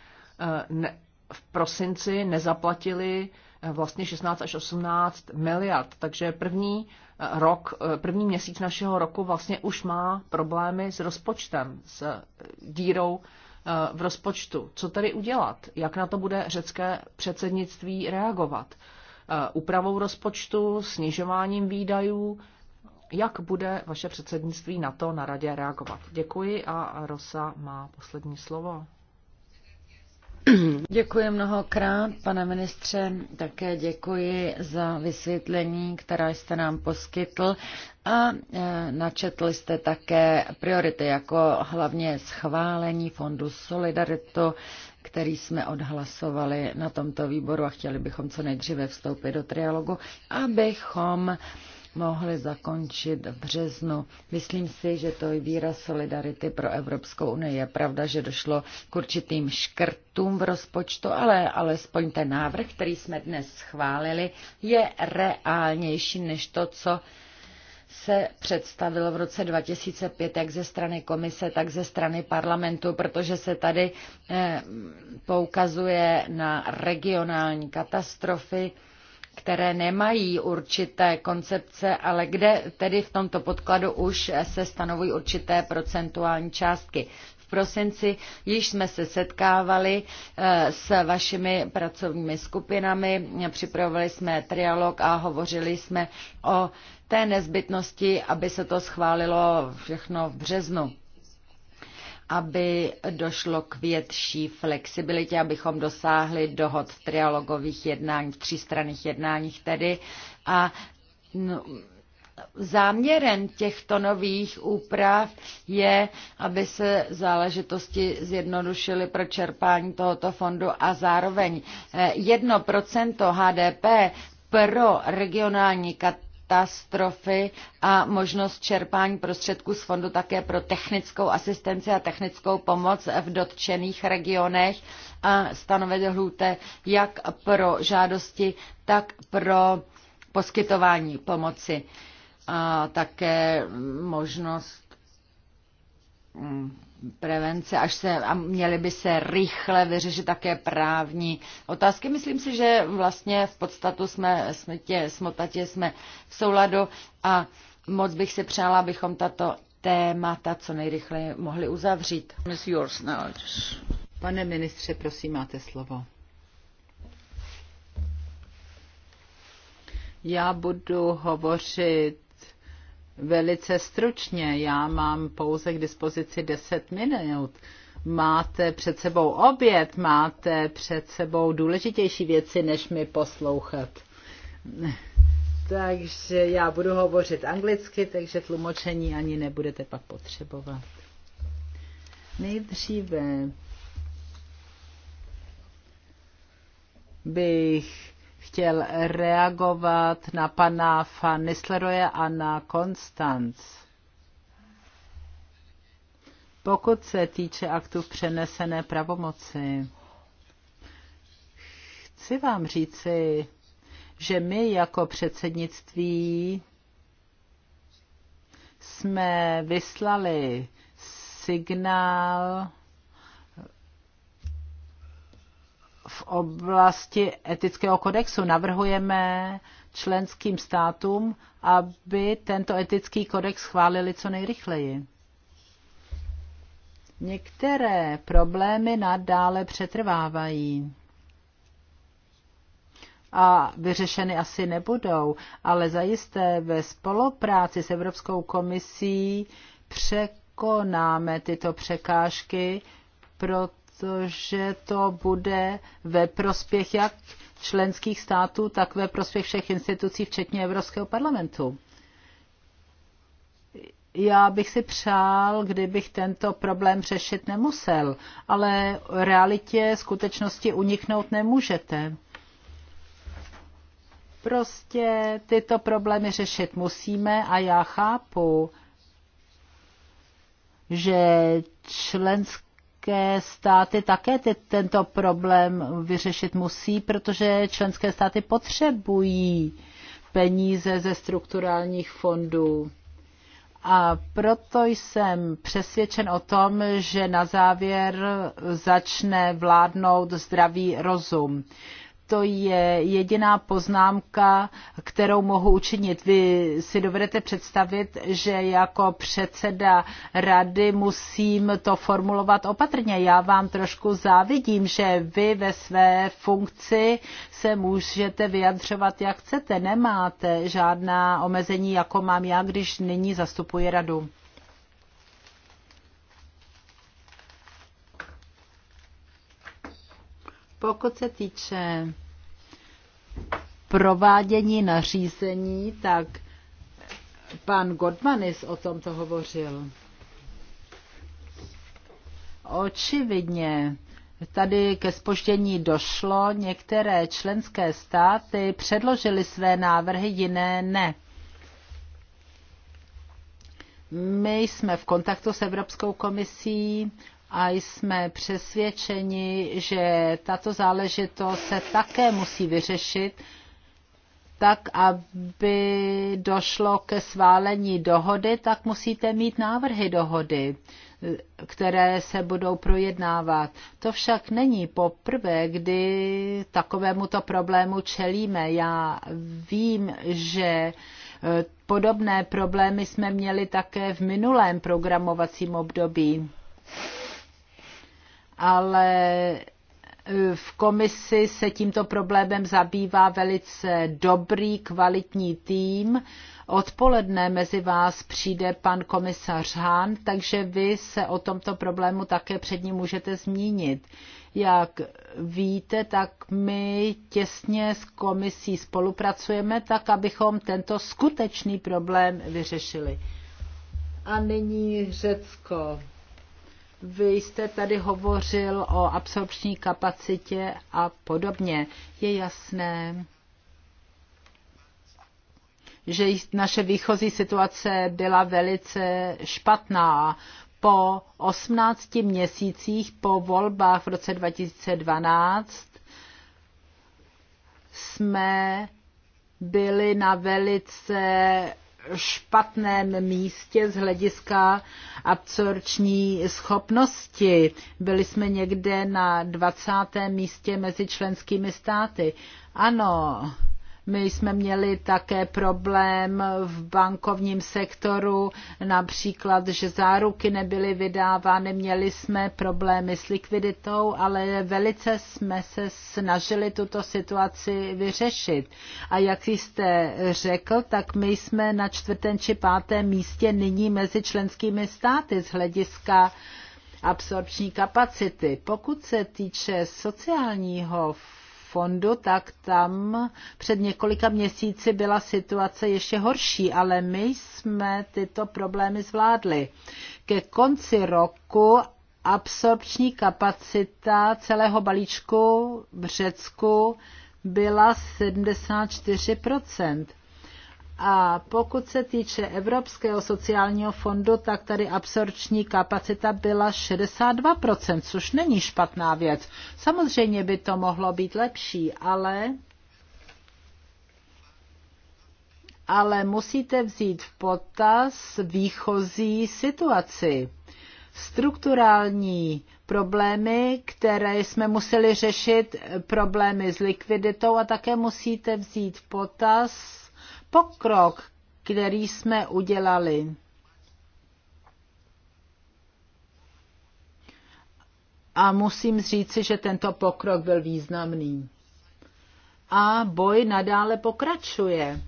eh, v prosinci nezaplatili eh, vlastně 16 až 18 miliard. Takže první rok, první měsíc našeho roku vlastně už má problémy s rozpočtem, s dírou v rozpočtu. Co tedy udělat? Jak na to bude řecké předsednictví reagovat? Eh, úpravou rozpočtu, snižováním výdajů. Jak bude vaše předsednictví na to na radě reagovat? Děkuji a Rosa má poslední slovo. Děkuji mnohokrát, pane ministře. Také děkuji za vysvětlení, které jste nám poskytl. A eh, načetl jste také priority jako hlavně schválení Fondu Solidaritu, který jsme odhlasovali na tomto výboru a chtěli bychom co nejdříve vstoupit do trialogu, abychom mohli zakončit v březnu. Myslím si, že to je výraz solidarity pro Evropskou unii. Je pravda, že došlo k určitým škrtům v rozpočtu, ale alespoň ten návrh, který jsme dnes schválili, je reálnější než to, co se představilo v roce 2005 jak ze strany komise, tak ze strany parlamentu, protože se tady eh, poukazuje na regionální katastrofy, které nemají určité koncepce, ale kde tedy v tomto podkladu už se stanovují určité procentuální částky. V prosinci již jsme se setkávali eh, s vašimi pracovními skupinami, připravovali jsme trialog a hovořili jsme o té nezbytnosti, aby se to schválilo všechno v březnu aby došlo k větší flexibilitě, abychom dosáhli dohod v trialogových jednáních, v třístranných jednáních tedy. A no, záměrem těchto nových úprav je, aby se záležitosti zjednodušily pro čerpání tohoto fondu a zároveň 1% eh, HDP pro regionální katastrofy a možnost čerpání prostředků z fondu také pro technickou asistenci a technickou pomoc v dotčených regionech a stanovit hlůte jak pro žádosti, tak pro poskytování pomoci. A také možnost mm, prevence, až se, a měly by se rychle vyřešit také právní otázky. Myslím si, že vlastně v podstatu jsme, jsme tě, smotatě jsme v souladu a moc bych si přála, abychom tato témata co nejrychleji mohli uzavřít. Pane ministře, prosím, máte slovo. Já budu hovořit Velice stručně, já mám pouze k dispozici 10 minut. Máte před sebou oběd, máte před sebou důležitější věci, než mi poslouchat. Takže já budu hovořit anglicky, takže tlumočení ani nebudete pak potřebovat. Nejdříve bych chtěl reagovat na pana van Nisleroje a na Konstanc. Pokud se týče aktu v přenesené pravomoci, chci vám říci, že my jako předsednictví jsme vyslali signál v oblasti etického kodexu navrhujeme členským státům, aby tento etický kodex schválili co nejrychleji. Některé problémy nadále přetrvávají a vyřešeny asi nebudou, ale zajisté ve spolupráci s Evropskou komisí překonáme tyto překážky, proto protože to bude ve prospěch jak členských států, tak ve prospěch všech institucí, včetně Evropského parlamentu. Já bych si přál, kdybych tento problém řešit nemusel, ale realitě skutečnosti uniknout nemůžete. Prostě tyto problémy řešit musíme a já chápu, že členské členské státy také ty, tento problém vyřešit musí, protože členské státy potřebují peníze ze strukturálních fondů. A proto jsem přesvědčen o tom, že na závěr začne vládnout zdravý rozum to je jediná poznámka, kterou mohu učinit. Vy si dovedete představit, že jako předseda rady musím to formulovat opatrně. Já vám trošku závidím, že vy ve své funkci se můžete vyjadřovat, jak chcete. Nemáte žádná omezení, jako mám já, když nyní zastupuji radu. Pokud se týče provádění nařízení, tak pan Godmanis o tomto hovořil. Očividně tady ke spoždění došlo, některé členské státy předložily své návrhy, jiné ne. My jsme v kontaktu s Evropskou komisí a jsme přesvědčeni, že tato záležitost se také musí vyřešit, tak aby došlo ke sválení dohody, tak musíte mít návrhy dohody, které se budou projednávat. To však není poprvé, kdy takovémuto problému čelíme. Já vím, že eh, podobné problémy jsme měli také v minulém programovacím období ale e, v komisi se tímto problémem zabývá velice dobrý, kvalitní tým. Odpoledne mezi vás přijde pan komisař Hahn, takže vy se o tomto problému také před ním můžete zmínit. Jak víte, tak my těsně s komisí spolupracujeme, tak abychom tento skutečný problém vyřešili. A nyní Řecko. Vy jste tady hovořil o absorpční kapacitě a podobně. Je jasné, že naše výchozí situace byla velice špatná. Po 18 měsících po volbách v roce 2012 jsme byli na velice špatném místě z hlediska absorční schopnosti. Byli jsme někde na 20. místě mezi členskými státy. Ano, my jsme měli také problém v bankovním sektoru, například, že záruky nebyly vydávány, měli jsme problémy s likviditou, ale velice jsme se snažili tuto situaci vyřešit. A jak jste řekl, tak my jsme na čtvrtém či pátém místě nyní mezi členskými státy z hlediska absorpční kapacity. Pokud se týče sociálního fondu, tak tam před několika měsíci byla situace ještě horší, ale my jsme tyto problémy zvládli. Ke konci roku absorpční kapacita celého balíčku v Řecku byla 74 a pokud se týče Evropského sociálního fondu, tak tady absorpční kapacita byla 62%, což není špatná věc. Samozřejmě by to mohlo být lepší, ale ale musíte vzít v potaz výchozí situaci. Strukturální problémy, které jsme museli řešit, problémy s likviditou a také musíte vzít v potaz pokrok, který jsme udělali. A musím říci, že tento pokrok byl významný. A boj nadále pokračuje.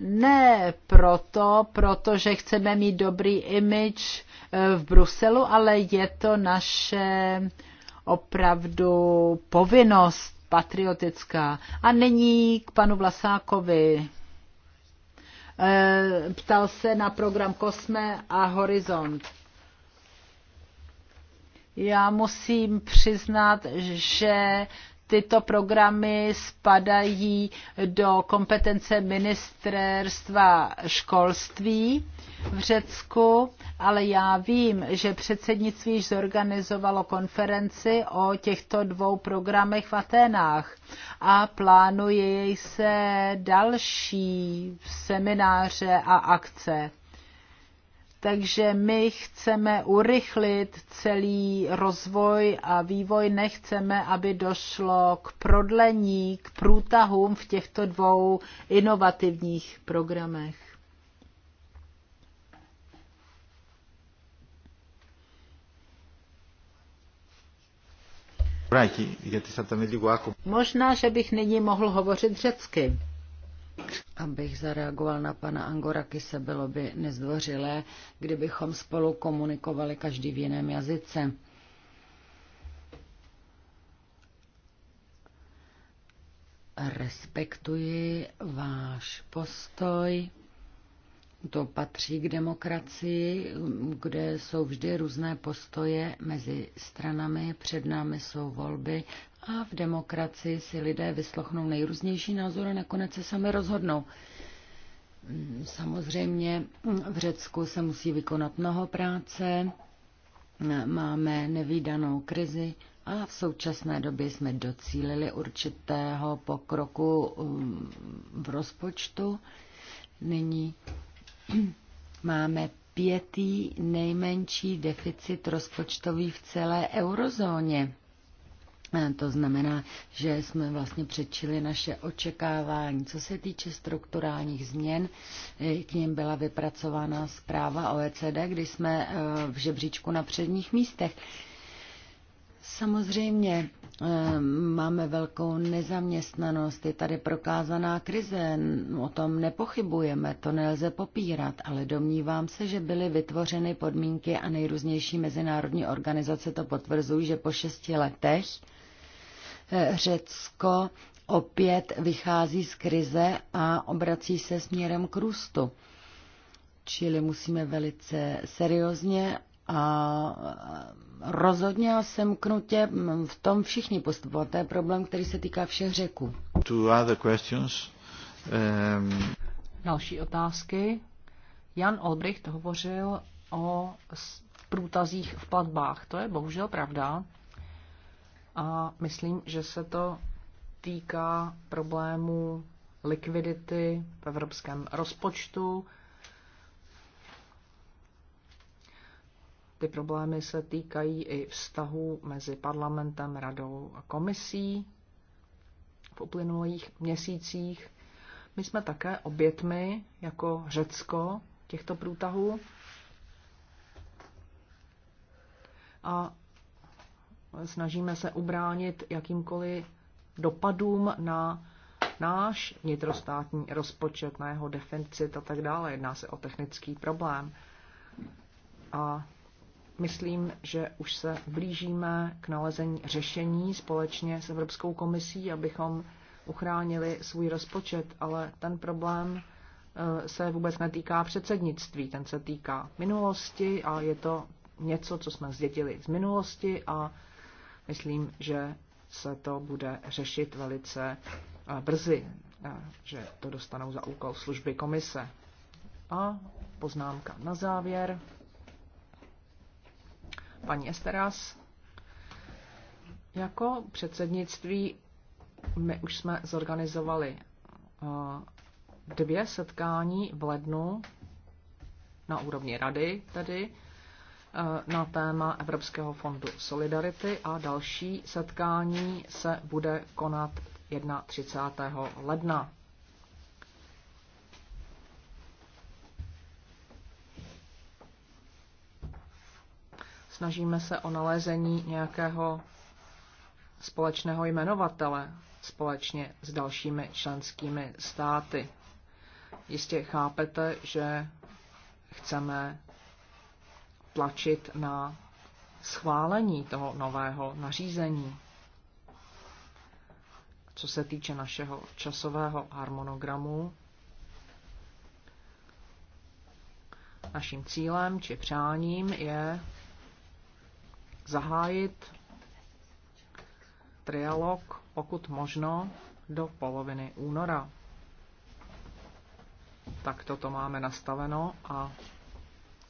Ne proto, protože chceme mít dobrý image eh, v Bruselu, ale je to naše opravdu povinnost patriotická. A není k panu Vlasákovi. Eh, ptal se na program Kosme a Horizont. Já musím přiznat, že tyto programy spadají do kompetence ministerstva školství v Řecku, ale já vím, že předsednictví již zorganizovalo konferenci o těchto dvou programech v Aténách a plánuje se další semináře a akce. Takže my chceme urychlit celý rozvoj a vývoj, nechceme, aby došlo k prodlení, k průtahům v těchto dvou inovativních programech. Jako- Možná, že bych nyní mohl hovořit řecky. Abych zareagoval na pana Angorakise, bylo by nezdvořilé, kdybychom spolu komunikovali každý v jiném jazyce. Respektuji váš postoj. To patří k demokracii, kde jsou vždy různé postoje mezi stranami, před námi jsou volby a v demokracii si lidé vyslochnou nejrůznější názory a nakonec se sami rozhodnou. Samozřejmě v Řecku se musí vykonat mnoho práce, máme nevýdanou krizi a v současné době jsme docílili určitého pokroku um, v rozpočtu. Nyní máme pětý nejmenší deficit rozpočtový v celé eurozóně. To znamená, že jsme vlastně předčili naše očekávání. Co se týče strukturálních změn, eh, k něm byla vypracována zpráva OECD, kdy jsme eh, v žebříčku na předních místech. Samozřejmě Ehm, máme velkou nezaměstnanost, je tady prokázaná krize, o tom nepochybujeme, to nelze popírat, ale domnívám se, že byly vytvořeny podmínky a nejrůznější mezinárodní organizace to potvrzují, že po šesti letech eh, Řecko opět vychází z krize a obrací se směrem k růstu. Čili musíme velice seriózně a rozhodně a semknutě v tom všichni postupovat. To je problém, který se týká všech řeků. Um... Další otázky. Jan Olbricht hovořil o průtazích v platbách. To je bohužel pravda. A myslím, že se to týká problému likvidity v evropském rozpočtu, Ty problémy se týkají i vztahu mezi parlamentem, radou a komisí v uplynulých měsících. My jsme také obětmi jako Řecko těchto průtahů. A snažíme se ubránit jakýmkoliv dopadům na náš vnitrostátní rozpočet, na jeho deficit a tak dále. Jedná se o technický problém. A Myslím, že už se blížíme k nalezení řešení společně s Evropskou komisí, abychom uchránili svůj rozpočet, ale ten problém eh, se vůbec netýká předsednictví, ten se týká minulosti a je to něco, co jsme zdědili z minulosti a myslím, že se to bude řešit velice eh, brzy, eh, že to dostanou za úkol služby komise. A poznámka na závěr paní Esteras. Jako předsednictví my už jsme zorganizovali eh, dvě setkání v lednu na úrovni rady tedy eh, na téma Evropského fondu Solidarity a další setkání se bude konat 31. ledna. snažíme se o nalezení nějakého společného jmenovatele společně s dalšími členskými státy. Jistě chápete, že chceme tlačit na schválení toho nového nařízení. Co se týče našeho časového harmonogramu, naším cílem či přáním je zahájit trialog, pokud možno, do poloviny února. Tak toto máme nastaveno a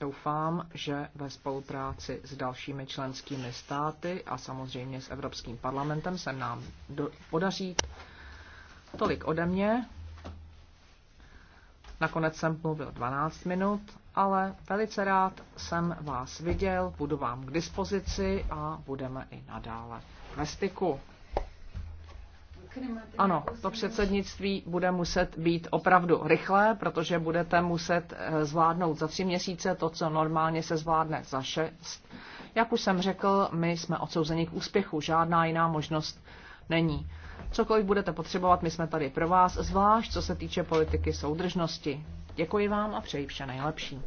doufám, že ve spolupráci s dalšími členskými státy a samozřejmě s Evropským parlamentem se nám do, podaří. Tolik ode mě. Nakonec jsem mluvil 12 minut, ale velice rád jsem vás viděl, budu vám k dispozici a budeme i nadále ve styku. Ano, to předsednictví bude muset být opravdu rychlé, protože budete muset eh, zvládnout za tři měsíce to, co normálně se zvládne za šest. Jak už jsem řekl, my jsme odsouzeni k úspěchu, žádná jiná možnost není. Cokoliv budete potřebovat, my jsme tady pro vás, zvlášť co se týče politiky soudržnosti. Děkuji vám a přeji vše nejlepší.